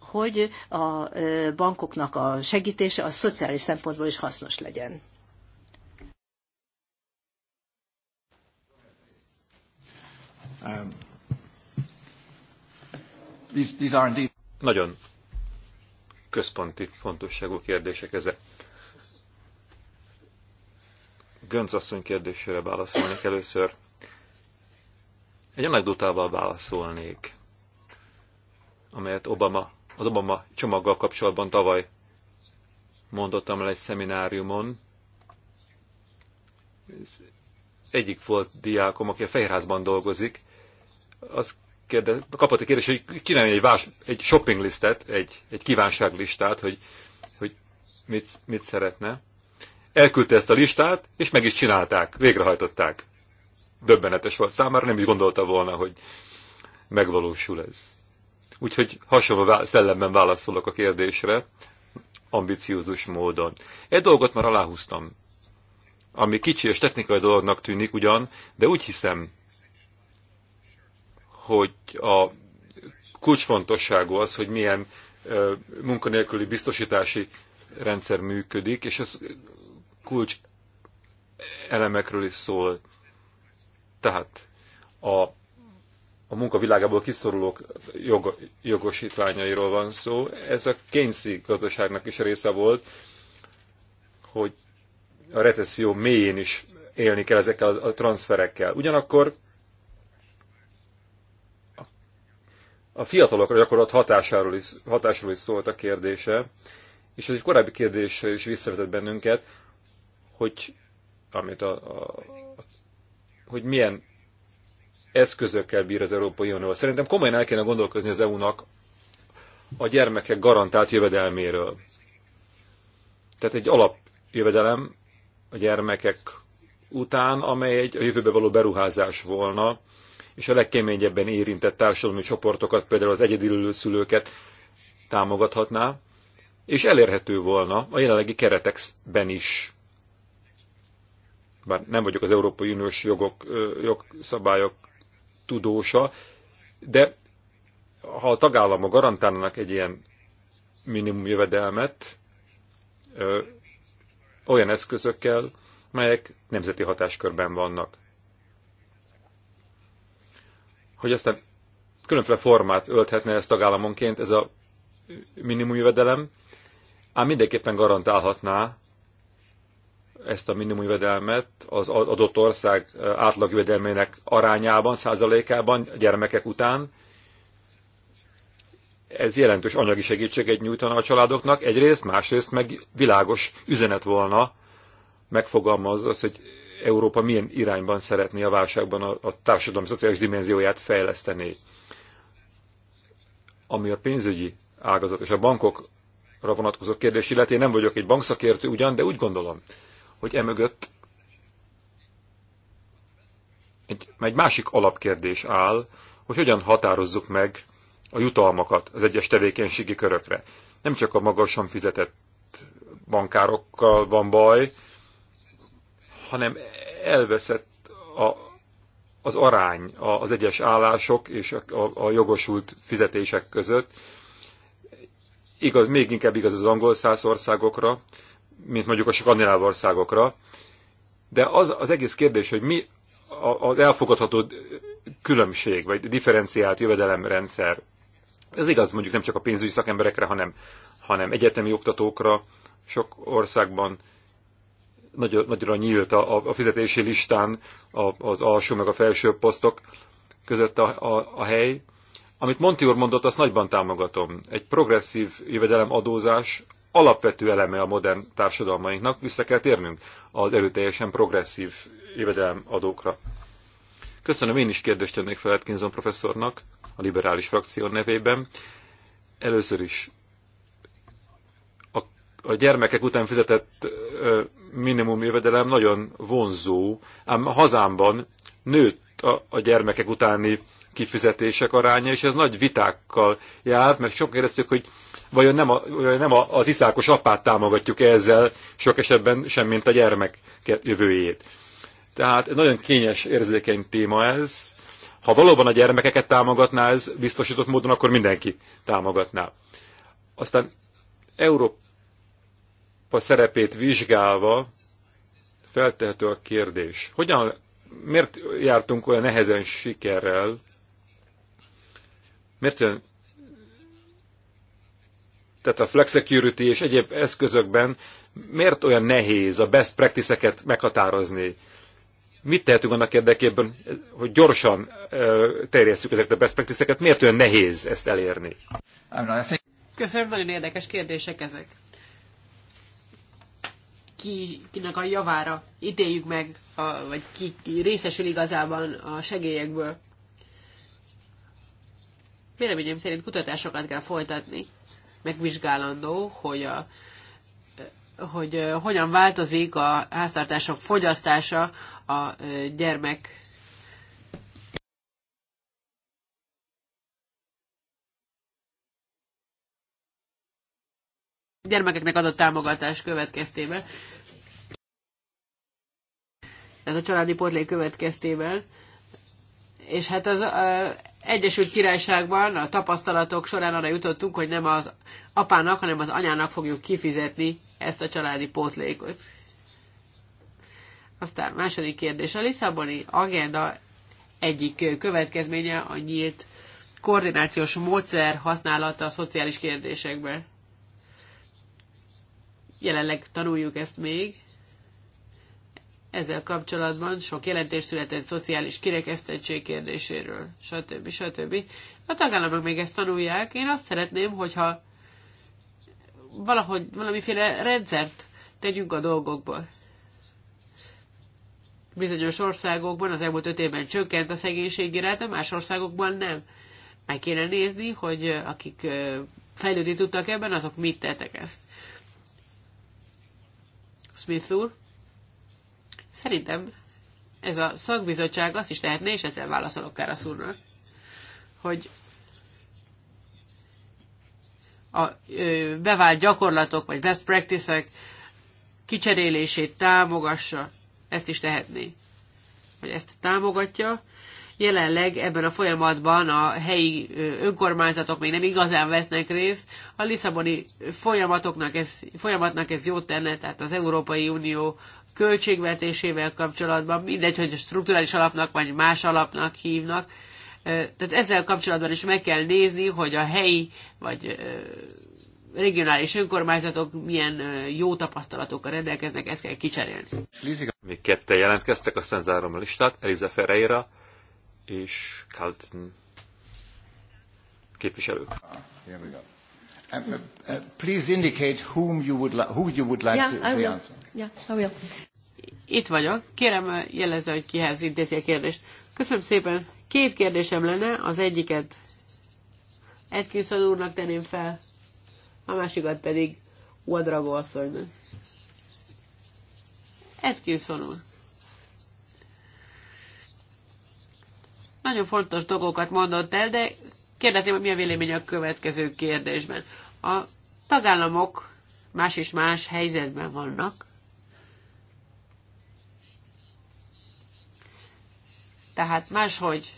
hogy a bankoknak a segítése a szociális szempontból is hasznos legyen. Um, these, these are indeed... Nagyon központi fontosságú kérdések ezek. Gönc asszony kérdésére válaszolnék először. Egy anekdotával válaszolnék, amelyet Obama, az Obama csomaggal kapcsolatban tavaly mondottam el egy szemináriumon. Ez egyik volt diákom, aki a Fehérházban dolgozik, az kérde, kapott egy kérdés, hogy csinálj egy, vás, egy shopping listet, egy, egy kívánságlistát, hogy, hogy mit, mit szeretne. Elküldte ezt a listát, és meg is csinálták, végrehajtották. Döbbenetes volt számára, nem is gondolta volna, hogy megvalósul ez. Úgyhogy hasonló szellemben válaszolok a kérdésre, ambiciózus módon. Egy dolgot már aláhúztam, ami kicsi és technikai dolognak tűnik ugyan, de úgy hiszem, hogy a kulcsfontosságú az, hogy milyen munkanélküli biztosítási rendszer működik, és ez kulcs elemekről is szól. Tehát a, a munkavilágából kiszorulók jog, jogosítványairól van szó. Ez a Keynesi gazdaságnak is része volt, hogy a recesszió mélyén is élni kell ezekkel a transferekkel. Ugyanakkor a fiatalokra gyakorolt hatásáról is, hatásról is szólt a kérdése, és egy korábbi kérdés is visszavetett bennünket, hogy, amit a, a, hogy milyen eszközökkel bír az Európai Unió. Szerintem komolyan el kéne gondolkozni az EU-nak a gyermekek garantált jövedelméről. Tehát egy alapjövedelem a gyermekek után, amely egy a jövőbe való beruházás volna, és a legkeményebben érintett társadalmi csoportokat, például az egyedülő szülőket támogathatná, és elérhető volna a jelenlegi keretekben is. Bár nem vagyok az Európai Uniós jogok, jogszabályok tudósa, de ha a tagállamok garantálnak egy ilyen minimum jövedelmet, olyan eszközökkel, melyek nemzeti hatáskörben vannak hogy aztán különféle formát ölthetne ezt tagállamonként ez a minimum jövedelem, ám mindenképpen garantálhatná ezt a minimum jövedelmet az adott ország jövedelmének arányában, százalékában, gyermekek után. Ez jelentős anyagi segítséget nyújtana a családoknak, egyrészt, másrészt meg világos üzenet volna megfogalmazva, hogy Európa milyen irányban szeretné a válságban a, a társadalmi szociális dimenzióját fejleszteni. Ami a pénzügyi ágazat és a bankokra vonatkozó kérdés illeti, én nem vagyok egy bankszakértő ugyan, de úgy gondolom, hogy emögött egy, egy másik alapkérdés áll, hogy hogyan határozzuk meg a jutalmakat az egyes tevékenységi körökre. Nem csak a magasan fizetett bankárokkal van baj, hanem elveszett a, az arány az egyes állások és a, a, a jogosult fizetések között. Igaz, még inkább igaz az angol száz országokra, mint mondjuk a skandináv országokra, de az az egész kérdés, hogy mi az elfogadható különbség, vagy differenciált jövedelemrendszer. Ez igaz mondjuk nem csak a pénzügyi szakemberekre, hanem, hanem egyetemi oktatókra sok országban, nagy, nagyra nyílt a, a fizetési listán a, az alsó meg a felső posztok között a, a, a hely. Amit Monti úr mondott, azt nagyban támogatom. Egy progresszív jövedelem adózás alapvető eleme a modern társadalmainknak, vissza kell térnünk az erőteljesen progresszív jövedelem adókra. Köszönöm, én is kérdést jönnék fel Atkinson professzornak a liberális frakció nevében. Először is a, a gyermekek után fizetett ö, minimum jövedelem nagyon vonzó, ám hazámban nőtt a, a gyermekek utáni kifizetések aránya, és ez nagy vitákkal jár, mert sok kérdeztük, hogy vajon nem, a, vajon nem a, az iszákos apát támogatjuk -e ezzel sok esetben sem, mint a gyermek jövőjét. Tehát egy nagyon kényes, érzékeny téma ez. Ha valóban a gyermekeket támogatná ez biztosított módon, akkor mindenki támogatná. Aztán Európa Európa szerepét vizsgálva feltehető a kérdés. Hogyan, miért jártunk olyan nehezen sikerrel? Miért olyan tehát a flex security és egyéb eszközökben miért olyan nehéz a best practice-eket meghatározni? Mit tehetünk annak érdekében, hogy gyorsan terjesszük ezeket a best practice-eket? Miért olyan nehéz ezt elérni? Köszönöm, nagyon érdekes kérdések ezek ki, kinek a javára ítéljük meg, a, vagy ki, ki részesül igazában a segélyekből. Véleményem szerint kutatásokat kell folytatni, megvizsgálandó, hogy a hogy hogyan változik a háztartások fogyasztása a gyermek gyermekeknek adott támogatás következtében. Ez a családi potlék következtében. És hát az uh, Egyesült Királyságban a tapasztalatok során arra jutottunk, hogy nem az apának, hanem az anyának fogjuk kifizetni ezt a családi pótlékot. Aztán második kérdés. A Lisszaboni agenda egyik következménye a nyílt koordinációs módszer használata a szociális kérdésekben jelenleg tanuljuk ezt még. Ezzel kapcsolatban sok jelentés született szociális kirekesztettség kérdéséről, stb. stb. A tagállamok még ezt tanulják. Én azt szeretném, hogyha valahogy valamiféle rendszert tegyünk a dolgokba. Bizonyos országokban az elmúlt öt évben csökkent a szegénység iráta, más országokban nem. Meg kéne nézni, hogy akik fejlődni tudtak ebben, azok mit tettek ezt. Smith úr. Szerintem ez a szakbizottság azt is lehetne, és ezzel válaszolok Kárasz szúrnak, hogy a bevált gyakorlatok, vagy best practices-ek kicserélését támogassa, ezt is tehetné. Vagy ezt támogatja, Jelenleg ebben a folyamatban a helyi önkormányzatok még nem igazán vesznek részt. A Lisszaboni folyamatoknak ez, folyamatnak ez jót tenne, tehát az Európai Unió költségvetésével kapcsolatban, mindegy, hogy a strukturális alapnak vagy más alapnak hívnak. Tehát ezzel kapcsolatban is meg kell nézni, hogy a helyi vagy regionális önkormányzatok milyen jó tapasztalatokkal rendelkeznek, ezt kell kicserélni. Még ketten jelentkeztek, aztán zárom a listát. Eliza Ferreira és Kalten képviselők. Uh, uh, please indicate whom you would, like, who you would like yeah, to I answer. Yeah, I will. Itt vagyok. Kérem uh, jelezze, hogy kihez intézi a kérdést. Köszönöm szépen. Két kérdésem lenne, az egyiket Edkinson úrnak tenném fel, a másikat pedig Uadrago asszonynak. Edkinson úr. Nagyon fontos dolgokat mondott el, de kérdezném, hogy mi a vélemény a következő kérdésben. A tagállamok más és más helyzetben vannak. Tehát máshogy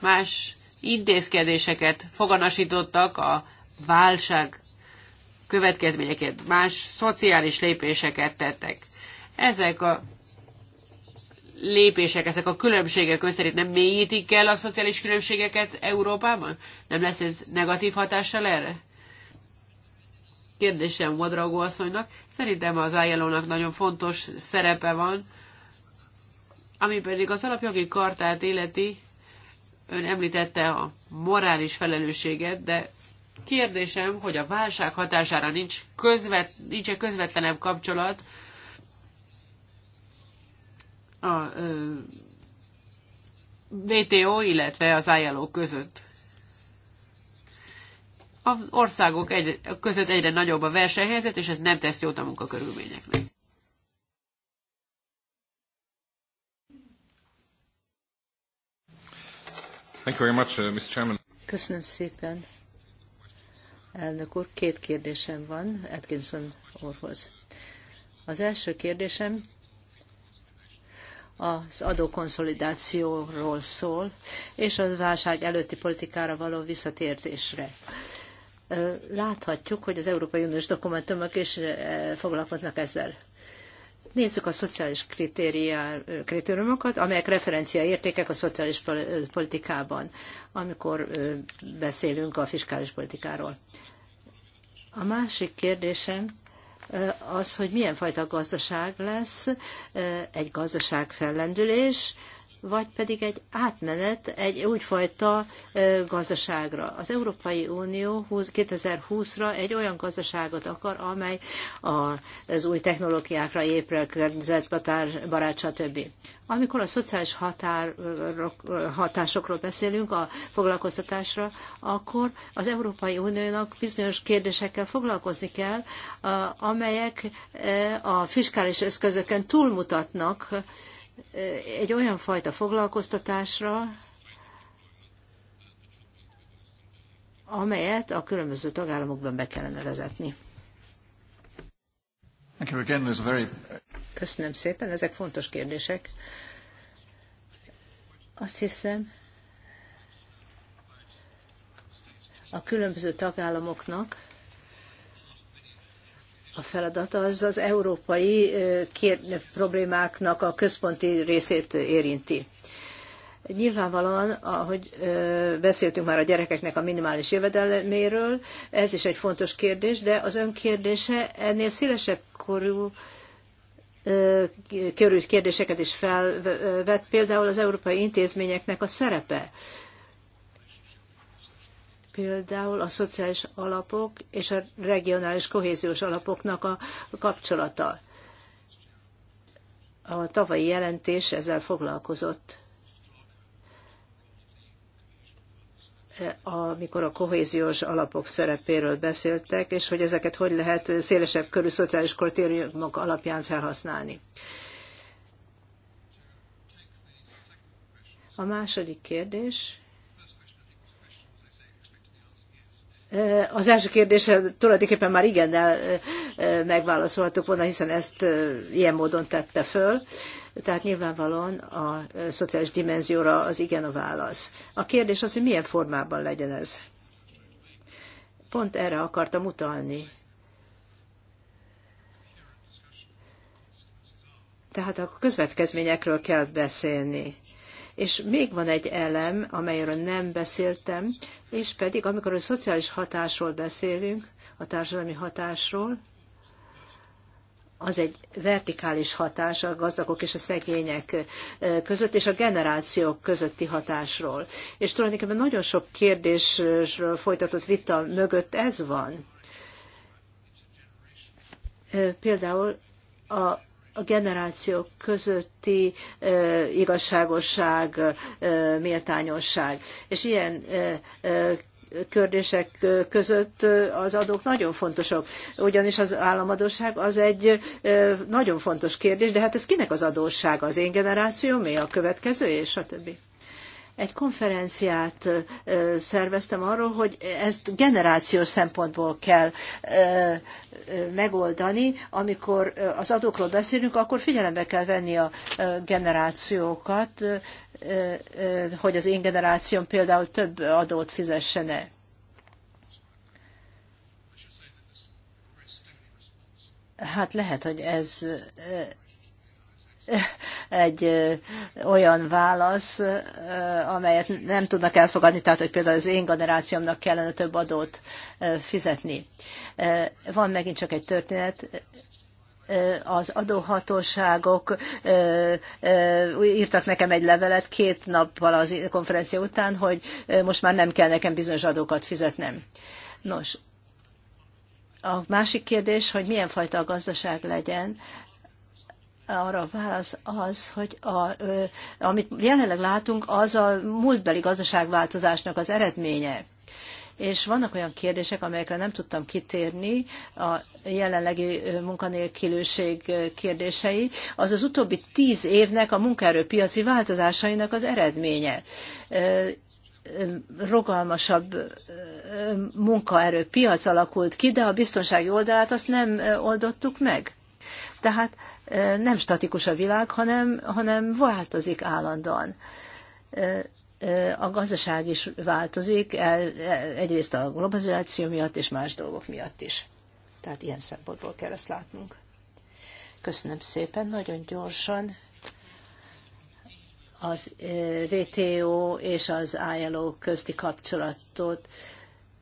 más intézkedéseket foganasítottak a válság következményeket, más szociális lépéseket tettek. Ezek a lépések, ezek a különbségek összerint nem mélyítik el a szociális különbségeket Európában? Nem lesz ez negatív hatással erre? Kérdésem Vadragó asszonynak. Szerintem az ilo nagyon fontos szerepe van, ami pedig az alapjogi kartát életi, ön említette a morális felelősséget, de kérdésem, hogy a válság hatására nincs közvet, nincs -e közvetlenebb kapcsolat a WTO, illetve az ILO között. Az országok egy, között egyre nagyobb a versenyhelyzet, és ez nem tesz jót a munkakörülményeknek. Thank you very much, uh, Mr. Chairman. Köszönöm szépen. Elnök úr, két kérdésem van Atkinson úrhoz. Az első kérdésem az adókonszolidációról szól, és a válság előtti politikára való visszatértésre. Láthatjuk, hogy az Európai Uniós dokumentumok is foglalkoznak ezzel. Nézzük a szociális kritériumokat, amelyek referencia értékek a szociális politikában, amikor beszélünk a fiskális politikáról. A másik kérdésem az, hogy milyen fajta gazdaság lesz, egy gazdaság fellendülés, vagy pedig egy átmenet egy úgyfajta gazdaságra. Az Európai Unió 2020-ra egy olyan gazdaságot akar, amely az új technológiákra épül, környezetbarát, stb. Amikor a szociális határ, hatásokról beszélünk a foglalkoztatásra, akkor az Európai Uniónak bizonyos kérdésekkel foglalkozni kell, amelyek a fiskális eszközöken túlmutatnak, egy olyan fajta foglalkoztatásra, amelyet a különböző tagállamokban be kellene vezetni. Köszönöm szépen, ezek fontos kérdések. Azt hiszem, a különböző tagállamoknak a feladata, az az európai problémáknak a központi részét érinti. Nyilvánvalóan, ahogy beszéltünk már a gyerekeknek a minimális jövedelméről, ez is egy fontos kérdés, de az ön kérdése ennél szélesebb korú körül kérdéseket is felvet, például az európai intézményeknek a szerepe például a szociális alapok és a regionális kohéziós alapoknak a kapcsolata. A tavalyi jelentés ezzel foglalkozott, amikor a kohéziós alapok szerepéről beszéltek, és hogy ezeket hogy lehet szélesebb körű szociális kritériumok alapján felhasználni. A második kérdés Az első kérdésre tulajdonképpen már igen megválaszoltuk volna, hiszen ezt ilyen módon tette föl. Tehát nyilvánvalóan a szociális dimenzióra az igen a válasz. A kérdés az, hogy milyen formában legyen ez. Pont erre akartam utalni. Tehát a közvetkezményekről kell beszélni és még van egy elem, amelyről nem beszéltem, és pedig amikor a szociális hatásról beszélünk, a társadalmi hatásról, az egy vertikális hatás a gazdagok és a szegények között, és a generációk közötti hatásról. És tulajdonképpen nagyon sok kérdésről folytatott vita mögött ez van. Például a a generációk közötti igazságosság, méltányosság. És ilyen kérdések között az adók nagyon fontosak, ugyanis az államadóság az egy nagyon fontos kérdés, de hát ez kinek az adóssága? Az én generációmé, a következő, és a többi? Egy konferenciát szerveztem arról, hogy ezt generációs szempontból kell megoldani. Amikor az adókról beszélünk, akkor figyelembe kell venni a generációkat, hogy az én generációm például több adót fizessene. Hát lehet, hogy ez egy olyan válasz, amelyet nem tudnak elfogadni, tehát hogy például az én generációmnak kellene több adót fizetni. Van megint csak egy történet, az adóhatóságok írtak nekem egy levelet két nappal az konferencia után, hogy most már nem kell nekem bizonyos adókat fizetnem. Nos, a másik kérdés, hogy milyen fajta a gazdaság legyen, arra a válasz az, hogy a, amit jelenleg látunk, az a múltbeli gazdaságváltozásnak az eredménye és vannak olyan kérdések, amelyekre nem tudtam kitérni, a jelenlegi munkanélkülőség kérdései, az az utóbbi tíz évnek a munkaerőpiaci változásainak az eredménye rogalmasabb munkaerőpiac alakult ki, de a biztonsági oldalát azt nem oldottuk meg. Tehát nem statikus a világ, hanem, hanem változik állandóan. A gazdaság is változik, e, egyrészt a globalizáció miatt, és más dolgok miatt is. Tehát ilyen szempontból kell ezt látnunk. Köszönöm szépen, nagyon gyorsan az WTO és az ILO közti kapcsolatot,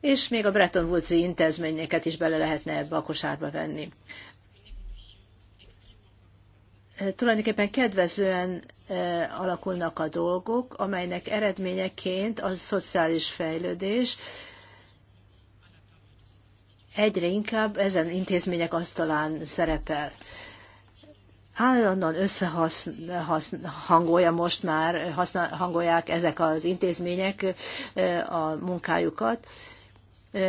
és még a Bretton Woods-i intézményeket is bele lehetne ebbe a kosárba venni tulajdonképpen kedvezően eh, alakulnak a dolgok, amelynek eredményeként a szociális fejlődés egyre inkább ezen intézmények asztalán szerepel. Állandóan összehangolja most már, hangolják ezek az intézmények eh, a munkájukat,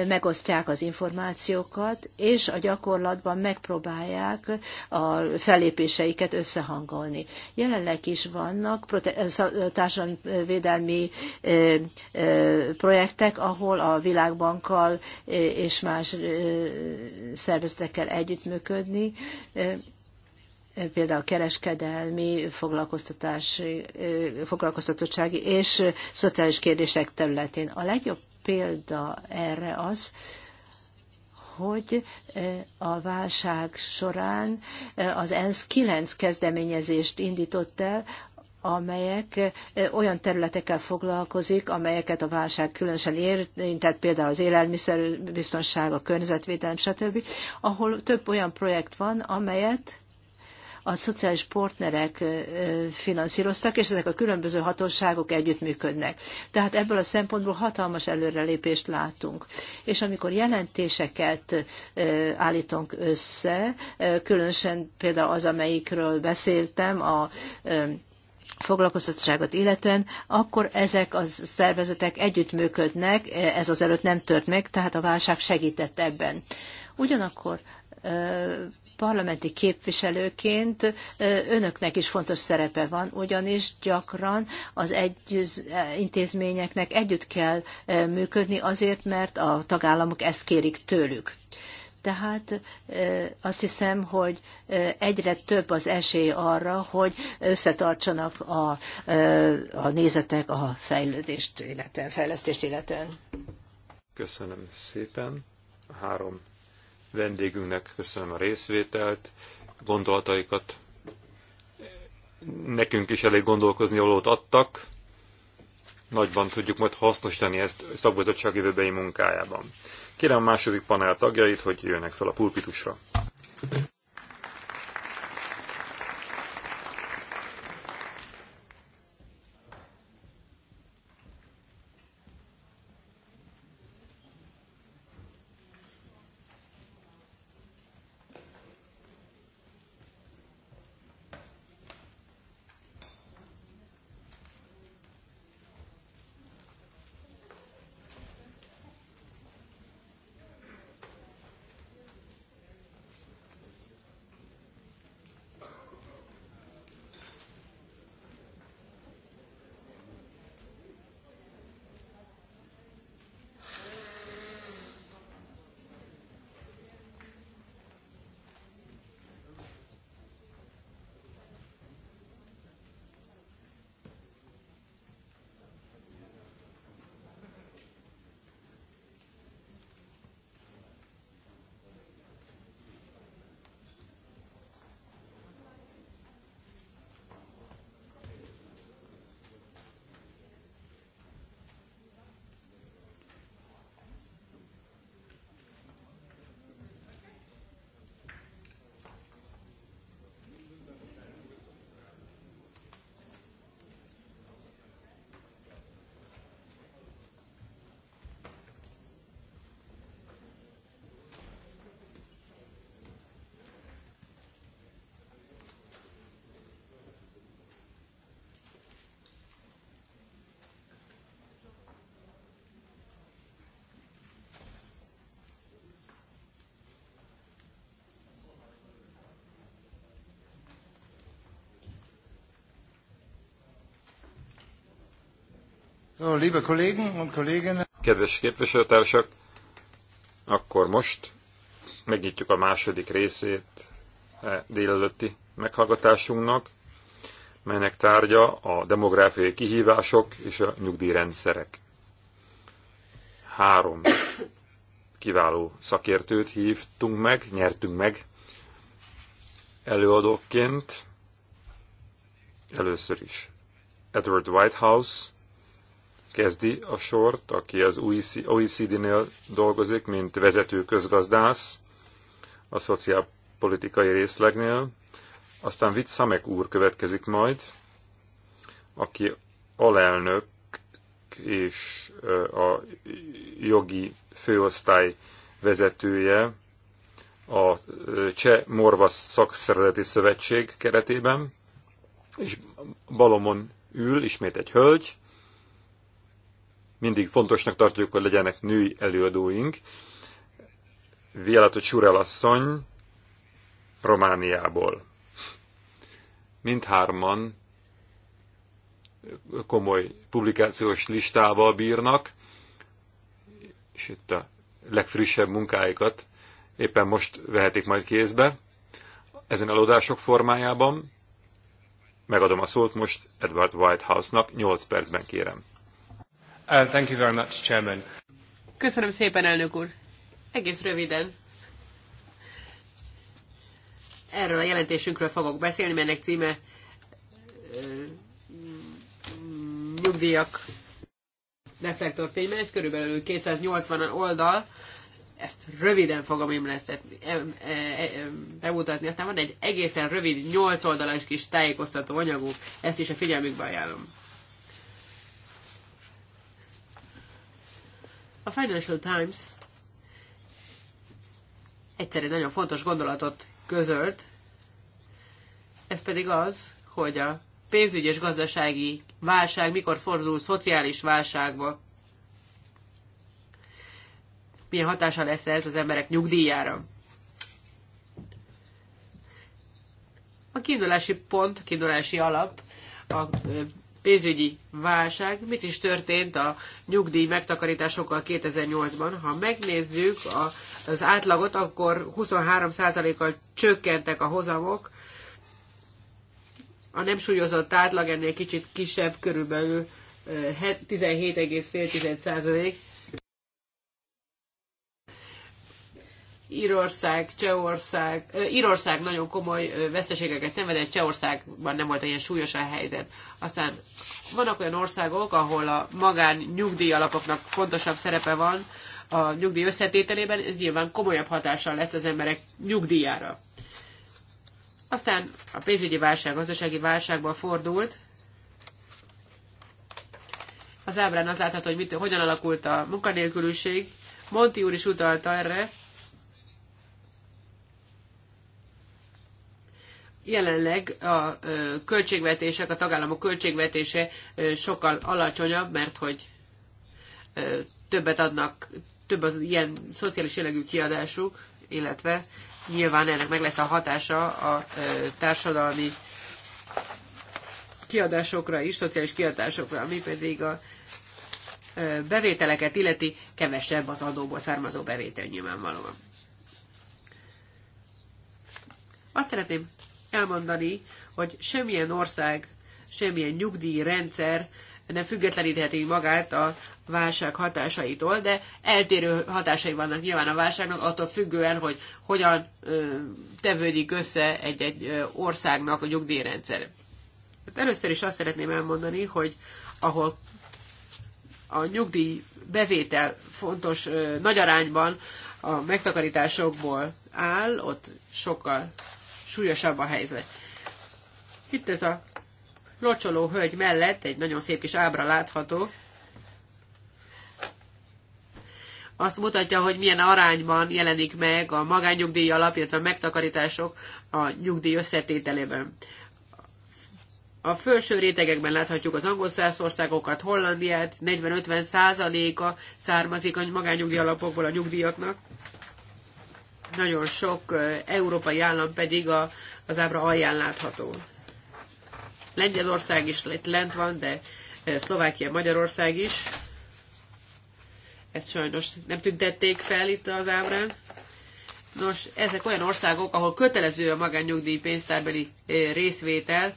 megosztják az információkat, és a gyakorlatban megpróbálják a fellépéseiket összehangolni. Jelenleg is vannak társadalmi védelmi projektek, ahol a Világbankkal és más szervezetekkel együttműködni, például kereskedelmi, foglalkoztatási, foglalkoztatottsági és szociális kérdések területén. A legjobb példa erre az, hogy e, a válság során e, az ENSZ kilenc kezdeményezést indított el, amelyek e, olyan területekkel foglalkozik, amelyeket a válság különösen érintett, például az élelmiszerbiztonság, a környezetvédelem, stb., ahol több olyan projekt van, amelyet a szociális partnerek finanszíroztak, és ezek a különböző hatóságok együttműködnek. Tehát ebből a szempontból hatalmas előrelépést látunk. És amikor jelentéseket állítunk össze, különösen például az, amelyikről beszéltem, a foglalkoztatottságot illetően, akkor ezek a szervezetek együttműködnek, ez azelőtt nem tört meg, tehát a válság segített ebben. Ugyanakkor parlamenti képviselőként önöknek is fontos szerepe van, ugyanis gyakran az egy, intézményeknek együtt kell működni azért, mert a tagállamok ezt kérik tőlük. Tehát azt hiszem, hogy egyre több az esély arra, hogy összetartsanak a, a nézetek a fejlődést illetően, fejlesztést illetően. Köszönöm szépen. Három vendégünknek köszönöm a részvételt, gondolataikat. Nekünk is elég gondolkozni valót adtak. Nagyban tudjuk majd hasznosítani ezt a szakbizottság jövőbeli munkájában. Kérem a második panel tagjait, hogy jöjjenek fel a pulpitusra. Kedves képviselőtársak, akkor most megnyitjuk a második részét e délelőtti meghallgatásunknak, melynek tárgya a demográfiai kihívások és a nyugdíjrendszerek. Három kiváló szakértőt hívtunk meg, nyertünk meg előadóként. Először is Edward Whitehouse, kezdi a sort, aki az OECD-nél e dolgozik, mint vezető közgazdász a szociálpolitikai részlegnél. Aztán Vic Szamek úr következik majd, aki alelnök és a jogi főosztály vezetője a Cseh Morvas Szakszervezeti Szövetség keretében, és Balomon ül ismét egy hölgy, mindig fontosnak tartjuk, hogy legyenek női előadóink. Vialato Csurel asszony Romániából. Mindhárman komoly publikációs listával bírnak, és itt a legfrissebb munkáikat éppen most vehetik majd kézbe, ezen előadások formájában. Megadom a szót most Edward Whitehouse-nak, 8 percben kérem. Uh, thank you very much, Chairman. Köszönöm szépen, elnök úr. Egész röviden. Erről a jelentésünkről fogok beszélni, ennek címe uh, nyugdíjak reflektorfényben, ez körülbelül 280 oldal, ezt röviden fogom imlesztetni, bemutatni, aztán van egy egészen rövid, 8 oldalas kis tájékoztató anyagunk, ezt is a figyelmükbe ajánlom. A Financial Times egyszer egy nagyon fontos gondolatot közölt, ez pedig az, hogy a pénzügyi és gazdasági válság mikor fordul szociális válságba. Milyen hatása lesz ez az emberek nyugdíjára? A kiindulási pont, kiindulási alap a pénzügyi válság, mit is történt a nyugdíj megtakarításokkal 2008-ban. Ha megnézzük a, az átlagot, akkor 23%-kal csökkentek a hozamok, a nem súlyozott átlag ennél kicsit kisebb, körülbelül 17,5%. Eh, Írország, Csehország, Írország nagyon komoly veszteségeket szenvedett, Csehországban nem volt ilyen súlyos a helyzet. Aztán vannak olyan országok, ahol a magán nyugdíj alapoknak fontosabb szerepe van a nyugdíj összetételében, ez nyilván komolyabb hatással lesz az emberek nyugdíjára. Aztán a pénzügyi válság, gazdasági válságban fordult, az ábrán az látható, hogy mit, hogyan alakult a munkanélküliség. Monti úr is utalta erre, Jelenleg a költségvetések, a tagállamok költségvetése sokkal alacsonyabb, mert hogy többet adnak, több az ilyen szociális jellegű kiadásuk, illetve nyilván ennek meg lesz a hatása a társadalmi kiadásokra is, szociális kiadásokra, ami pedig a bevételeket illeti, kevesebb az adóból származó bevétel nyilvánvalóan. Azt szeretném elmondani, hogy semmilyen ország, semmilyen nyugdíjrendszer nem függetlenítheti magát a válság hatásaitól, de eltérő hatásai vannak nyilván a válságnak, attól függően, hogy hogyan ö, tevődik össze egy-egy országnak a nyugdíjrendszer. Hát először is azt szeretném elmondani, hogy ahol a nyugdíj bevétel fontos ö, nagy arányban a megtakarításokból áll, ott sokkal súlyosabb a helyzet. Itt ez a locsoló hölgy mellett egy nagyon szép kis ábra látható. Azt mutatja, hogy milyen arányban jelenik meg a magányugdíj alap, illetve a megtakarítások a nyugdíj összetételében. A felső rétegekben láthatjuk az angol országokat, Hollandiát, 40-50 százaléka származik a magányugdíj alapokból a nyugdíjaknak nagyon sok európai állam pedig a, az ábra alján látható. Lengyelország is itt lent van, de Szlovákia, Magyarország is. Ezt sajnos nem tüntették fel itt az ábrán. Nos, ezek olyan országok, ahol kötelező a magánnyugdíj pénztárbeli részvétel.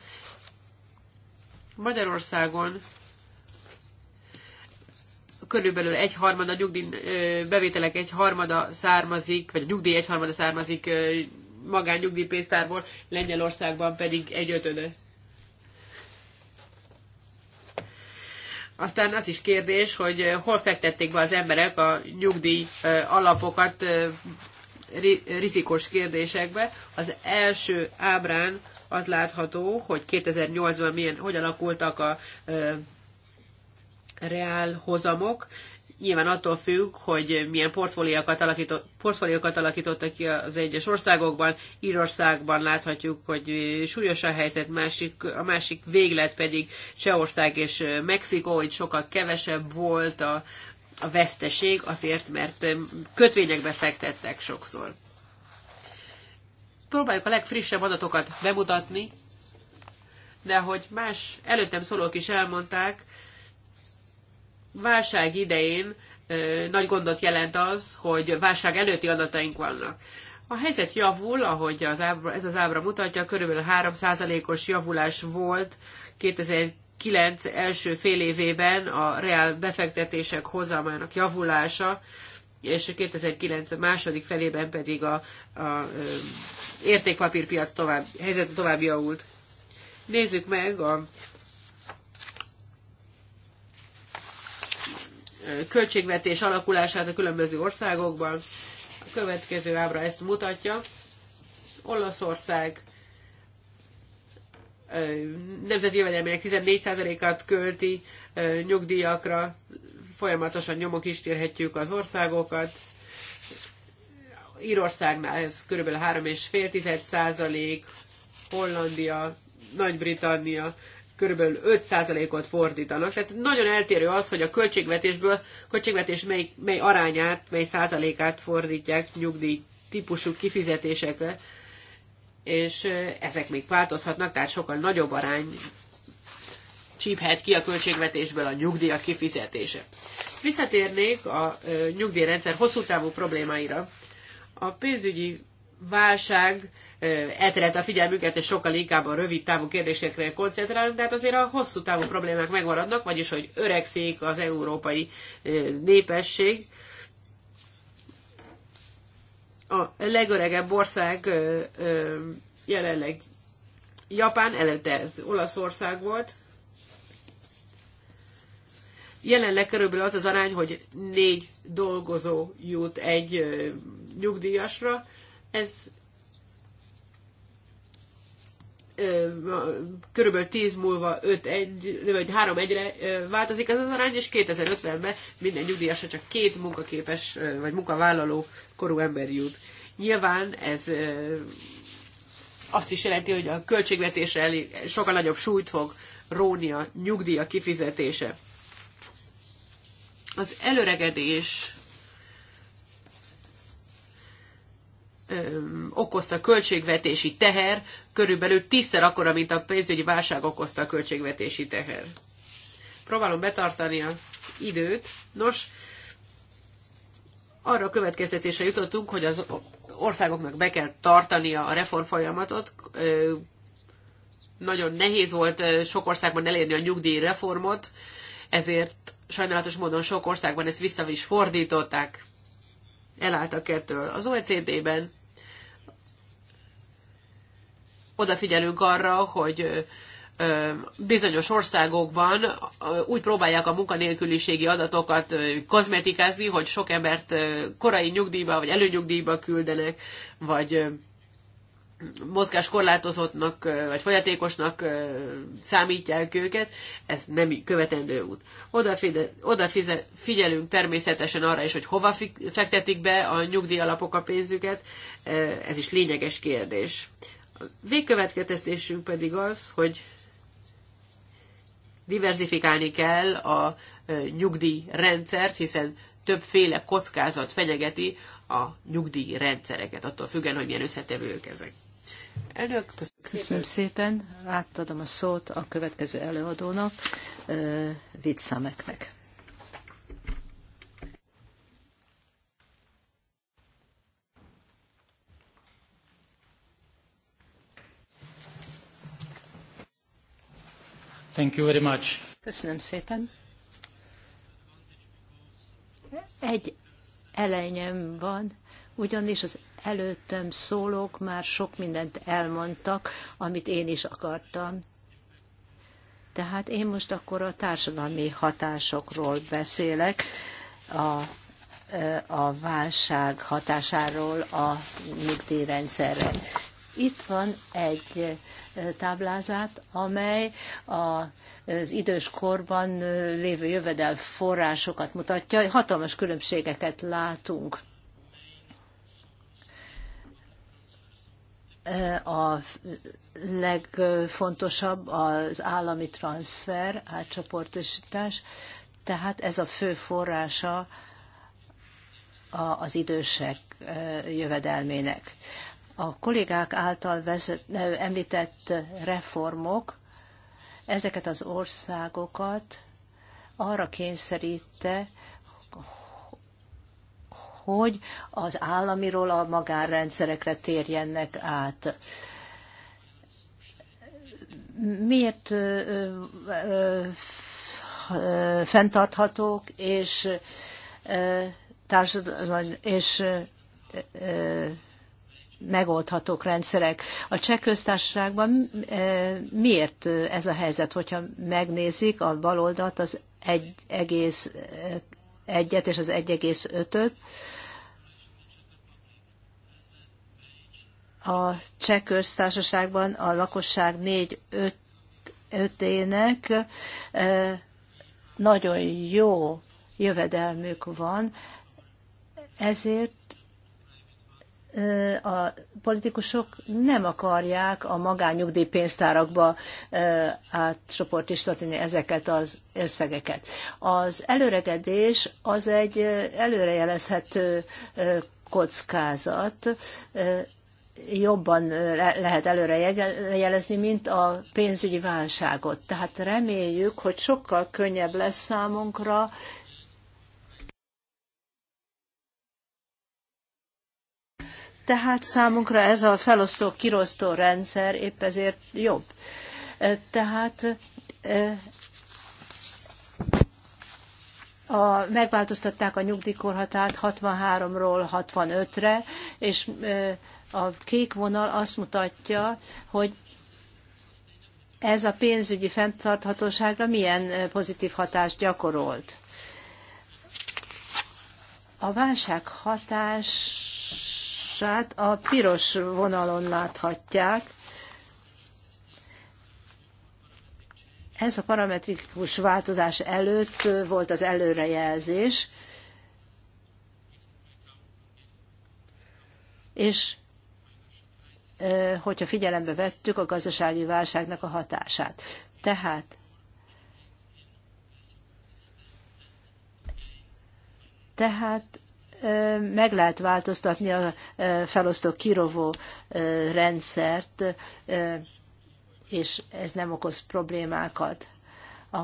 Magyarországon körülbelül egy harmada nyugdíj bevételek egy harmada származik, vagy a nyugdíj egy harmada származik magánnyugdíjpénztárból, Lengyelországban pedig egy ötöde. Aztán az is kérdés, hogy hol fektették be az emberek a nyugdíj alapokat rizikos kérdésekbe. Az első ábrán az látható, hogy 2008-ban milyen, hogy alakultak a reál hozamok, nyilván attól függ, hogy milyen portfóliókat, alakított, portfóliókat alakítottak ki az egyes országokban. Írországban láthatjuk, hogy súlyos a helyzet, másik, a másik véglet pedig Csehország és Mexikó, hogy sokkal kevesebb volt a, a veszteség, azért, mert kötvényekbe fektettek sokszor. Próbáljuk a legfrissebb adatokat bemutatni, de hogy más előttem szólók is elmondták, válság idején nagy gondot jelent az, hogy válság előtti adataink vannak. A helyzet javul, ahogy az ábra, ez az ábra mutatja, körülbelül 3%-os javulás volt 2009 első fél évében a reál befektetések hozamának javulása, és 2009 második felében pedig a, a, a értékpapírpiac tovább, helyzet tovább javult. Nézzük meg a költségvetés alakulását a különböző országokban. A következő ábra ezt mutatja. Olaszország nemzeti jövedelmének 14%-át költi nyugdíjakra, folyamatosan nyomok is térhetjük az országokat. Írországnál ez kb. 3,5-10%, Hollandia, Nagy-Britannia körülbelül 5%-ot fordítanak. Tehát nagyon eltérő az, hogy a költségvetésből, költségvetés mely, mely arányát, mely százalékát fordítják nyugdíj típusú kifizetésekre, és ezek még változhatnak, tehát sokkal nagyobb arány csíphet ki a költségvetésből a nyugdíjak kifizetése. Visszatérnék a nyugdíjrendszer hosszú távú problémáira. A pénzügyi válság elterelte a figyelmüket, és sokkal inkább a rövid távú kérdésekre koncentrálunk, de hát azért a hosszú távú problémák megmaradnak, vagyis hogy öregszik az európai népesség. A legöregebb ország jelenleg Japán, előtte ez Olaszország volt, jelenleg körülbelül az az arány, hogy négy dolgozó jut egy nyugdíjasra. Ez körülbelül 10 múlva 5 vagy 3 1-re változik ez az arány, és 2050-ben minden nyugdíjasra csak két munkaképes vagy munkavállaló korú ember jut. Nyilván ez azt is jelenti, hogy a költségvetésre elég, sokkal nagyobb súlyt fog róni a nyugdíja kifizetése. Az előregedés okozta költségvetési teher körülbelül tízszer akkora, mint a pénzügyi válság okozta a költségvetési teher. Próbálom betartani a időt. Nos, arra a következtetésre jutottunk, hogy az országoknak be kell tartania a reformfolyamatot. Nagyon nehéz volt sok országban elérni a nyugdíjreformot, ezért sajnálatos módon sok országban ezt vissza is fordították elálltak ettől. Az OECD-ben odafigyelünk arra, hogy bizonyos országokban úgy próbálják a munkanélküliségi adatokat kozmetikázni, hogy sok embert korai nyugdíjba vagy előnyugdíjba küldenek, vagy mozgáskorlátozottnak vagy folyatékosnak számítják őket, ez nem követendő út. Oda figyelünk természetesen arra is, hogy hova fektetik be a nyugdíjalapok a pénzüket, ez is lényeges kérdés. A végkövetkeztetésünk pedig az, hogy diversifikálni kell a nyugdíjrendszert, hiszen többféle kockázat fenyegeti a nyugdíjrendszereket, attól függően, hogy milyen összetevők ezek. Elnök, köszönöm, köszönöm szépen. szépen. Átadom a szót a következő előadónak, Vitzameknek. Thank you very much. Köszönöm szépen. Egy elejnyem van, ugyanis az előttem szólók már sok mindent elmondtak, amit én is akartam. Tehát én most akkor a társadalmi hatásokról beszélek, a, a válság hatásáról a nyugdíjrendszerre. Itt van egy táblázat, amely az időskorban lévő jövedel forrásokat mutatja. Hatalmas különbségeket látunk. A legfontosabb az állami transfer, átcsoportosítás, tehát ez a fő forrása az idősek jövedelmének a kollégák által vezet, említett reformok ezeket az országokat arra kényszerítte, hogy az államiról a magánrendszerekre térjenek át. Miért fenntarthatók és társadalmi és megoldhatók rendszerek. A cseh köztársaságban e, miért ez a helyzet, hogyha megnézik a baloldat, az egy egész e, egyet és az 1,5-öt. A cseh köztársaságban a lakosság 4-5-ének e, nagyon jó jövedelmük van, ezért a politikusok nem akarják a magányugdíjpénztárakba átcsoportosítani ezeket az összegeket. Az előregedés az egy előrejelezhető kockázat, jobban lehet előrejelezni, mint a pénzügyi válságot. Tehát reméljük, hogy sokkal könnyebb lesz számunkra Tehát számunkra ez a felosztó-kirosztó rendszer épp ezért jobb. Tehát a, megváltoztatták a nyugdíjkorhatárt 63-ról 65-re, és a kék vonal azt mutatja, hogy ez a pénzügyi fenntarthatóságra milyen pozitív hatást gyakorolt. A válság hatás hatását a piros vonalon láthatják. Ez a parametrikus változás előtt volt az előrejelzés, és hogyha figyelembe vettük a gazdasági válságnak a hatását. Tehát tehát meg lehet változtatni a felosztó kirovó rendszert, és ez nem okoz problémákat. A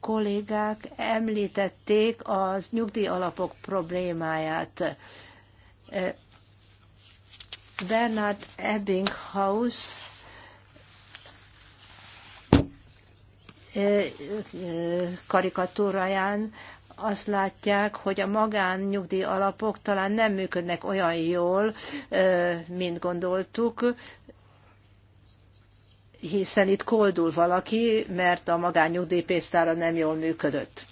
kollégák említették az nyugdíj alapok problémáját. Bernard Ebbinghaus karikatúráján azt látják, hogy a magánnyugdíj alapok talán nem működnek olyan jól, mint gondoltuk, hiszen itt koldul valaki, mert a magánnyugdíjpénztára nem jól működött.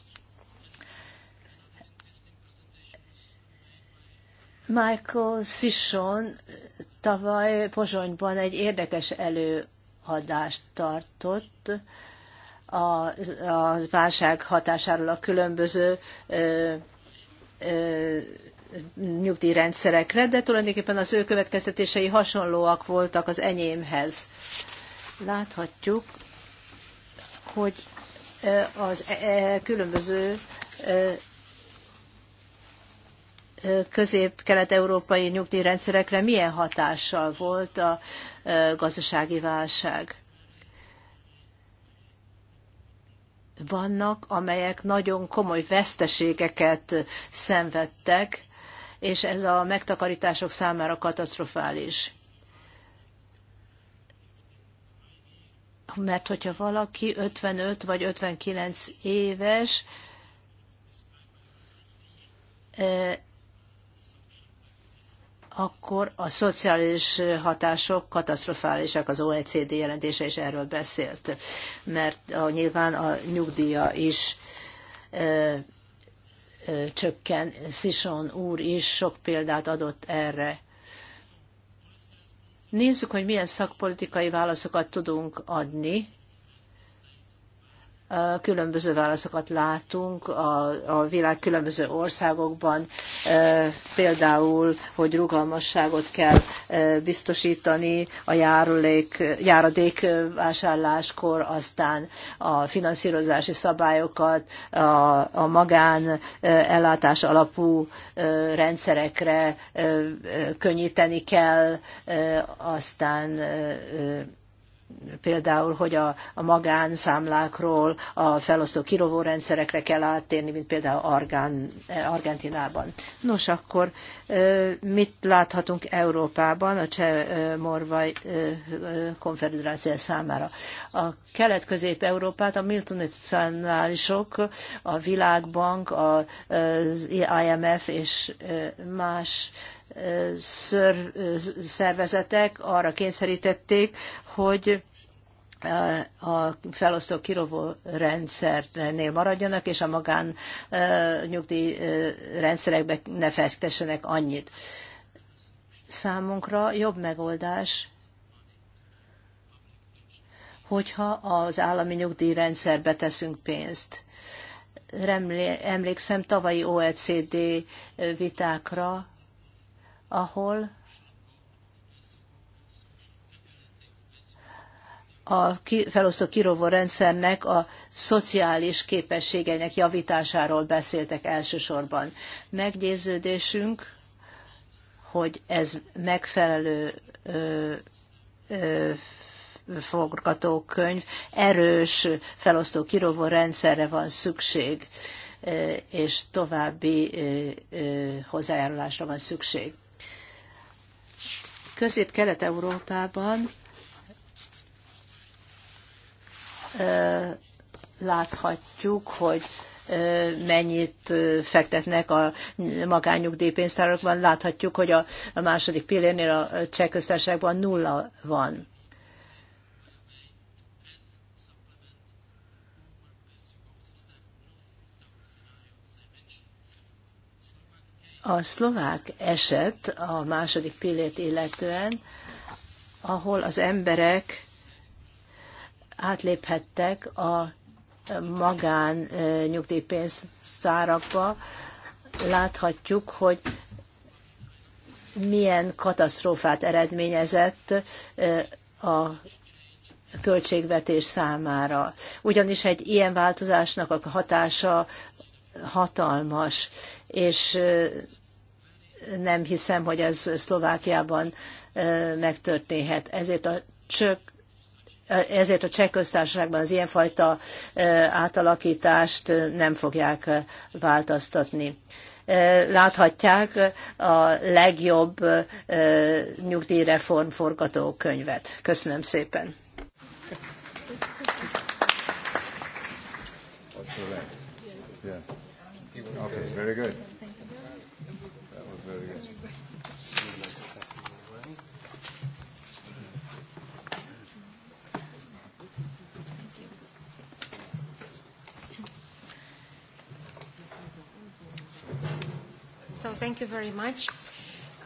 Michael Sisson tavaly Pozsonyban egy érdekes előadást tartott, a, a válság hatásáról a különböző ö, ö, nyugdíjrendszerekre, de tulajdonképpen az ő következtetései hasonlóak voltak az enyémhez. Láthatjuk, hogy az e, e, különböző közép-kelet-európai nyugdíjrendszerekre milyen hatással volt a gazdasági válság. vannak, amelyek nagyon komoly veszteségeket szenvedtek, és ez a megtakarítások számára katasztrofális. Mert hogyha valaki 55 vagy 59 éves, akkor a szociális hatások katasztrofálisak, az OECD jelentése is erről beszélt, mert a, nyilván a nyugdíja is ö, ö, csökken. Sison úr is sok példát adott erre. Nézzük, hogy milyen szakpolitikai válaszokat tudunk adni különböző válaszokat látunk a, a világ különböző országokban, például, hogy rugalmasságot kell biztosítani a járulék, járadék vásárláskor, aztán a finanszírozási szabályokat, a, a magán ellátás alapú rendszerekre könnyíteni kell, aztán például, hogy a, a magánszámlákról a felosztó kirovó rendszerekre kell áttérni, mint például Argán, Argentinában. Nos, akkor mit láthatunk Európában a Cseh-Morvaj konfederáció számára? A kelet-közép-európát a multinacionálisok, a Világbank, az IMF és más szervezetek arra kényszerítették, hogy a felosztó kirovó rendszernél maradjanak, és a magán nyugdíj rendszerekbe ne fektessenek annyit. Számunkra jobb megoldás, hogyha az állami nyugdíjrendszerbe teszünk pénzt. emlékszem tavalyi OECD vitákra, ahol a felosztó kirovó rendszernek a szociális képességeinek javításáról beszéltek elsősorban. Meggyőződésünk, hogy ez megfelelő ö, ö, forgatókönyv, erős felosztó kirovó rendszerre van szükség, és további hozzájárulásra van szükség. Közép-Kelet-Európában láthatjuk, hogy mennyit fektetnek a magányugdíjpénztárakban. Láthatjuk, hogy a második pillérnél a cseh köztársaságban nulla van. A szlovák eset a második pillért illetően, ahol az emberek átléphettek a magán nyugdíjpénztárakba, láthatjuk, hogy milyen katasztrófát eredményezett a költségvetés számára. Ugyanis egy ilyen változásnak a hatása hatalmas, és nem hiszem, hogy ez Szlovákiában megtörténhet. Ezért a csök ezért a cseh köztársaságban az ilyenfajta átalakítást nem fogják változtatni. Láthatják a legjobb nyugdíjreform forgatókönyvet. Köszönöm szépen. Okay, very good. So thank you very much.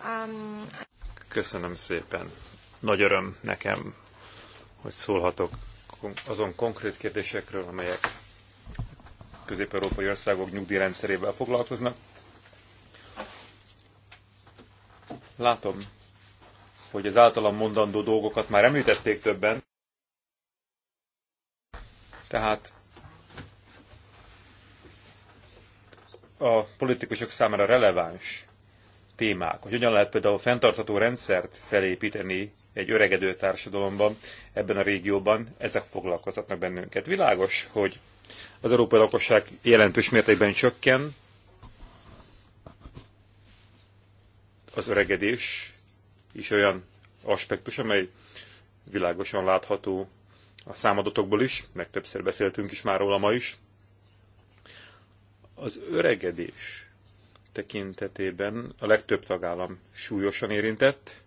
Um... Köszönöm szépen. Nagy öröm nekem, hogy szólhatok azon konkrét kérdésekről, amelyek közép-európai országok nyugdíjrendszerével foglalkoznak. Látom, hogy az általam mondandó dolgokat már említették többen, tehát a politikusok számára releváns témák, hogy hogyan lehet például fenntartható rendszert felépíteni egy öregedő társadalomban, ebben a régióban, ezek foglalkoztatnak bennünket. Világos, hogy az európai lakosság jelentős mértékben csökken, az öregedés is olyan aspektus, amely világosan látható a számadatokból is, meg többször beszéltünk is már róla ma is. Az öregedés tekintetében a legtöbb tagállam súlyosan érintett,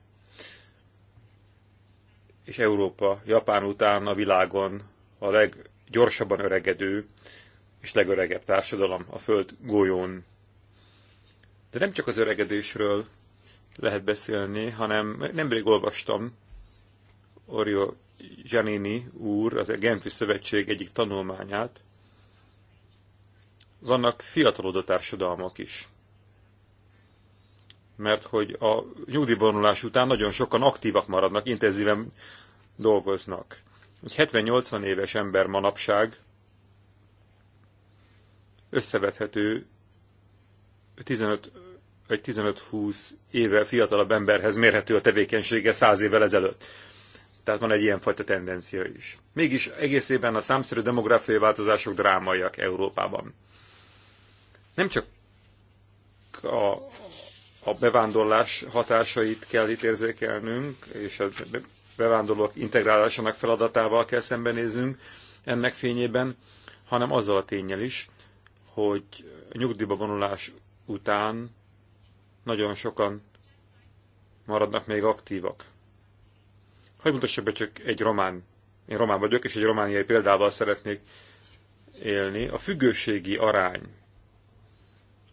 és Európa, Japán után a világon a leggyorsabban öregedő és legöregebb társadalom a Föld golyón. De nem csak az öregedésről lehet beszélni, hanem nemrég olvastam Orio Giannini úr, az Genfi Szövetség egyik tanulmányát, vannak fiatalodó társadalmak is. Mert hogy a nyugdíjvonulás után nagyon sokan aktívak maradnak, intenzíven dolgoznak. Egy 70-80 éves ember manapság összevethető 15 15-20 éve fiatalabb emberhez mérhető a tevékenysége 100 évvel ezelőtt. Tehát van egy ilyenfajta tendencia is. Mégis egészében a számszerű demográfiai változások drámaiak Európában. Nem csak a, a bevándorlás hatásait kell itt érzékelnünk, és a bevándorlók integrálásának feladatával kell szembenéznünk ennek fényében, hanem azzal a tényel is, hogy nyugdíjba vonulás után nagyon sokan maradnak még aktívak. Hogy mutassak be csak egy román, én román vagyok, és egy romániai példával szeretnék élni. A függőségi arány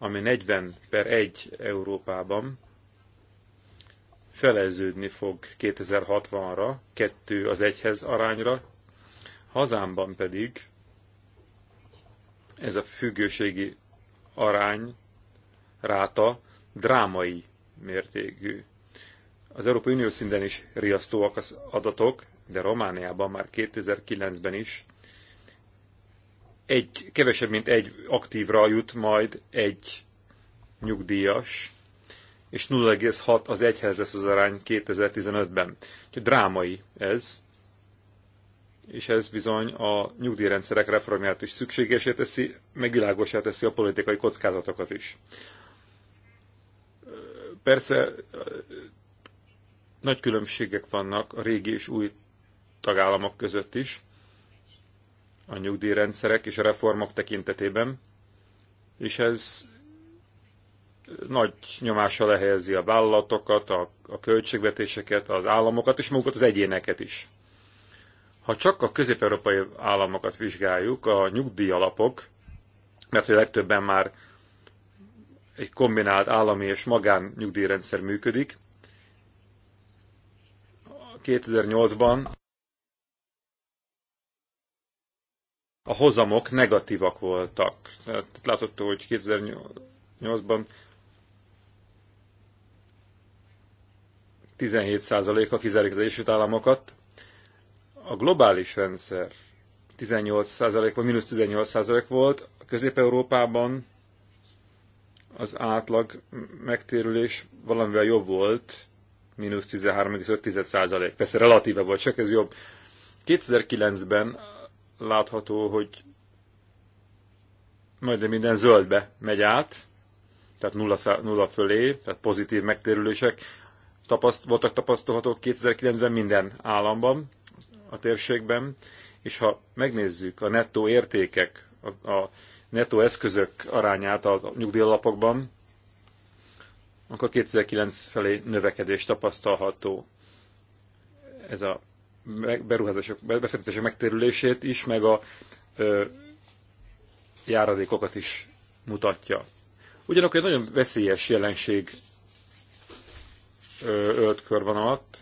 ami 40 per 1 Európában feleződni fog 2060-ra, 2 az 1-hez arányra, hazámban pedig ez a függőségi arány, ráta drámai mértékű. Az Európai Unió szinten is riasztóak az adatok, de Romániában már 2009-ben is egy, kevesebb, mint egy aktívra jut majd egy nyugdíjas, és 0,6 az egyhez lesz az arány 2015-ben. Úgyhogy drámai ez, és ez bizony a nyugdíjrendszerek reformját is szükségesé teszi, megvilágosá teszi a politikai kockázatokat is. Persze nagy különbségek vannak a régi és új tagállamok között is, a nyugdíjrendszerek és a reformok tekintetében, és ez nagy nyomással lehelyezi a vállalatokat, a, a költségvetéseket, az államokat és magukat az egyéneket is. Ha csak a közép-európai államokat vizsgáljuk, a nyugdíjalapok, mert hogy legtöbben már egy kombinált állami és magán nyugdíjrendszer működik, 2008-ban a hozamok negatívak voltak. Tehát látható, hogy 2008-ban 17%-a kizárik az Egyesült Államokat, a globális rendszer 18% vagy mínusz 18% volt, Közép-Európában az átlag megtérülés valamivel jobb volt, mínusz 13,5%. Persze relatíve volt, csak ez jobb. 2009-ben látható, hogy majdnem minden zöldbe megy át, tehát nulla, nulla fölé, tehát pozitív megtérülések tapaszt, voltak tapasztalhatók 2009-ben minden államban, a térségben, és ha megnézzük a nettó értékek, a, a nettó eszközök arányát a nyugdíjalapokban, akkor 2009 felé növekedés tapasztalható. Ez a beruházások, befektetések megtérülését is, meg a ö, járadékokat is mutatja. Ugyanakkor egy nagyon veszélyes jelenség ölt körben alatt.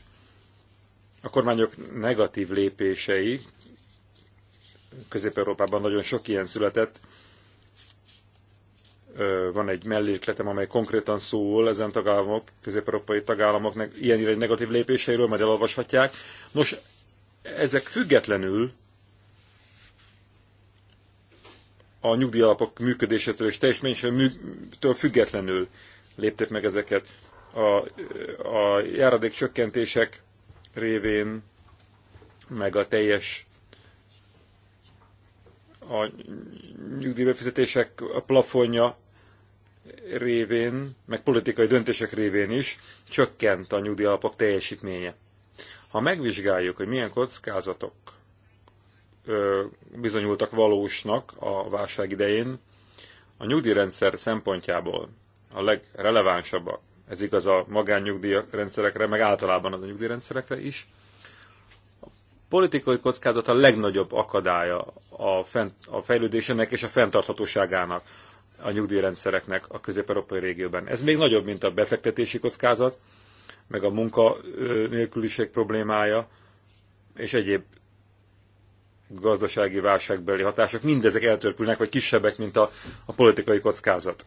A kormányok negatív lépései, Közép-Európában nagyon sok ilyen született, van egy mellékletem, amely konkrétan szól ezen tagállamok, közép-európai tagállamok ilyen irány negatív lépéseiről, majd elolvashatják. Nos, ezek függetlenül a nyugdíjalapok működésétől és teljesménytől függetlenül lépték meg ezeket. A, a járadék csökkentések révén, meg a teljes a nyugdíjbefizetések plafonja révén, meg politikai döntések révén is csökkent a nyugdíjalapok teljesítménye. Ha megvizsgáljuk, hogy milyen kockázatok bizonyultak valósnak a válság idején, a nyugdíjrendszer szempontjából a legrelevánsabbak, ez igaz a magánnyugdíjrendszerekre, meg általában az a nyugdíjrendszerekre is, a politikai kockázat a legnagyobb akadálya a, fent, a fejlődésének és a fenntarthatóságának a nyugdíjrendszereknek a közép-európai régióban. Ez még nagyobb, mint a befektetési kockázat, meg a munka nélküliség problémája, és egyéb gazdasági válságbeli hatások, mindezek eltörpülnek, vagy kisebbek, mint a, a politikai kockázat.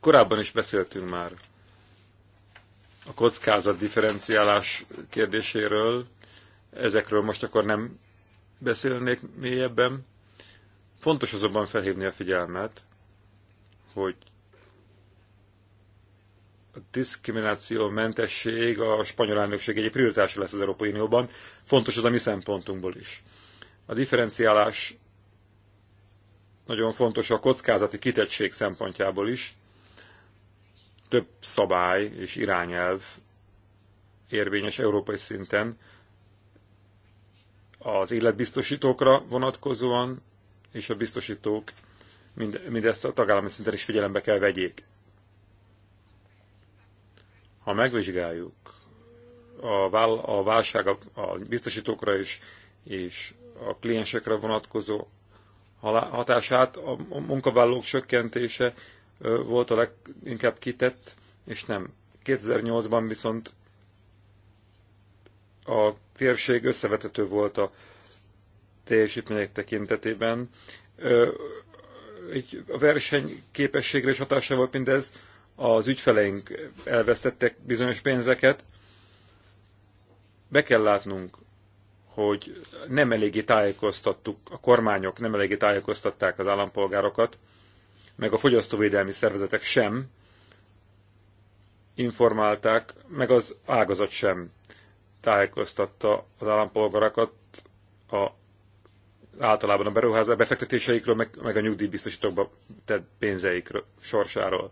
Korábban is beszéltünk már a kockázat differenciálás kérdéséről, ezekről most akkor nem beszélnék mélyebben. Fontos azonban felhívni a figyelmet, hogy a diszkrimináció mentesség a spanyol elnökség egy prioritása lesz az Európai Unióban. Fontos az a mi szempontunkból is. A differenciálás nagyon fontos a kockázati kitettség szempontjából is. Több szabály és irányelv érvényes európai szinten az életbiztosítókra vonatkozóan, és a biztosítók mind, mindezt a tagállami szinten is figyelembe kell vegyék. Ha megvizsgáljuk a, vál, a válság a, a biztosítókra és, és a kliensekre vonatkozó hatását, a munkavállalók csökkentése volt a leginkább kitett, és nem. 2008-ban viszont a térség összevetető volt a teljesítmények tekintetében. A versenyképességre is hatása volt mindez, az ügyfeleink elvesztettek bizonyos pénzeket. Be kell látnunk, hogy nem eléggé tájékoztattuk, a kormányok nem eléggé tájékoztatták az állampolgárokat, meg a fogyasztóvédelmi szervezetek sem informálták, meg az ágazat sem tájékoztatta az állampolgárokat a általában a beruházás befektetéseikről, meg, meg a nyugdíjbiztosítókba tett pénzeikről, sorsáról.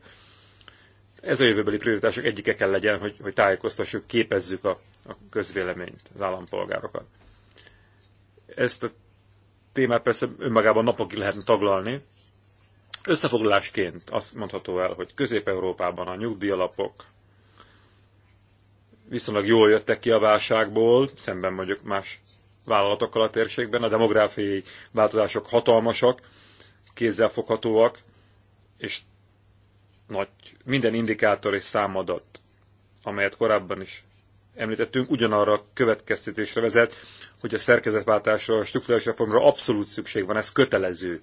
Ez a jövőbeli prioritások egyike kell legyen, hogy, hogy tájékoztassuk, képezzük a, a közvéleményt, az állampolgárokat. Ezt a témát persze önmagában napokig lehetne taglalni. Összefoglalásként azt mondható el, hogy Közép-Európában a nyugdíjalapok viszonylag jól jöttek ki a válságból, szemben mondjuk más vállalatokkal a térségben, a demográfiai változások hatalmasak, kézzelfoghatóak, és nagy, minden indikátor és számadat, amelyet korábban is említettünk, ugyanarra a következtetésre vezet, hogy a szerkezetváltásra, a struktúrális reformra abszolút szükség van, ez kötelező,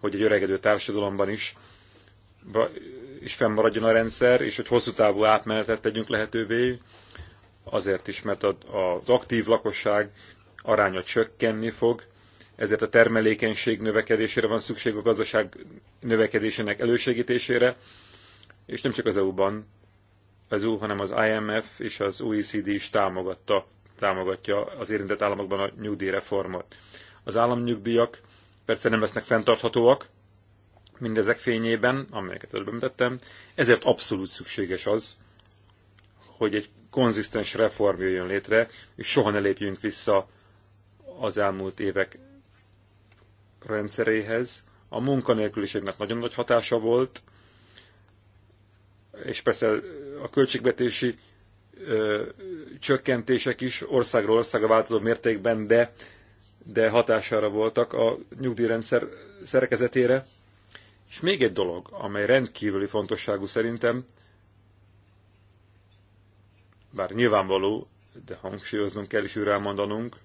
hogy egy öregedő társadalomban is, is fennmaradjon a rendszer, és hogy hosszú távú átmenetet tegyünk lehetővé, azért is, mert az aktív lakosság aránya csökkenni fog, ezért a termelékenység növekedésére van szükség a gazdaság növekedésének elősegítésére, és nem csak az EU-ban, az EU, hanem az IMF és az OECD is támogatta, támogatja az érintett államokban a nyugdíjreformot. Az államnyugdíjak persze nem lesznek fenntarthatóak, mindezek fényében, amelyeket előbb említettem, ezért abszolút szükséges az, hogy egy konzisztens reform jöjjön létre, és soha ne lépjünk vissza az elmúlt évek rendszeréhez. A munkanélküliségnek nagyon nagy hatása volt, és persze a költségvetési ö, csökkentések is országról országra változó mértékben, de, de hatására voltak a nyugdíjrendszer szerkezetére. És még egy dolog, amely rendkívüli fontosságú szerintem, bár nyilvánvaló, de hangsúlyoznunk kell és újra elmondanunk,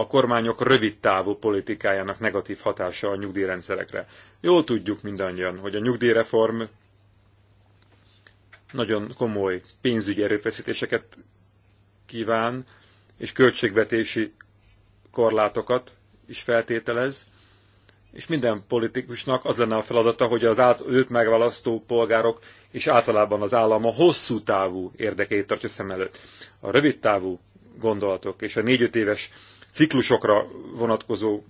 a kormányok rövid távú politikájának negatív hatása a nyugdíjrendszerekre. Jól tudjuk mindannyian, hogy a nyugdíjreform nagyon komoly pénzügyi erőfeszítéseket kíván, és költségvetési korlátokat is feltételez, és minden politikusnak az lenne a feladata, hogy az át, őt megválasztó polgárok és általában az állam a hosszú távú érdekeit tartsa szem előtt. A rövid távú gondolatok és a négy-öt éves ciklusokra vonatkozó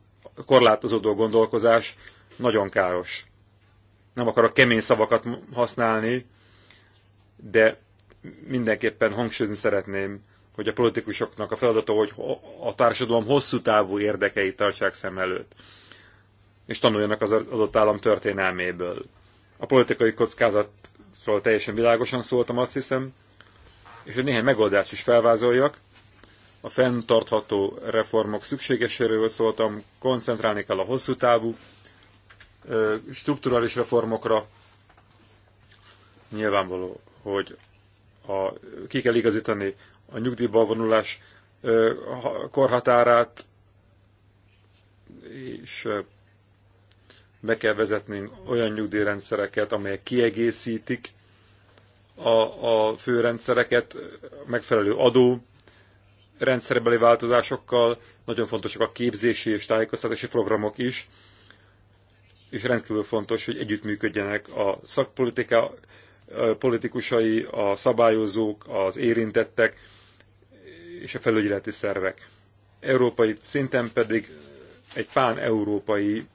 korlátozódó gondolkozás nagyon káros. Nem akarok kemény szavakat használni, de mindenképpen hangsúlyozni szeretném, hogy a politikusoknak a feladata, hogy a társadalom hosszú távú érdekeit tartsák szem előtt, és tanuljanak az adott állam történelméből. A politikai kockázatról teljesen világosan szóltam, azt hiszem, és hogy néhány megoldást is felvázoljak, a fenntartható reformok szükségeséről szóltam, koncentrálni kell a hosszú távú strukturális reformokra. Nyilvánvaló, hogy a, ki kell igazítani a nyugdíjba vonulás korhatárát, és be kell vezetni olyan nyugdíjrendszereket, amelyek kiegészítik a, a főrendszereket, megfelelő adó rendszerbeli változásokkal, nagyon fontosak a képzési és tájékoztatási programok is, és rendkívül fontos, hogy együttműködjenek a szakpolitika politikusai, a szabályozók, az érintettek és a felügyeleti szervek. Európai szinten pedig egy pán-európai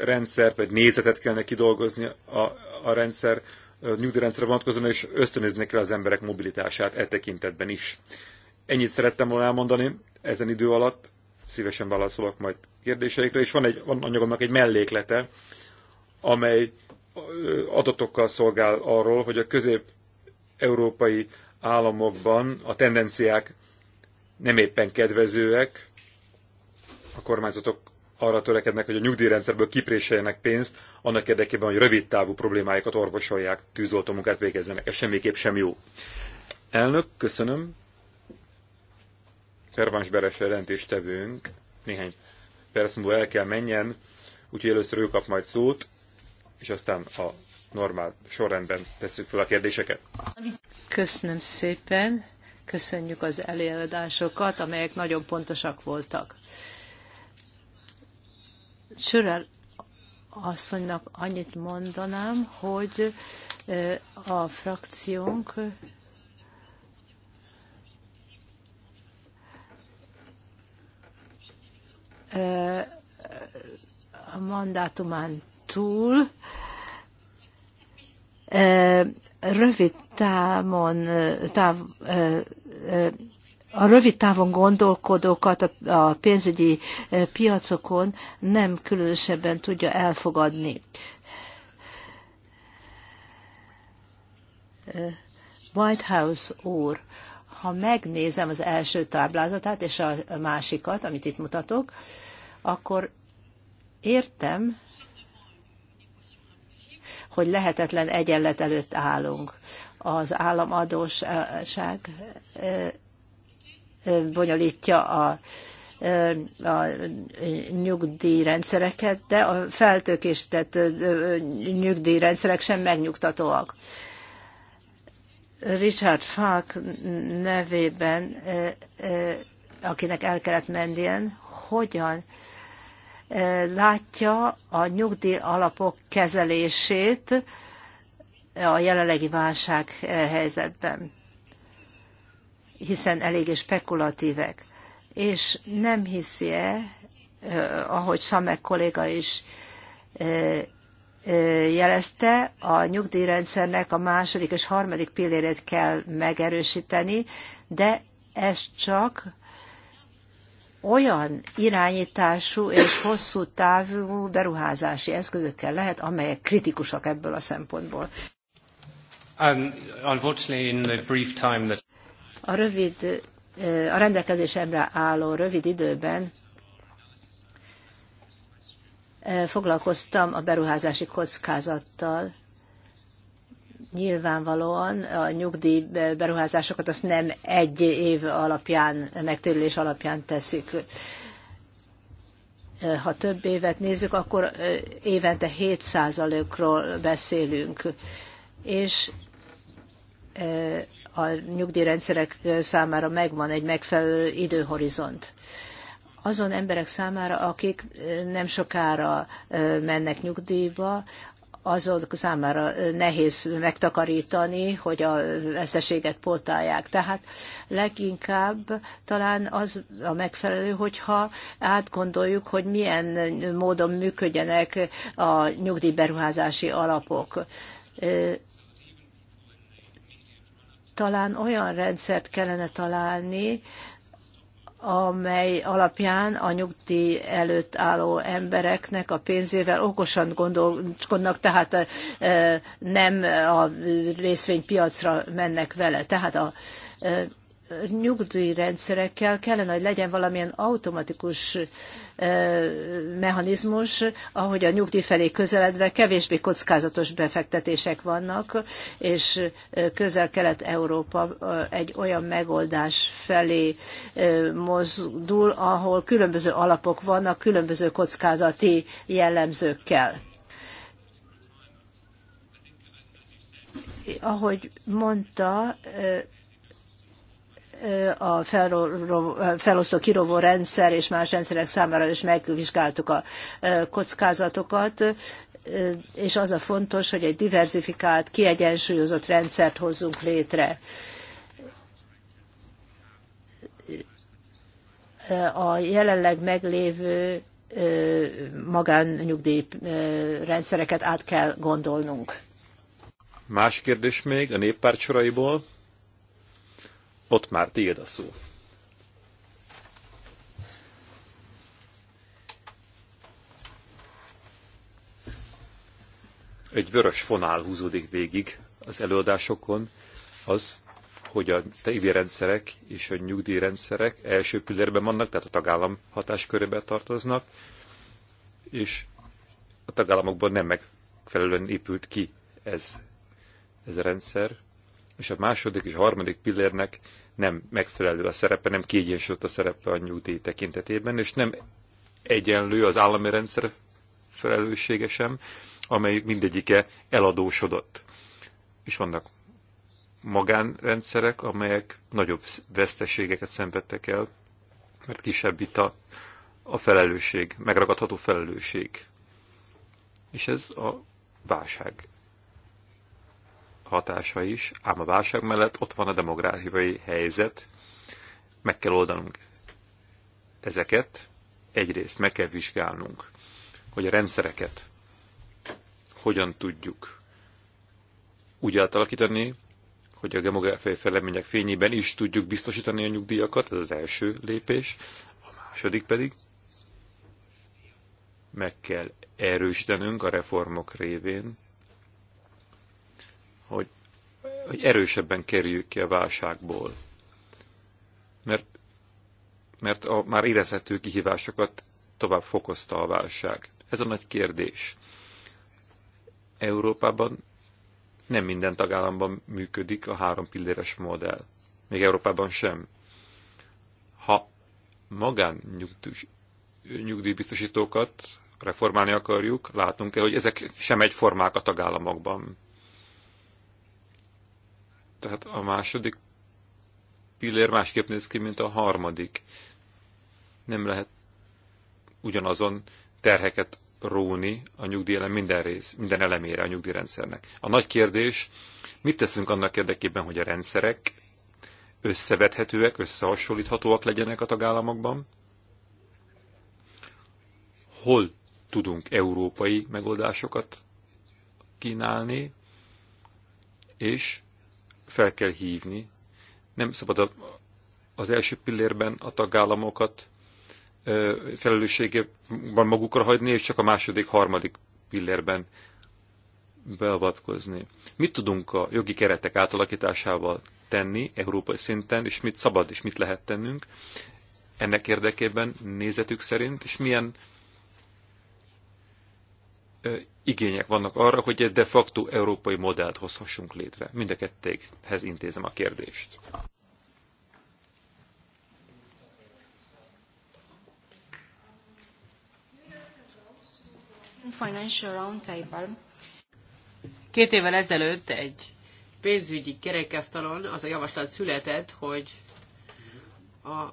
rendszert, vagy nézetet kellene kidolgozni a, a rendszer nyugdíjrendszerre vonatkozóan, és ösztönözni kell az emberek mobilitását e tekintetben is. Ennyit szerettem volna elmondani ezen idő alatt, szívesen válaszolok majd kérdéseikre, és van, egy, van anyagomnak egy melléklete, amely adatokkal szolgál arról, hogy a közép-európai államokban a tendenciák nem éppen kedvezőek, a kormányzatok arra törekednek, hogy a nyugdíjrendszerből kipréseljenek pénzt, annak érdekében, hogy rövid távú problémáikat orvosolják, tűzoltó munkát végezzenek. Ez semmiképp sem jó. Elnök, köszönöm. Ervans Beres jelentéstevőnk néhány perc múlva el kell menjen, úgyhogy először ő kap majd szót, és aztán a normál sorrendben tesszük fel a kérdéseket. Köszönöm szépen, köszönjük az előadásokat, amelyek nagyon pontosak voltak. Sörel asszonynak annyit mondanám, hogy a frakciónk a mandátumán túl rövid távon táv, a rövid távon gondolkodókat a pénzügyi e, piacokon nem különösebben tudja elfogadni. E, White House úr, ha megnézem az első táblázatát és a másikat, amit itt mutatok, akkor értem, hogy lehetetlen egyenlet előtt állunk. Az államadóság e, bonyolítja a a nyugdíjrendszereket, de a feltőkésített nyugdíjrendszerek sem megnyugtatóak. Richard Falk nevében, e, e, akinek el kellett mennie, hogyan e, látja a nyugdíj alapok kezelését a jelenlegi válság helyzetben hiszen eléggé spekulatívek. És nem hiszi -e, ahogy Szamek kolléga is jelezte, a nyugdíjrendszernek a második és harmadik pillérét kell megerősíteni, de ez csak olyan irányítású és hosszú távú beruházási eszközökkel lehet, amelyek kritikusak ebből a szempontból. Um, unfortunately, in the brief time that a rövid, a rendelkezésemre álló rövid időben foglalkoztam a beruházási kockázattal. Nyilvánvalóan a nyugdíj beruházásokat azt nem egy év alapján, megtérülés alapján teszik. Ha több évet nézzük, akkor évente 7%-ról beszélünk. És a nyugdíjrendszerek számára megvan egy megfelelő időhorizont. Azon emberek számára, akik nem sokára mennek nyugdíjba, azok számára nehéz megtakarítani, hogy a veszteséget pótálják. Tehát leginkább talán az a megfelelő, hogyha átgondoljuk, hogy milyen módon működjenek a nyugdíjberuházási alapok talán olyan rendszert kellene találni, amely alapján a nyugdíj előtt álló embereknek a pénzével okosan gondolkodnak, tehát nem a részvénypiacra mennek vele. Tehát a nyugdíjrendszerekkel kellene, hogy legyen valamilyen automatikus mechanizmus, ahogy a nyugdíj felé közeledve kevésbé kockázatos befektetések vannak, és közel-kelet-európa egy olyan megoldás felé mozdul, ahol különböző alapok vannak, különböző kockázati jellemzőkkel. Ahogy mondta, a felosztó kirovó rendszer és más rendszerek számára is megvizsgáltuk a kockázatokat, és az a fontos, hogy egy diversifikált, kiegyensúlyozott rendszert hozzunk létre. A jelenleg meglévő magánnyugdíj rendszereket át kell gondolnunk. Más kérdés még a néppárt soraiból? Ott már tiéd a szó. Egy vörös fonál húzódik végig az előadásokon, az, hogy a tévérendszerek és a nyugdíjrendszerek első pillérben vannak, tehát a tagállam hatáskörébe tartoznak, és a tagállamokban nem megfelelően épült ki ez, ez a rendszer és a második és a harmadik pillérnek nem megfelelő a szerepe, nem kiegyensúlyozott a szerepe a nyugdíj tekintetében, és nem egyenlő az állami rendszer felelőssége sem, amely mindegyike eladósodott. És vannak magánrendszerek, amelyek nagyobb veszteségeket szenvedtek el, mert kisebb itt a, a felelősség, megragadható felelősség. És ez a válság hatása is, ám a válság mellett ott van a demográfiai helyzet, meg kell oldanunk ezeket, egyrészt meg kell vizsgálnunk, hogy a rendszereket hogyan tudjuk úgy átalakítani, hogy a demográfiai felemények fényében is tudjuk biztosítani a nyugdíjakat, ez az első lépés. A második pedig meg kell erősítenünk a reformok révén hogy, hogy erősebben kerüljük ki a válságból. Mert, mert a már érezhető kihívásokat tovább fokozta a válság. Ez a nagy kérdés. Európában nem minden tagállamban működik a három pilléres modell. Még Európában sem. Ha magán nyugdíjbiztosítókat reformálni akarjuk, látunk e hogy ezek sem egyformák a tagállamokban. Tehát a második pillér másképp néz ki, mint a harmadik. Nem lehet ugyanazon terheket róni a nyugdíjelem minden rész, minden elemére a nyugdíjrendszernek. A nagy kérdés, mit teszünk annak érdekében, hogy a rendszerek összevethetőek, összehasonlíthatóak legyenek a tagállamokban? Hol tudunk európai megoldásokat kínálni, és fel kell hívni. Nem szabad a az első pillérben a tagállamokat felelősségében magukra hagyni, és csak a második, harmadik pillérben beavatkozni. Mit tudunk a jogi keretek átalakításával tenni európai szinten, és mit szabad, és mit lehet tennünk ennek érdekében nézetük szerint, és milyen igények vannak arra, hogy egy de facto európai modellt hozhassunk létre. Mind a kettőkhez intézem a kérdést. Két évvel ezelőtt egy pénzügyi kerekesztalon az a javaslat született, hogy a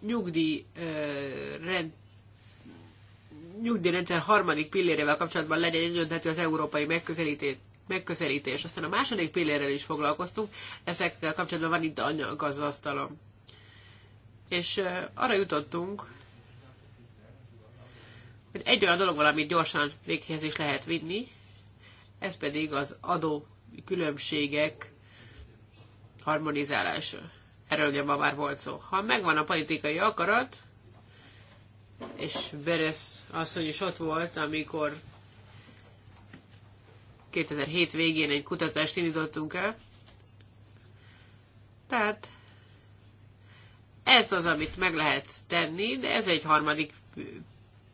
nyugdíj rend, nyugdíjrendszer harmadik pillérével kapcsolatban legyen egyöntetű az európai megközelítés megközelítés. Aztán a második pillérrel is foglalkoztunk, ezekkel kapcsolatban van itt anyag az asztalom. És arra jutottunk, hogy egy olyan dolog valamit gyorsan véghez is lehet vinni, ez pedig az adó különbségek harmonizálása. Erről ugye ma már volt szó. Ha megvan a politikai akarat, és Beres asszony is ott volt, amikor 2007 végén egy kutatást indítottunk el. Tehát ez az, amit meg lehet tenni, de ez egy harmadik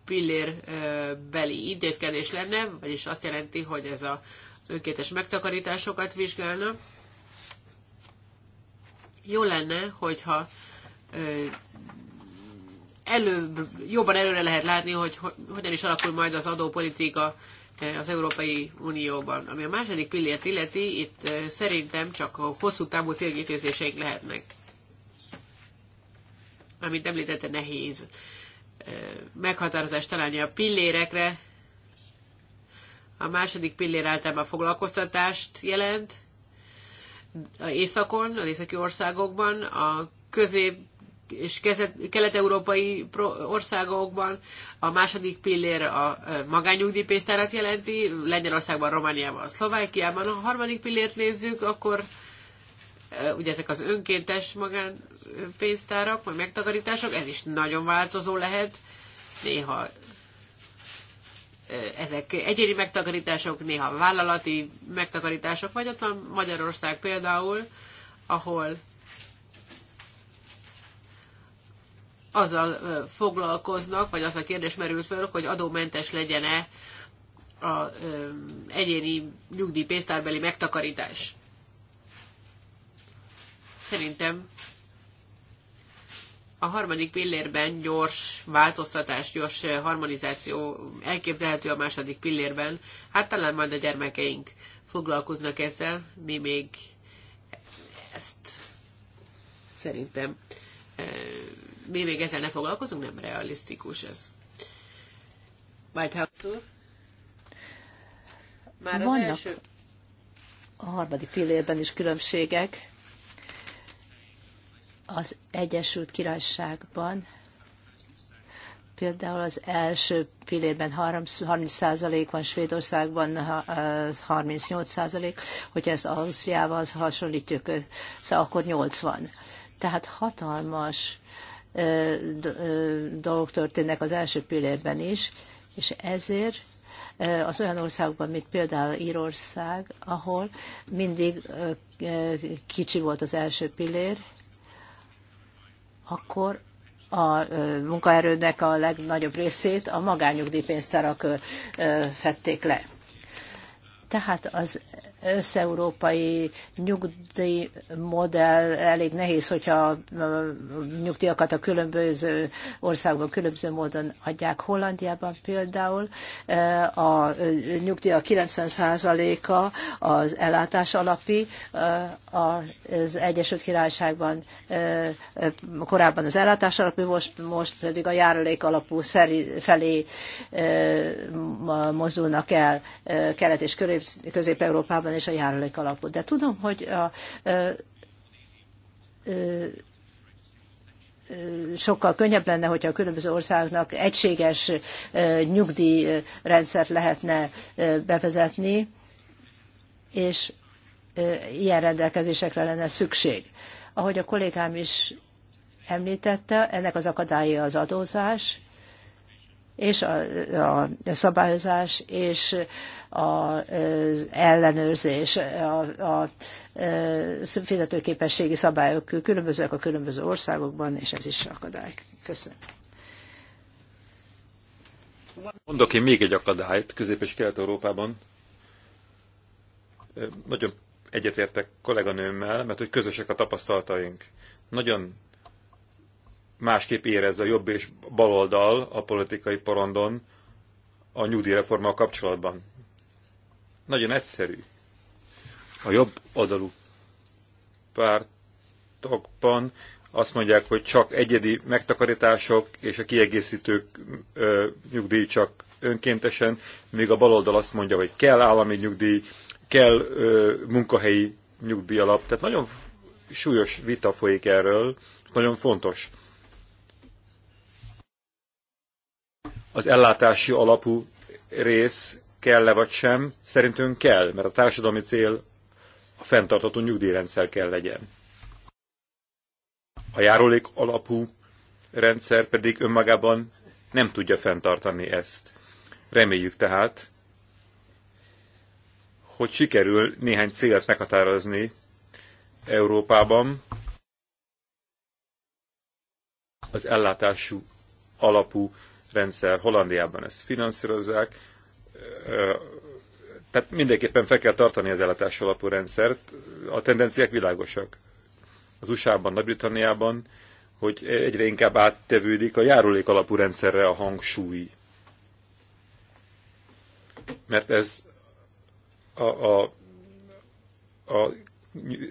pillérbeli intézkedés lenne, vagyis azt jelenti, hogy ez a, az önkétes megtakarításokat vizsgálna. Jó lenne, hogyha előbb, jobban előre lehet látni, hogy hogyan is alakul majd az adópolitika eh, az Európai Unióban. Ami a második pillért illeti, itt eh, szerintem csak a hosszú távú célkitűzéseink lehetnek. Amit említette, nehéz eh, meghatározást találni a pillérekre. A második pillér általában foglalkoztatást jelent. A északon, az északi országokban a közép és kelet-európai országokban a második pillér a e, magányugdíjpénztárat jelenti, Lengyelországban, Romániában, Szlovákiában. A harmadik pillért nézzük, akkor e, ugye ezek az önkéntes magánpénztárak, vagy megtakarítások, ez is nagyon változó lehet. Néha e, ezek egyéni megtakarítások, néha vállalati megtakarítások, vagy ott van Magyarország például, ahol azzal foglalkoznak, vagy az a kérdés merült fel, hogy adómentes legyen-e az egyéni nyugdíjpénztárbeli megtakarítás. Szerintem a harmadik pillérben gyors változtatás, gyors harmonizáció elképzelhető a második pillérben. Hát talán majd a gyermekeink foglalkoznak ezzel, mi még ezt szerintem mi még ezzel ne foglalkozunk, nem realisztikus ez. Whitehouse úr? Már az Vannak első... a harmadik pillérben is különbségek. Az Egyesült Királyságban például az első pillérben 30% van, Svédországban 38%, hogyha ezt Ausztriával hasonlítjuk szóval akkor 80. Tehát hatalmas dolgok történnek az első pillérben is, és ezért az olyan országokban, mint például Írország, ahol mindig kicsi volt az első pillér, akkor a munkaerőnek a legnagyobb részét a magányugdíjpénztárak fették le. Tehát az összeurópai nyugdíj modell elég nehéz, hogyha a nyugdíjakat a különböző országban különböző módon adják. Hollandiában például eh, a eh, nyugdíja 90%-a az ellátás alapi, eh, az Egyesült Királyságban korábban az ellátás alapú, most, most pedig a járulék alapú felé mozdulnak el Kelet- és Közép-Európában és a járulék alapú. De tudom, hogy a, ö, ö, sokkal könnyebb lenne, hogyha a különböző országnak egységes nyugdíjrendszert lehetne bevezetni, és ilyen rendelkezésekre lenne szükség. Ahogy a kollégám is említette, ennek az akadálya az adózás, és a, a szabályozás és az ellenőrzés, a, a fizetőképességi szabályok különbözőek a különböző országokban, és ez is akadály. Köszönöm. Mondok én még egy akadályt Közép- és Kelet-Európában. Nagyon egyetértek kolléganőmmel, mert hogy közösek a tapasztalataink. Nagyon másképp érez a jobb és baloldal a politikai porondon a nyugdíjreformmal kapcsolatban. Nagyon egyszerű. A jobb oldalú pártokban azt mondják, hogy csak egyedi megtakarítások és a kiegészítők ö, nyugdíj csak önkéntesen, míg a baloldal azt mondja, hogy kell állami nyugdíj, kell ö, munkahelyi nyugdíjalap. Tehát nagyon súlyos vita folyik erről, nagyon fontos az ellátási alapú rész kell-e vagy sem, szerintünk kell, mert a társadalmi cél a fenntartató nyugdíjrendszer kell legyen. A járólék alapú rendszer pedig önmagában nem tudja fenntartani ezt. Reméljük tehát, hogy sikerül néhány célt meghatározni Európában az ellátású alapú rendszer, Hollandiában ezt finanszírozzák, tehát mindenképpen fel kell tartani az ellátás alapú rendszert, a tendenciák világosak. Az USA-ban, Nagy-Britanniában, hogy egyre inkább áttevődik a járulék alapú rendszerre a hangsúly. Mert ez a, a, a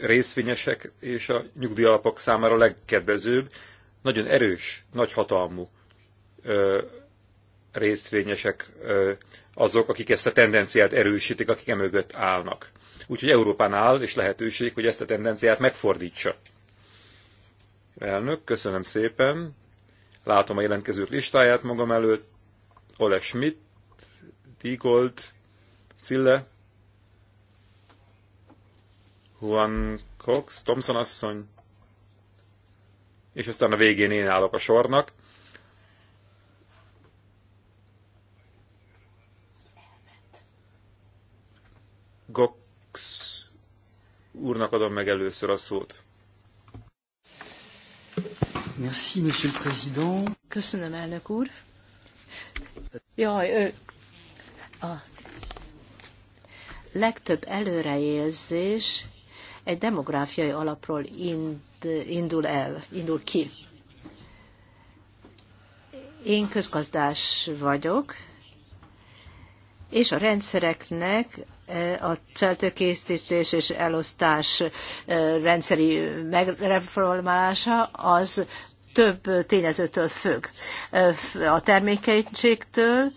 részvényesek és a nyugdíjalapok számára legkedvezőbb, nagyon erős, nagy hatalmú részvényesek azok, akik ezt a tendenciát erősítik, akik emögött állnak. Úgyhogy Európán áll, és lehetőség, hogy ezt a tendenciát megfordítsa. Elnök, köszönöm szépen. Látom a jelentkezők listáját magam előtt. Ole Schmidt, Diegold, Cille, Juan Cox, Thompson asszony, és aztán a végén én állok a sornak. Gox úrnak adom meg először a szót. Merci, monsieur le président. Köszönöm, elnök úr. Jaj, ő, a legtöbb előrejelzés egy demográfiai alapról ind, indul el, indul ki. Én közgazdás vagyok, és a rendszereknek a cseltőkészítés és elosztás rendszeri megreformálása az több tényezőtől függ. A termékenységtől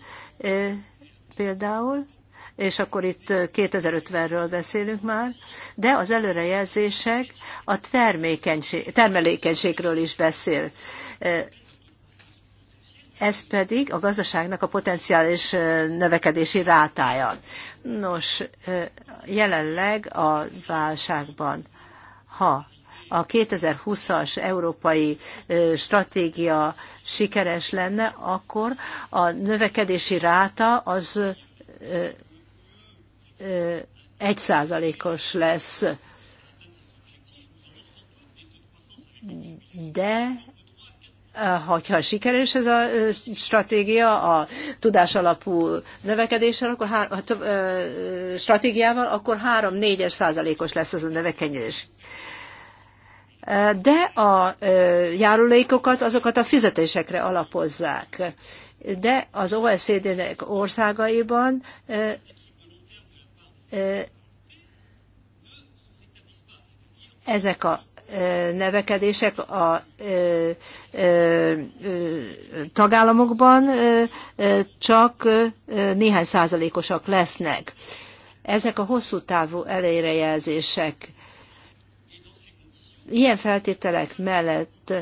például, és akkor itt 2050-ről beszélünk már, de az előrejelzések a termékenység, termelékenységről is beszél ez pedig a gazdaságnak a potenciális növekedési rátája. Nos, jelenleg a válságban, ha a 2020-as európai stratégia sikeres lenne, akkor a növekedési ráta az egy százalékos lesz. De hogyha sikeres ez a stratégia a tudás alapú növekedéssel, akkor há, a, stratégiával, akkor 3-4-es százalékos lesz az a növekedés. De a járulékokat, azokat a fizetésekre alapozzák. De az OECD-nek országaiban ezek a nevekedések a tagállamokban csak néhány százalékosak lesznek. Ezek a hosszú távú előrejelzések ilyen feltételek mellett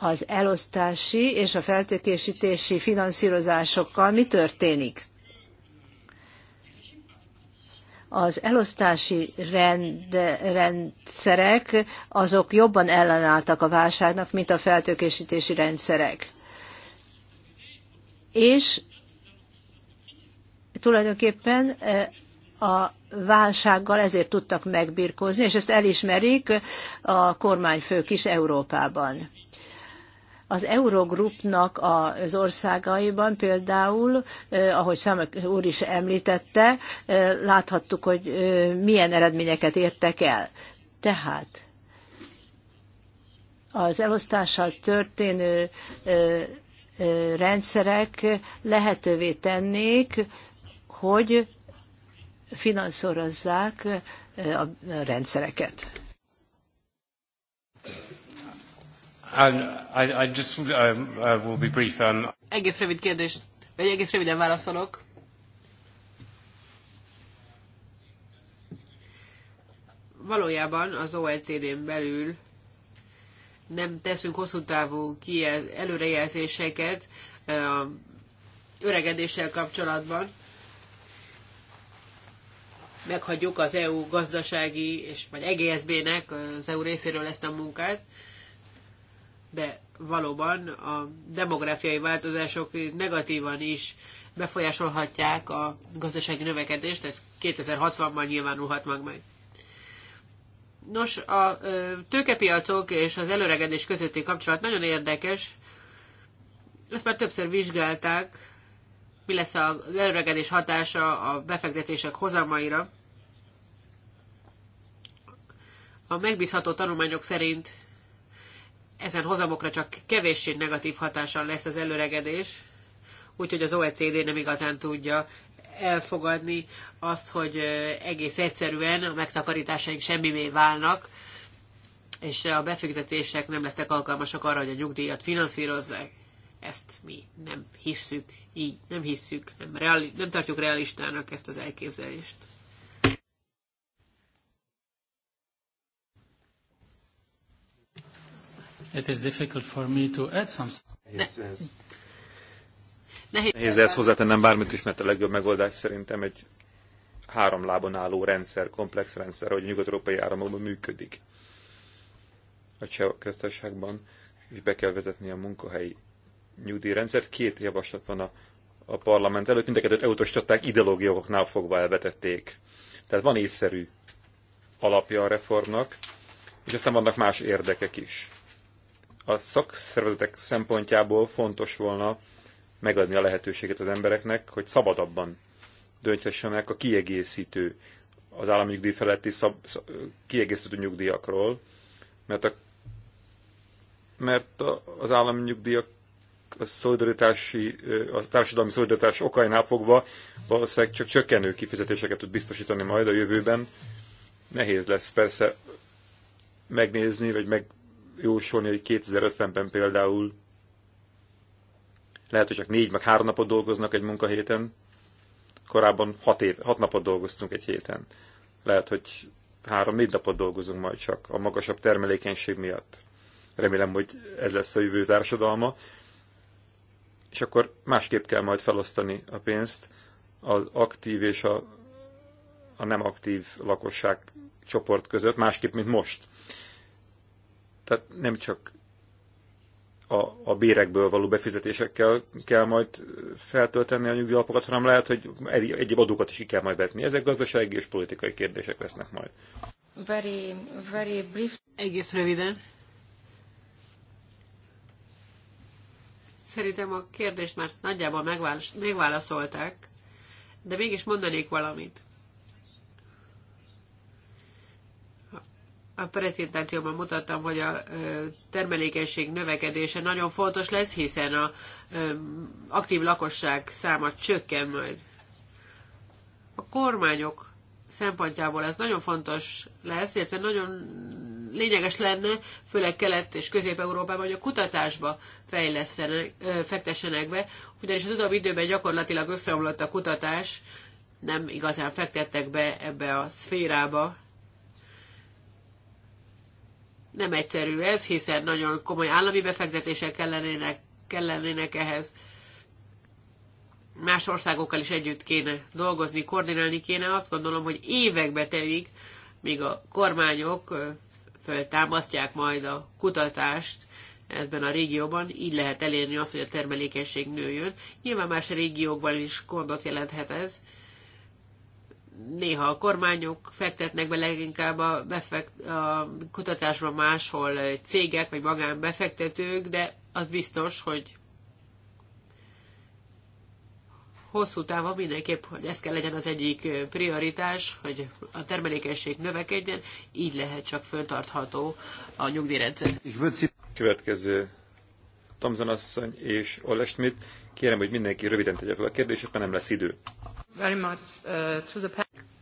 az elosztási és a feltőkésítési finanszírozásokkal mi történik? az elosztási rend, rendszerek azok jobban ellenálltak a válságnak, mint a feltőkésítési rendszerek. És tulajdonképpen eh, a válsággal ezért tudtak megbirkózni, és ezt elismerik a kormányfők is Európában. Az Eurogrupnak az országaiban például, ahogy Számok úr is említette, láthattuk, hogy milyen eredményeket értek el. Tehát az elosztással történő rendszerek lehetővé tennék, hogy finanszírozzák a rendszereket. Um, um, egész rövid kérdés, vagy egész röviden válaszolok. Valójában az OECD-n belül nem teszünk hosszú távú előrejelzéseket öregedéssel kapcsolatban. Meghagyjuk az EU gazdasági és vagy EGSB-nek az EU részéről ezt a munkát de valóban a demográfiai változások negatívan is befolyásolhatják a gazdasági növekedést, ez 2060-ban nyilvánulhat meg meg. Nos, a tőkepiacok és az előregedés közötti kapcsolat nagyon érdekes. Ezt már többször vizsgálták, mi lesz az előregedés hatása a befektetések hozamaira. A megbízható tanulmányok szerint ezen hozamokra csak kevéssé negatív hatással lesz az előregedés, úgyhogy az OECD nem igazán tudja elfogadni azt, hogy egész egyszerűen a megtakarításaink semmivé válnak, és a befektetések nem lesznek alkalmasak arra, hogy a nyugdíjat finanszírozzák. Ezt mi nem hisszük, így nem hisszük, nem, reali, nem tartjuk realistának ezt az elképzelést. it is difficult for me to add something. Nehéz, ez. ezt hozzátennem bármit is, mert a legjobb megoldás szerintem egy három lábon álló rendszer, komplex rendszer, hogy nyugat-európai áramokban működik. A cseh köztársaságban is be kell vezetni a munkahelyi nyugdíjrendszert. Két javaslat van a, a parlament előtt, mindeket elutasították, ideológiai okoknál fogva elvetették. Tehát van észszerű alapja a reformnak, és aztán vannak más érdekek is a szakszervezetek szempontjából fontos volna megadni a lehetőséget az embereknek, hogy szabadabban dönthessenek a kiegészítő, az állami nyugdíj feletti szab, szab, kiegészítő nyugdíjakról, mert, a, mert a, az állami nyugdíjak a, szolidaritási, a társadalmi szolidaritás okainál fogva valószínűleg csak csökkenő kifizetéseket tud biztosítani majd a jövőben. Nehéz lesz persze megnézni, vagy meg jósolni, hogy 2050-ben például lehet, hogy csak négy meg három napot dolgoznak egy munkahéten. Korábban hat, év, hat napot dolgoztunk egy héten. Lehet, hogy három-négy napot dolgozunk majd csak a magasabb termelékenység miatt. Remélem, hogy ez lesz a jövő társadalma. És akkor másképp kell majd felosztani a pénzt az aktív és a, a nem aktív lakosság csoport között, másképp, mint most. Tehát nem csak a, a bérekből való befizetésekkel kell majd feltölteni a nyugdíjalapokat, hanem lehet, hogy egy, egyéb adókat is ki kell majd vetni. Ezek gazdasági és politikai kérdések lesznek majd. Very, very brief. Egész röviden. Szerintem a kérdést már nagyjából megválaszolták, de mégis mondanék valamit. a prezentációban mutattam, hogy a termelékenység növekedése nagyon fontos lesz, hiszen a aktív lakosság száma csökken majd. A kormányok szempontjából ez nagyon fontos lesz, illetve nagyon lényeges lenne, főleg Kelet- és Közép-Európában, hogy a kutatásba fektessenek be, ugyanis az utóbbi időben gyakorlatilag összeomlott a kutatás, nem igazán fektettek be ebbe a szférába, nem egyszerű ez, hiszen nagyon komoly állami befektetések kellenének, kellenének ehhez. Más országokkal is együtt kéne dolgozni, koordinálni kéne. Azt gondolom, hogy évekbe telik, míg a kormányok föltámasztják majd a kutatást ebben a régióban, így lehet elérni azt, hogy a termelékenység nőjön. Nyilván más régiókban is gondot jelenthet ez, néha a kormányok fektetnek be leginkább a, befekt, a kutatásban máshol cégek vagy magánbefektetők, de az biztos, hogy hosszú távon mindenképp, hogy ez kell legyen az egyik prioritás, hogy a termelékenység növekedjen, így lehet csak föntartható a nyugdíjrendszer. Következő Tomzan asszony és Ole Schmidt. Kérem, hogy mindenki röviden tegye fel a kérdéseket, mert nem lesz idő. Very much, uh, to the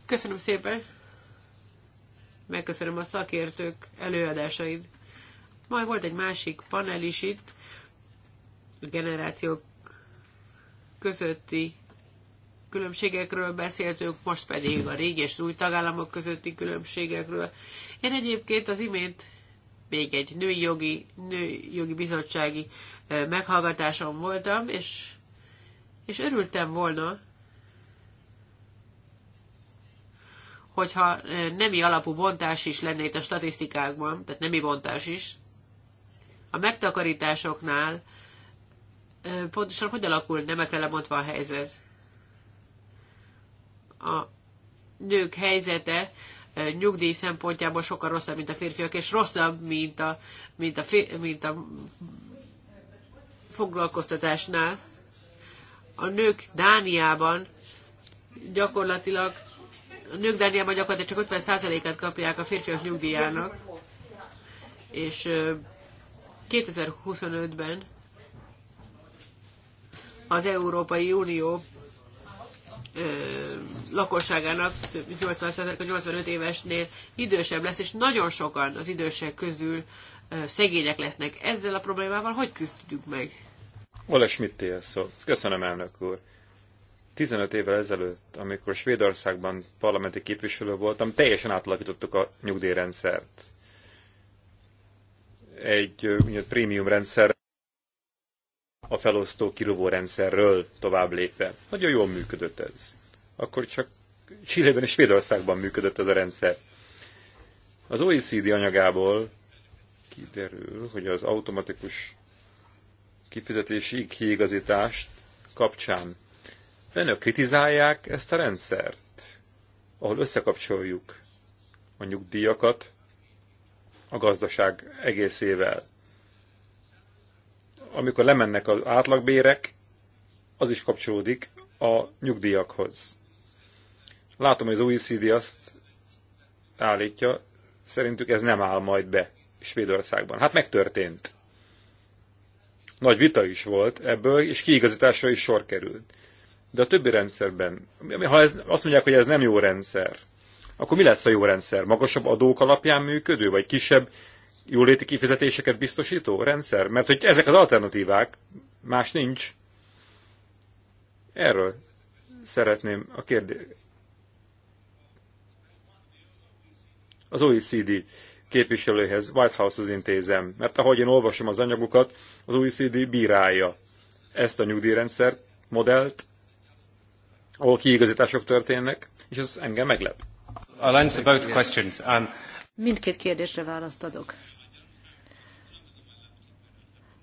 Köszönöm szépen. Megköszönöm a szakértők előadásaid. Majd volt egy másik panel is itt, a generációk közötti különbségekről beszéltünk, most pedig a régi és új tagállamok közötti különbségekről. Én egyébként az imént még egy női jogi, női jogi bizottsági meghallgatásom voltam, és, és örültem volna, hogyha nemi alapú bontás is lenne itt a statisztikákban, tehát nemi bontás is, a megtakarításoknál pontosan hogy alakul nemekre lebontva a helyzet? A nők helyzete nyugdíj szempontjából sokkal rosszabb, mint a férfiak, és rosszabb, mint a, mint a, mint a foglalkoztatásnál. A nők Dániában gyakorlatilag a nők Dániában gyakorlatilag csak 50%-át kapják a férfiak nyugdíjának, és 2025-ben az Európai Unió lakosságának 80 85 évesnél idősebb lesz, és nagyon sokan az idősek közül szegények lesznek. Ezzel a problémával hogy küzdjük meg? Ole Schmidt szó. Köszönöm, elnök úr. 15 évvel ezelőtt, amikor Svédországban parlamenti képviselő voltam, teljesen átalakítottuk a nyugdíjrendszert. Egy úgynevezett prémium rendszer a felosztó kirúvó rendszerről tovább lépve. Nagyon jól működött ez. Akkor csak Csillében és Svédországban működött ez a rendszer. Az OECD anyagából kiderül, hogy az automatikus kifizetési kiigazítást kapcsán Önök kritizálják ezt a rendszert, ahol összekapcsoljuk a nyugdíjakat a gazdaság egészével. Amikor lemennek az átlagbérek, az is kapcsolódik a nyugdíjakhoz. Látom, hogy az OECD azt állítja, szerintük ez nem áll majd be Svédországban. Hát megtörtént. Nagy vita is volt ebből, és kiigazításra is sor került. De a többi rendszerben, ha ez, azt mondják, hogy ez nem jó rendszer, akkor mi lesz a jó rendszer? Magasabb adók alapján működő, vagy kisebb jóléti kifizetéseket biztosító rendszer? Mert hogy ezek az alternatívák, más nincs. Erről szeretném a kérdést. Az OECD képviselőhez, White House-hoz intézem, mert ahogy én olvasom az anyagokat, az OECD bírálja ezt a nyugdíjrendszert, modellt, ahol kiigazítások történnek, és ez engem meglep. I'll answer both questions. Um... Mindkét kérdésre választ adok.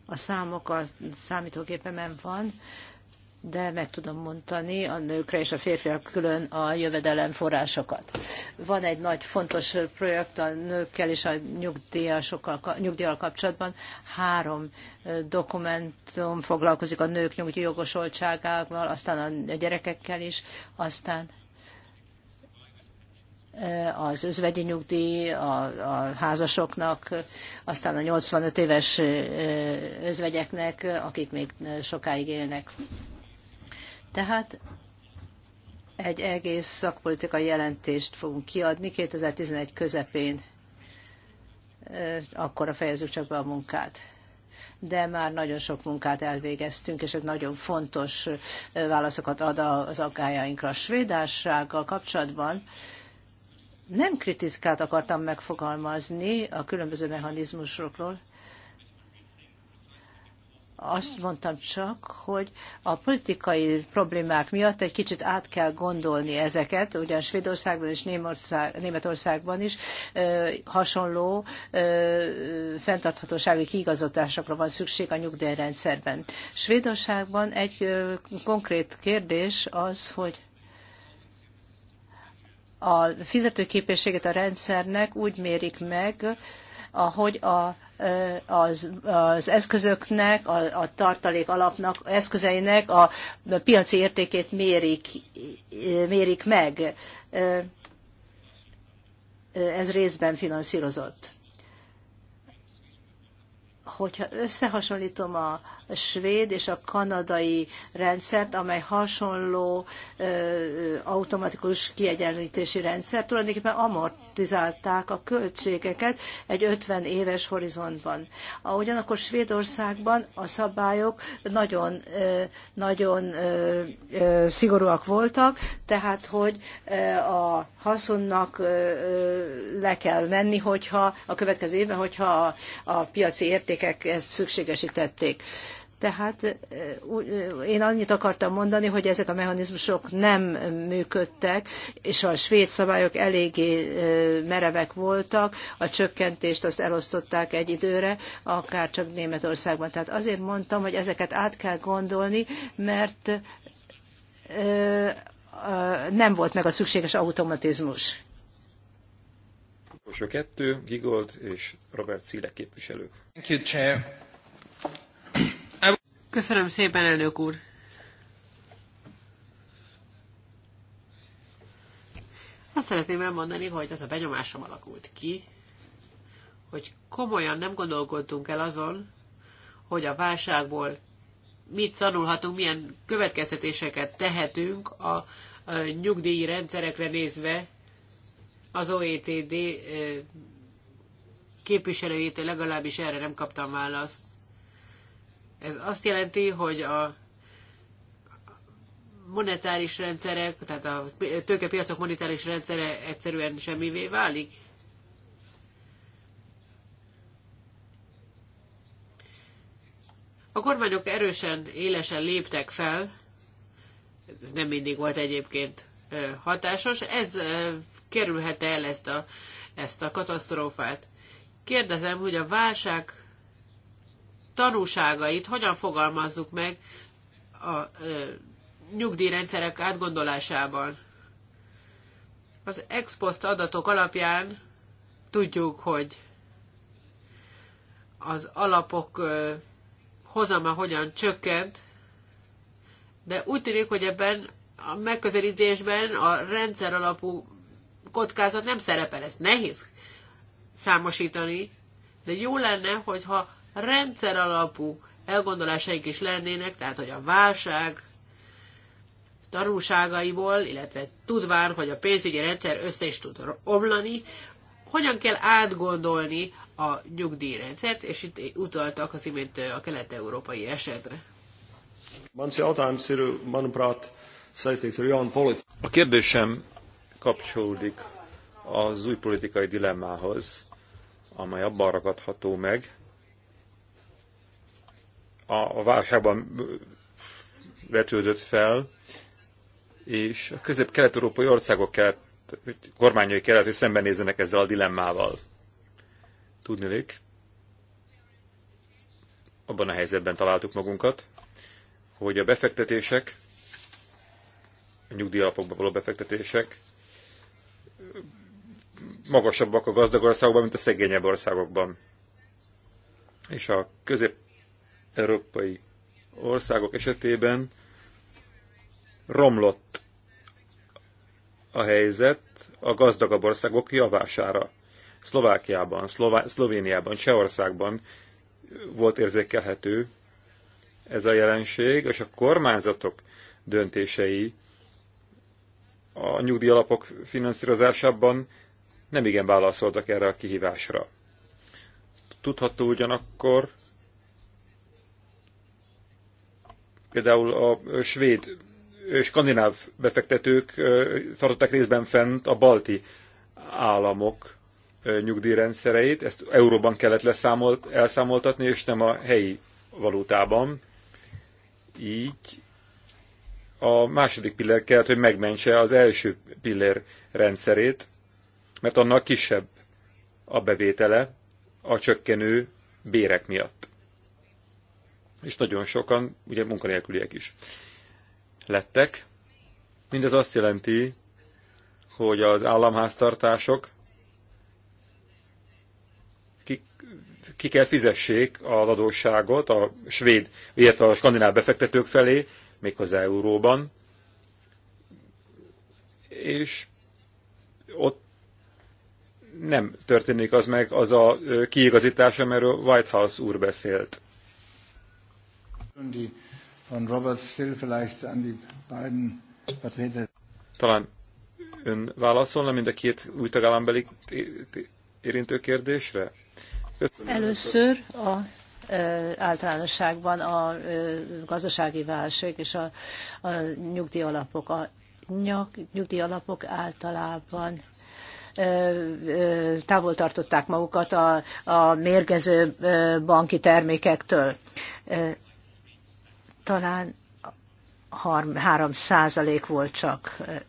A számok a számítógépemen van, de meg tudom mondani a nőkre és a férfiak külön a jövedelem forrásokat. Van egy nagy fontos projekt a nőkkel és a nyugdíjasokkal, nyugdíjal kapcsolatban. Három dokumentum foglalkozik a nők nyugdíjogosoltságával, aztán a gyerekekkel is, aztán az özvegyi nyugdíj a, a házasoknak, aztán a 85 éves özvegyeknek, akik még sokáig élnek. Tehát egy egész szakpolitikai jelentést fogunk kiadni 2011 közepén, akkor fejezzük csak be a munkát. De már nagyon sok munkát elvégeztünk, és ez nagyon fontos válaszokat ad az aggájainkra. A svédássággal kapcsolatban nem kritikát akartam megfogalmazni a különböző mechanizmusokról, azt mondtam csak, hogy a politikai problémák miatt egy kicsit át kell gondolni ezeket, ugyan Svédországban és Németországban is ö, hasonló ö, fenntarthatósági kiigazotásokra van szükség a nyugdíjrendszerben. Svédországban egy ö, konkrét kérdés az, hogy a fizetőképességet a rendszernek úgy mérik meg, ahogy a, az, az eszközöknek, a, a tartalék alapnak, eszközeinek a piaci értékét mérik, mérik meg. Ez részben finanszírozott hogyha összehasonlítom a svéd és a kanadai rendszert, amely hasonló ö, automatikus kiegyenlítési rendszer, tulajdonképpen amort amortizálták a költségeket egy 50 éves horizontban. Ugyanakkor Svédországban a szabályok nagyon, nagyon szigorúak voltak, tehát hogy a haszonnak le kell menni, hogyha a következő évben, hogyha a, a piaci értékek ezt szükségesítették. Tehát én annyit akartam mondani, hogy ezek a mechanizmusok nem működtek, és a svéd szabályok eléggé merevek voltak, a csökkentést azt elosztották egy időre, akár csak Németországban. Tehát azért mondtam, hogy ezeket át kell gondolni, mert nem volt meg a szükséges automatizmus. Utolsó kettő, Gigold és Robert Szíle képviselők. Thank you, Chair. Köszönöm szépen, elnök úr. Azt szeretném elmondani, hogy az a benyomásom alakult ki, hogy komolyan nem gondolkodtunk el azon, hogy a válságból mit tanulhatunk, milyen következtetéseket tehetünk a, a rendszerekre nézve az OECD képviselőjétől legalábbis erre nem kaptam választ. Ez azt jelenti, hogy a monetáris rendszerek, tehát a tőkepiacok monetáris rendszere egyszerűen semmivé válik? A kormányok erősen, élesen léptek fel, ez nem mindig volt egyébként hatásos, ez kerülhet el ezt a, ezt a katasztrófát. Kérdezem, hogy a válság tanúságait hogyan fogalmazzuk meg a ö, nyugdíjrendszerek átgondolásában. Az ex post adatok alapján tudjuk, hogy az alapok ö, hozama hogyan csökkent, de úgy tűnik, hogy ebben a megközelítésben a rendszer alapú kockázat nem szerepel. ez nehéz számosítani, de jó lenne, hogyha rendszer alapú elgondolásaik is lennének, tehát hogy a válság tanulságaiból, illetve tudván, hogy a pénzügyi rendszer össze is tud omlani, hogyan kell átgondolni a nyugdíjrendszert, és itt utaltak az imént a kelet-európai esetre. A kérdésem kapcsolódik az új politikai dilemmához, amely abban ragadható meg, a, a válságban vetődött fel, és a közép-kelet-európai országok kelet, kormányai kellett, hogy szembenézzenek ezzel a dilemmával. Tudnilik, abban a helyzetben találtuk magunkat, hogy a befektetések, a nyugdíjalapokba való befektetések magasabbak a gazdag országokban, mint a szegényebb országokban. És a közép európai országok esetében romlott a helyzet a gazdagabb országok javására. Szlovákiában, Szlová- Szlovéniában, Csehországban volt érzékelhető ez a jelenség, és a kormányzatok döntései a nyugdíjalapok finanszírozásában nem igen válaszoltak erre a kihívásra. Tudható ugyanakkor, Például a svéd skandináv befektetők tartották részben fent a balti államok nyugdíjrendszereit, ezt euróban kellett leszámolt, elszámoltatni, és nem a helyi valutában. Így a második pillér kellett, hogy megmentse az első pillér rendszerét, mert annak kisebb a bevétele a csökkenő bérek miatt és nagyon sokan, ugye munkanélküliek is lettek. Mindez azt jelenti, hogy az államháztartások ki, ki kell fizessék az adósságot a svéd, illetve a skandináv befektetők felé, méghozzá euróban, és ott nem történik az meg az a kiigazítás, amiről White House úr beszélt. Talán ön válaszolna mind a két új tagállambeli érintő kérdésre? Köszönöm. Először a általánosságban a gazdasági válság és a, a nyugdíjalapok. A nyugdíjalapok általában távol tartották magukat a, a mérgező banki termékektől talán 3 százalék volt csak e,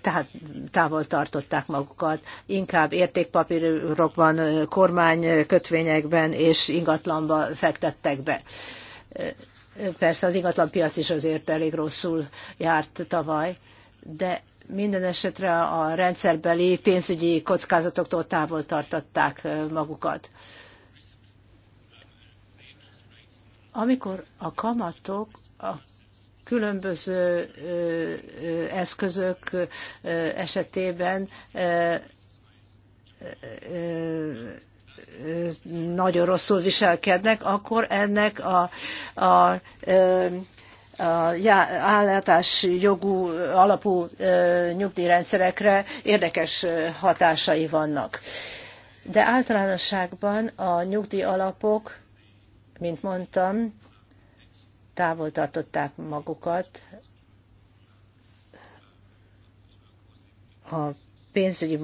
tehát távol tartották magukat, inkább értékpapírokban, kötvényekben és ingatlanba fektettek be. E, persze az ingatlanpiac is azért elég rosszul járt tavaly, de minden esetre a rendszerbeli pénzügyi kockázatoktól távol tartották e, magukat. Amikor a kamatok a különböző eszközök esetében nagyon rosszul viselkednek, akkor ennek a, a, a állátás jogú alapú nyugdíjrendszerekre érdekes hatásai vannak. De általánosságban a nyugdíjalapok mint mondtam, távol tartották magukat a pénzügyi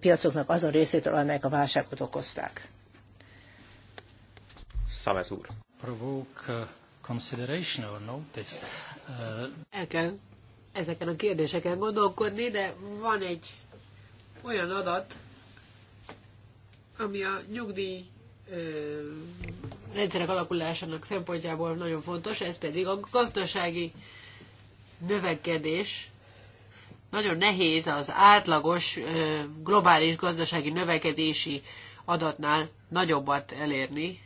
piacoknak azon részétől, amelyek a válságot okozták. Szavet úr. Uh, consideration uh, El kell ezeken a kérdéseken gondolkodni, de van egy olyan adat, ami a nyugdíj rendszerek alakulásának szempontjából nagyon fontos, ez pedig a gazdasági növekedés. Nagyon nehéz az átlagos globális gazdasági növekedési adatnál nagyobbat elérni.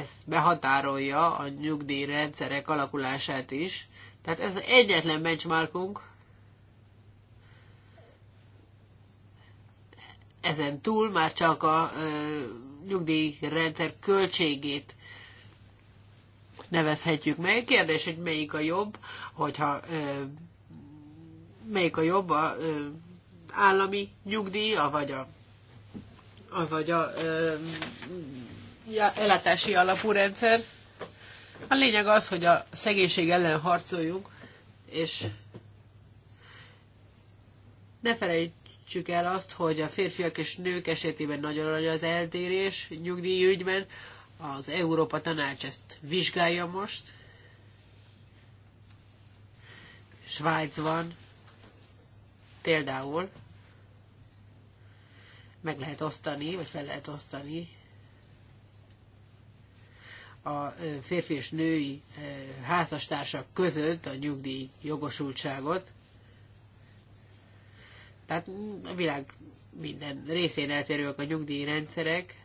Ez behatárolja a nyugdíjrendszerek alakulását is. Tehát ez az egyetlen benchmarkunk, ezen túl már csak a ö, nyugdíjrendszer költségét nevezhetjük meg. Kérdés, hogy melyik a jobb, hogyha ö, melyik a jobb a ö, állami nyugdíj, vagy a, a, vagy a ö, ja, ellátási alapú rendszer. A lényeg az, hogy a szegénység ellen harcoljunk, és ne felejt, felejtsük el azt, hogy a férfiak és nők esetében nagyon nagy az eltérés nyugdíjügyben. Az Európa Tanács ezt vizsgálja most. Svájc van. például meg lehet osztani, vagy fel lehet osztani a férfi és női házastársak között a nyugdíj jogosultságot. Tehát a világ minden részén eltérőek a nyugdíjrendszerek.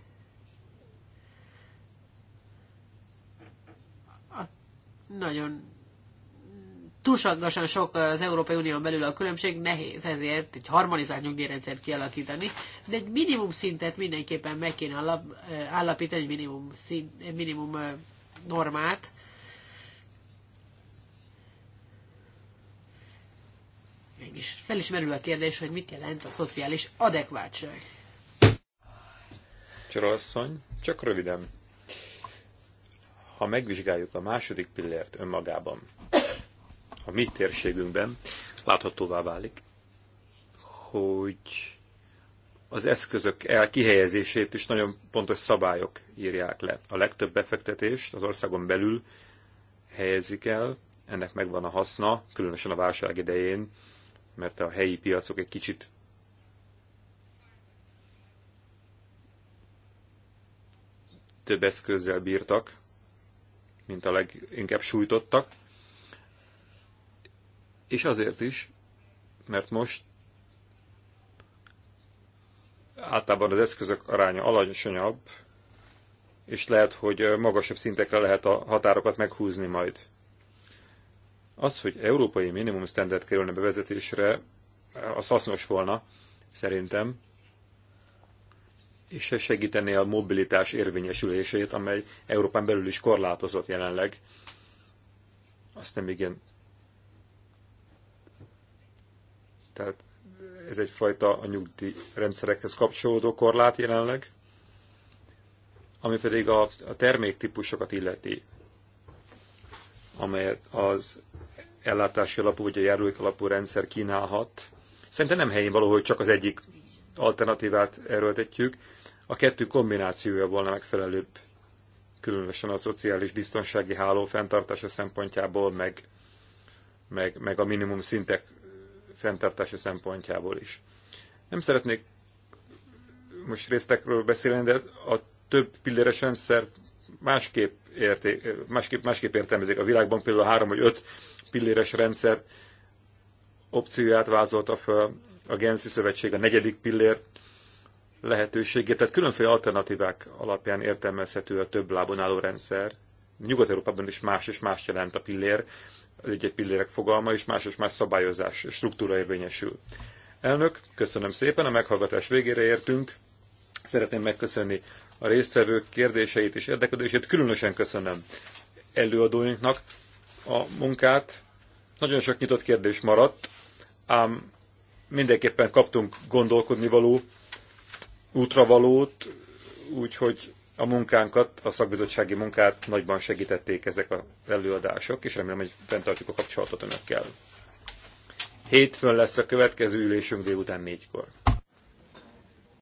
nagyon túlságosan sok az Európai Unión belül a különbség, nehéz ezért egy harmonizált nyugdíjrendszert kialakítani, de egy minimum szintet mindenképpen meg kéne állapítani, egy minimum, szint, minimum normát, mégis felismerül a kérdés, hogy mit jelent a szociális adekvátság. Csorasszony, csak röviden. Ha megvizsgáljuk a második pillért önmagában, a mi térségünkben láthatóvá válik, hogy az eszközök elkihelyezését is nagyon pontos szabályok írják le. A legtöbb befektetést az országon belül helyezik el, ennek megvan a haszna, különösen a válság idején, mert a helyi piacok egy kicsit több eszközzel bírtak, mint a leginkább sújtottak, és azért is, mert most általában az eszközök aránya alacsonyabb, és lehet, hogy magasabb szintekre lehet a határokat meghúzni majd. Az, hogy európai minimum standard kerülne bevezetésre, az hasznos volna, szerintem, és segítené a mobilitás érvényesülését, amely Európán belül is korlátozott jelenleg. Azt nem igen. Tehát ez egyfajta a nyugdíjrendszerekhez kapcsolódó korlát jelenleg, ami pedig a, a terméktípusokat illeti, amelyet az ellátási alapú vagy a járulék alapú rendszer kínálhat. Szerintem nem helyén való, hogy csak az egyik alternatívát erőltetjük. A kettő kombinációja volna megfelelőbb, különösen a szociális biztonsági háló fenntartása szempontjából, meg, meg, meg a minimum szintek fenntartása szempontjából is. Nem szeretnék most résztekről beszélni, de a több pilléres rendszer másképp, érté, másképp, másképp értelmezik. A világban például három vagy öt pilléres rendszer opcióját vázolta fel a Genszi Szövetség a negyedik pillér lehetőségét, tehát különféle alternatívák alapján értelmezhető a több lábon álló rendszer. Nyugat-Európában is más és más jelent a pillér, az egyéb pillérek fogalma, és más és más szabályozás struktúra érvényesül. Elnök, köszönöm szépen, a meghallgatás végére értünk. Szeretném megköszönni a résztvevők kérdéseit és érdeklődését, különösen köszönöm előadóinknak, a munkát. Nagyon sok nyitott kérdés maradt, ám mindenképpen kaptunk gondolkodni való, útravalót, úgyhogy a munkánkat, a szakbizottsági munkát nagyban segítették ezek az előadások, és remélem, hogy fenntartjuk a kapcsolatot önökkel. Hétfőn lesz a következő ülésünk délután négykor.